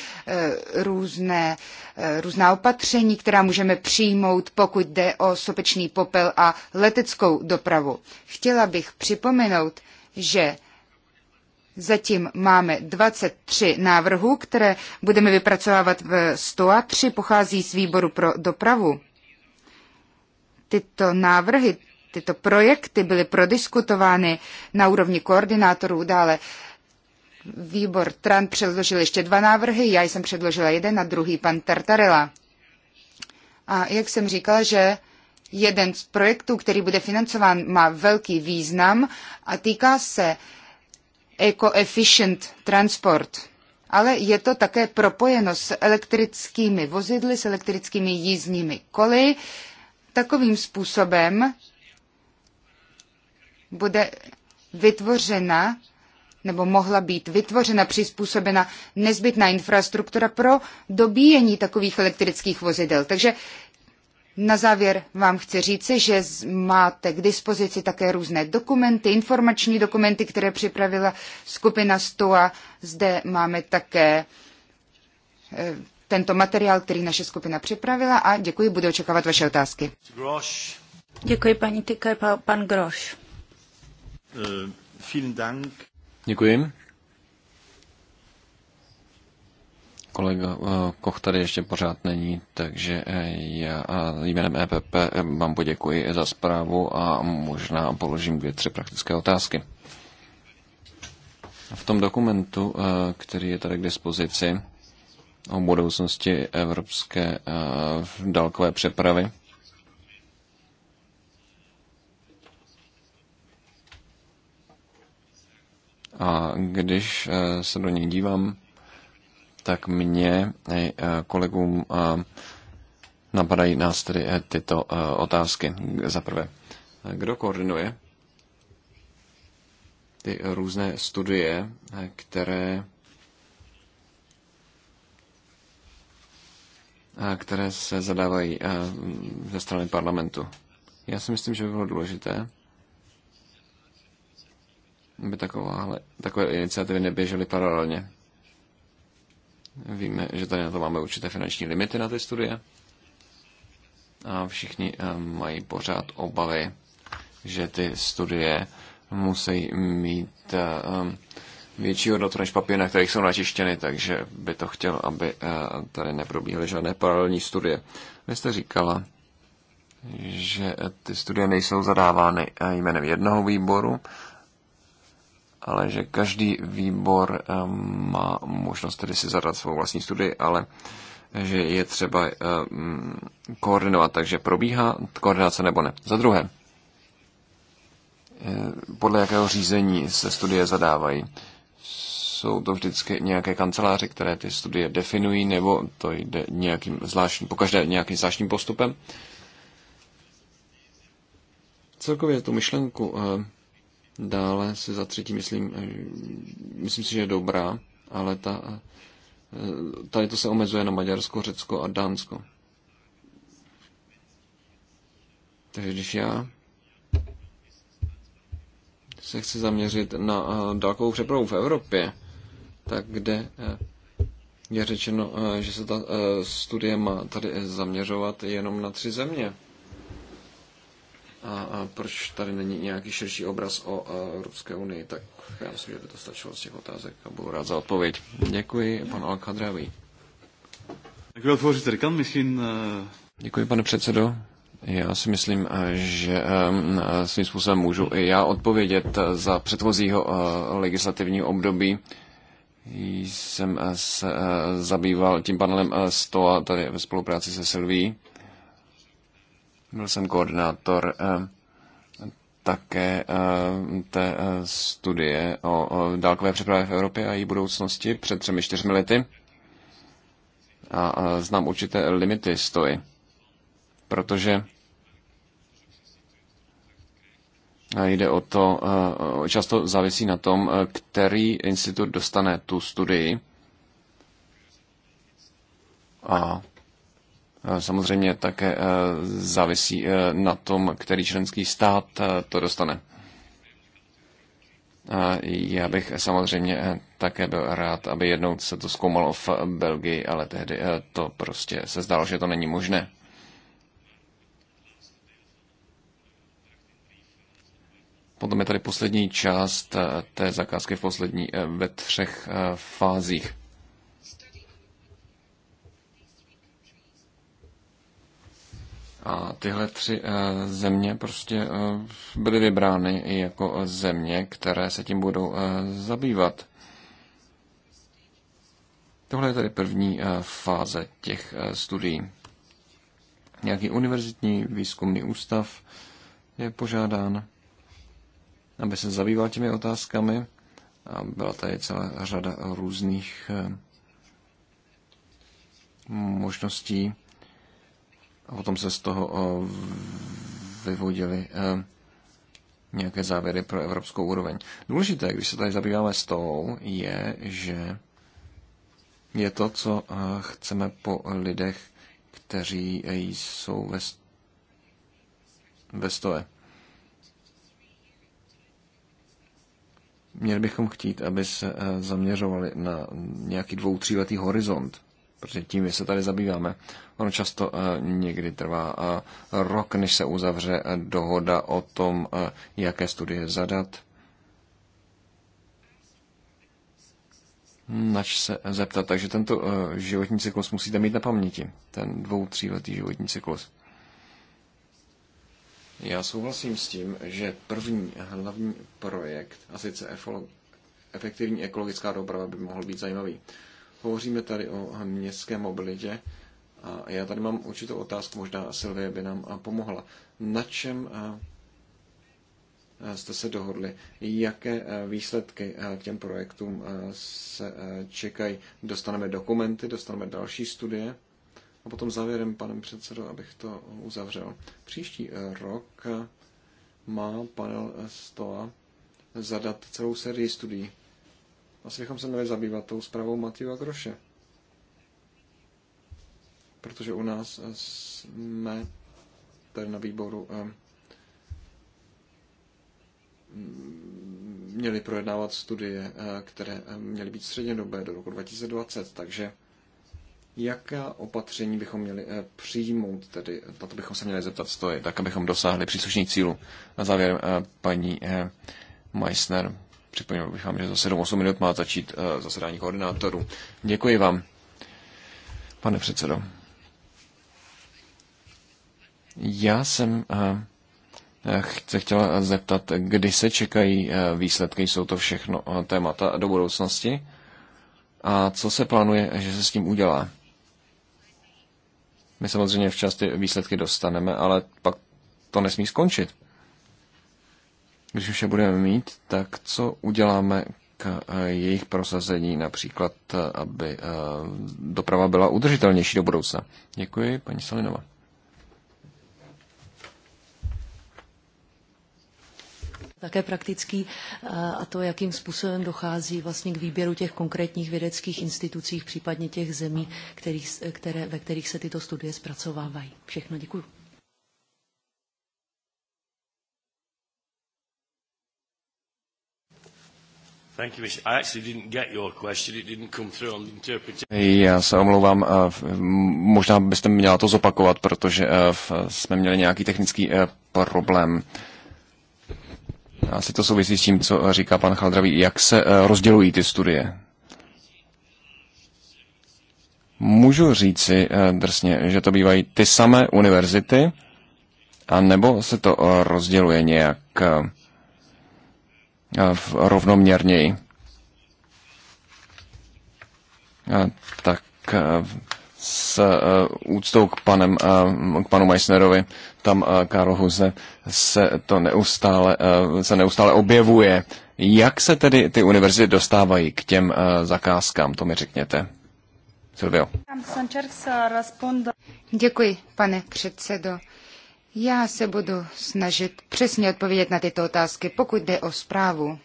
různé, eh, různá opatření, která můžeme přijmout, pokud jde o sopečný popel a leteckou dopravu. Chtěla bych připomenout, že Zatím máme 23 návrhů, které budeme vypracovávat v 103 pochází z výboru pro dopravu tyto návrhy, tyto projekty byly prodiskutovány na úrovni koordinátorů dále. Výbor TRAN předložil ještě dva návrhy, já jsem předložila jeden a druhý pan Tartarela. A jak jsem říkala, že jeden z projektů, který bude financován, má velký význam a týká se eco-efficient transport. Ale je to také propojeno s elektrickými vozidly, s elektrickými jízdními koly, Takovým způsobem bude vytvořena nebo mohla být vytvořena, přizpůsobena nezbytná infrastruktura pro dobíjení takových elektrických vozidel. Takže na závěr vám chci říci, že máte k dispozici také různé dokumenty, informační dokumenty, které připravila skupina STOA. Zde máme také eh, tento materiál, který naše skupina připravila a děkuji, budu očekávat vaše otázky. Děkuji paní pa, pan Groš. Eh, děkuji. Kolega eh, Koch tady ještě pořád není, takže eh, já jménem EPP vám poděkuji za zprávu a možná položím dvě, tři praktické otázky. V tom dokumentu, který je tady k dispozici, o budoucnosti evropské eh, dálkové přepravy. A když eh, se do něj dívám, tak mě eh, kolegům napadají nás tedy tyto otázky. Za prvé, kdo koordinuje ty různé studie, které které se zadávají ze strany parlamentu. Já si myslím, že by bylo důležité, aby takové, takové iniciativy neběžely paralelně. Víme, že tady na to máme určité finanční limity na ty studie a všichni mají pořád obavy, že ty studie musí mít větší hodnotu než papír, na kterých jsou načištěny, takže by to chtěl, aby eh, tady neprobíhaly žádné paralelní studie. Vy jste říkala, že eh, ty studie nejsou zadávány eh, jménem jednoho výboru, ale že každý výbor má možnost tedy si zadat svou vlastní studii, ale že je třeba mm, koordinovat, takže probíhá koordinace nebo ne. Za druhé, podle jakého řízení se studie zadávají jsou to vždycky nějaké kanceláře, které ty studie definují, nebo to jde nějakým zvláštním, pokaždé nějakým zvláštním postupem. Celkově tu myšlenku eh, dále si za třetí myslím, eh, myslím si, že je dobrá, ale ta, eh, tady to se omezuje na Maďarsko, Řecko a Dánsko. Takže když já se chci zaměřit na dálkovou přepravu v Evropě, tak kde eh, je řečeno, eh, že se ta eh, studie má tady zaměřovat jenom na tři země. A proč tady není nějaký širší obraz o Evropské unii, tak já myslím, že by to stačilo z těch otázek a budu rád za odpověď. Děkuji, pan Alkadravý. Děkuji, pane předsedo. Já si myslím, že svým způsobem můžu i já odpovědět za předchozího legislativního období jsem eh, se eh, zabýval tím panelem eh, a tady ve spolupráci se Silví. Byl jsem koordinátor také té studie o dálkové přepravě v Evropě a její budoucnosti před třemi čtyřmi lety. A znám určité limity stoji, protože Jde o to, eh, často závisí na tom, eh, který institut dostane tu studii. A eh, samozřejmě také závisí na tom, který členský stát to dostane. A já bych samozřejmě také byl rád, aby jednou se to zkoumalo v Belgii, ale tehdy to prostě se zdálo, že to není možné. Potom je tady poslední část eh, té zakázky v poslední, eh, ve třech eh, fázích. A tyhle tři země prostě byly vybrány i jako země, které se tím budou zabývat. Tohle je tady první fáze těch studií. Nějaký univerzitní výzkumný ústav je požádán aby se zabýval těmi otázkami. A byla tady celá řada různých eh, možností. A potom se z toho eh, vyvodili eh, nějaké závěry pro evropskou úroveň. Důležité, když se tady zabýváme s tou, je, že je to, co chceme po lidech, kteří jsou ve stoje. Měli bychom chtít, aby se eh, zaměřovali na nějaký dvou, tříletý horizont, protože tím se tady zabýváme. Ono často eh, někdy trvá eh, rok, než se uzavře dohoda o tom, jaké studie zadat, nač se zeptat. Takže tento životní cyklus musíte mít na paměti, ten dvou, tříletý životní cyklus. Já souhlasím s tím, že první hlavní projekt, a sice efektivní ekologická doprava, by mohl být zajímavý. Hovoříme tady o městské mobilitě a já tady mám určitou otázku, možná Silvie by nám pomohla. Na čem jste se dohodli. Jaké výsledky k těm projektům se čekají? Dostaneme dokumenty, dostaneme další studie? A potom závěrem, panem předsedo, abych to uzavřel. Příští eh, rok má panel eh, STOA zadat celou sérii studií. Asi bychom se měli zabývat tou zprávou a Groše. Protože u nás eh, jsme tady na výboru měli projednávat studie, které měly být střednědobé do roku 2020, takže Jaká opatření bychom měli eh, přijmout, tedy na to bychom se měli zeptat, co je, tak abychom dosáhli příslušných cílů. Na závěr, eh, paní eh, Meissner, připomněl bych vám, že za 7-8 minut má začít zasedání koordinátorů. Děkuji vám, pane předsedo. Já jsem se chtěla zeptat, kdy se čekají výsledky, jsou to všechno témata do budoucnosti a co se plánuje, že se s tím udělá. My samozřejmě včas ty výsledky dostaneme, ale pak to nesmí skončit. Když už je budeme mít, tak co uděláme k eh, jejich prosazení, například, eh, aby eh, doprava byla udržitelnější do budoucna? Děkuji, paní Salinova. také praktický, eh, a to, jakým způsobem dochází vlastně k výběru těch konkrétních vědeckých institucí, případně těch zemí, kterých, které, ve kterých se tyto studie zpracovávají. Všechno děkuji. Já se omlouvám, eh, možná byste měla to zopakovat, protože eh, jsme měli nějaký technický problém. Asi to souvisí s tím, co eh, říká pan Chaldravý. Jak se eh, rozdělují ty studie? Můžu říci eh, drsně, že to bývají ty samé univerzity, a nebo se to rozděluje nějak rovnoměrněji? Tak s eh, úctou k, panem, eh, k panu Meissnerovi, tam eh, Karl Huse se to neustále, se neustále objevuje. Jak se tedy ty univerzity dostávají k těm zakázkám, to mi řekněte. Silvio. Děkuji, pane předsedo. Já se budu snažit přesně odpovědět na tyto otázky, pokud jde o zprávu.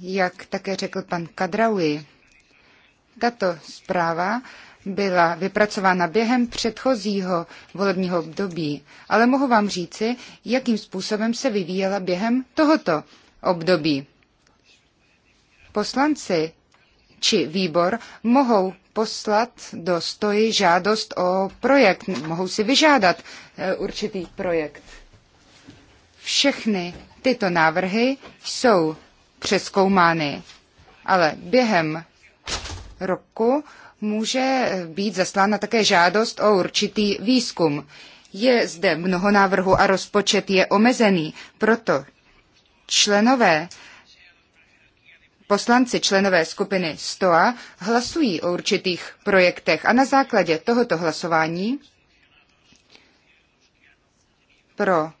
Jak také řekl pan Kadraui, tato zpráva byla vypracována během předchozího volebního období, ale mohu vám říci, jakým způsobem se vyvíjela během tohoto období. Poslanci či výbor mohou poslat do stoji žádost o projekt, mohou si vyžádat eh, určitý projekt. Všechny tyto návrhy jsou přeskoumány, ale během roku může být zaslána také žádost o určitý výzkum. Je zde mnoho návrhů a rozpočet je omezený, proto členové Poslanci členové skupiny STOA hlasují o určitých projektech a na základě tohoto hlasování pro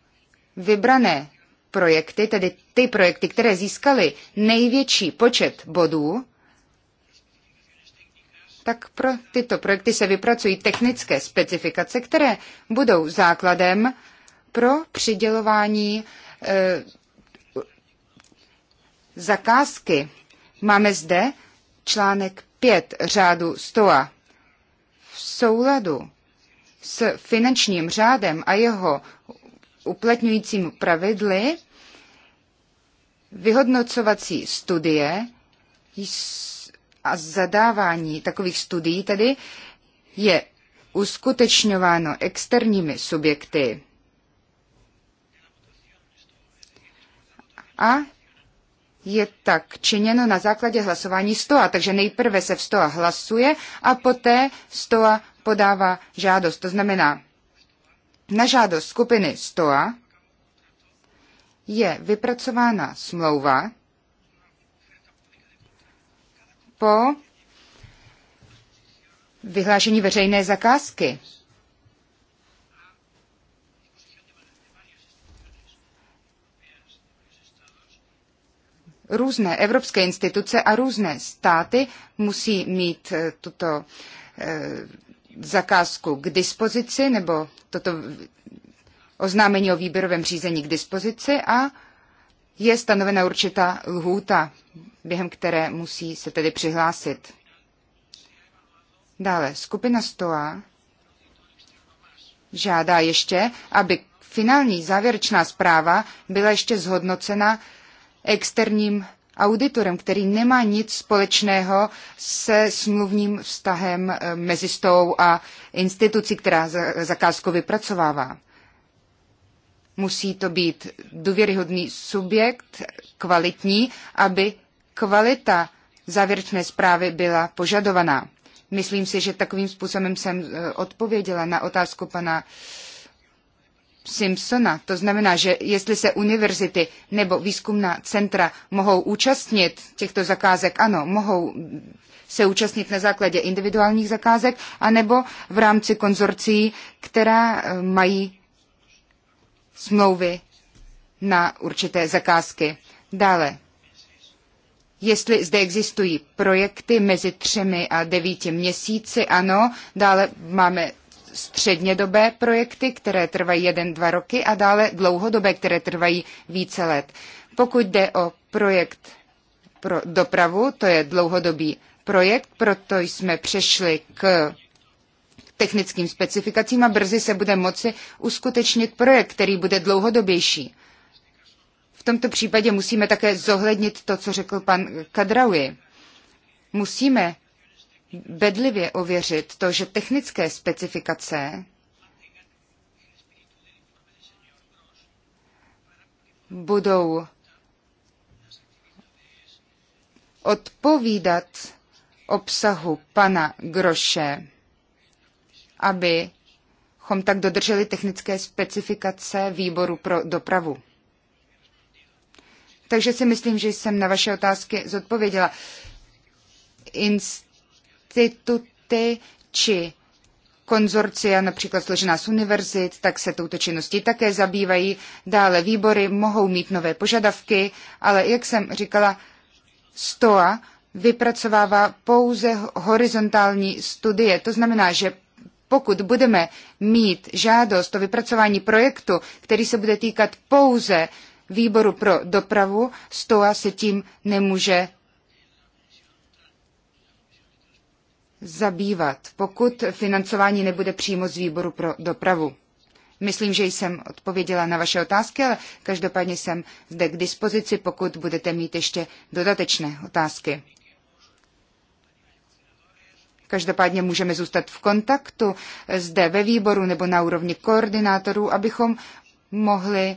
vybrané projekty, tedy ty projekty, které získaly největší počet bodů, tak pro tyto projekty se vypracují technické specifikace, které budou základem pro přidělování e, zakázky. Máme zde článek 5 řádu STOA. V souladu s finančním řádem a jeho uplatňujícím pravidly vyhodnocovací studie jsou a zadávání takových studií tedy je uskutečňováno externími subjekty. A je tak činěno na základě hlasování STOA, takže nejprve se v STOA hlasuje a poté STOA podává žádost. To znamená, na žádost skupiny STOA je vypracována smlouva, po vyhlášení veřejné zakázky. Různé evropské instituce a různé státy musí mít eh, tuto eh, zakázku k dispozici nebo toto oznámení o výběrovém řízení k dispozici a je stanovena určitá lhůta během které musí se tedy přihlásit. Dále skupina STOA žádá ještě, aby finální závěrečná zpráva byla ještě zhodnocena externím auditorem, který nemá nic společného se smluvním vztahem eh, mezi stou a institucí, která zakázku vypracovává. Musí to být důvěryhodný subjekt, kvalitní, aby kvalita závěrečné zprávy byla požadovaná. Myslím si, že takovým způsobem jsem eh, odpověděla na otázku pana Simpsona. To znamená, že jestli se univerzity nebo výzkumná centra mohou účastnit těchto zakázek, ano, mohou se účastnit na základě individuálních zakázek, anebo v rámci konzorcí, která eh, mají smlouvy na určité zakázky. Dále, jestli zde existují projekty mezi třemi a devíti měsíci, ano, dále máme střednědobé projekty, které trvají jeden, dva roky a dále dlouhodobé, které trvají více let. Pokud jde o projekt pro dopravu, to je dlouhodobý projekt, proto jsme přešli k technickým specifikacím a brzy se bude moci uskutečnit projekt, který bude dlouhodobější. V tomto případě musíme také zohlednit to, co řekl pan Kadraui. Musíme bedlivě ověřit to, že technické specifikace budou odpovídat obsahu pana Groše, abychom tak dodrželi technické specifikace výboru pro dopravu. Takže si myslím, že jsem na vaše otázky zodpověděla. Instituty či konzorcia, například složená z univerzit, tak se touto činností také zabývají. Dále výbory mohou mít nové požadavky, ale jak jsem říkala, STOA vypracovává pouze horizontální studie. To znamená, že pokud budeme mít žádost o vypracování projektu, který se bude týkat pouze výboru pro dopravu, STOA se tím nemůže zabývat, pokud financování nebude přímo z výboru pro dopravu. Myslím, že jsem odpověděla na vaše otázky, ale každopádně jsem zde k dispozici, pokud budete mít ještě dodatečné otázky. Každopádně můžeme zůstat v kontaktu zde ve výboru nebo na úrovni koordinátorů, abychom mohli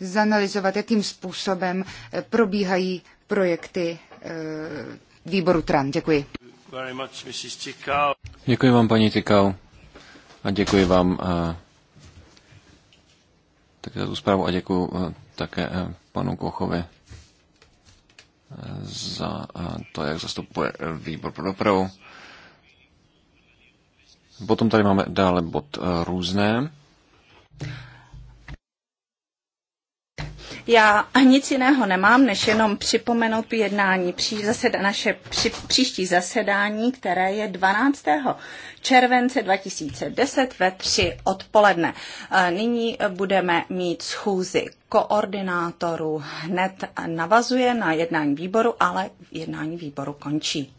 zanalizovat, jakým způsobem eh, probíhají projekty eh, výboru TRAN. Děkuji. Děkuji vám, paní Tikau. A děkuji vám eh, také za tu zprávu a děkuji také panu Kochovi za to, jak zastupuje výbor pro dopravu. Potom tady máme dále bod různé. Já nic jiného nemám, než jenom připomenout jednání pří, zaseda, naše při, příští zasedání, které je 12. července 2010 ve 3 odpoledne. E, nyní budeme mít schůzi koordinátorů. Hned navazuje na jednání výboru, ale jednání výboru končí.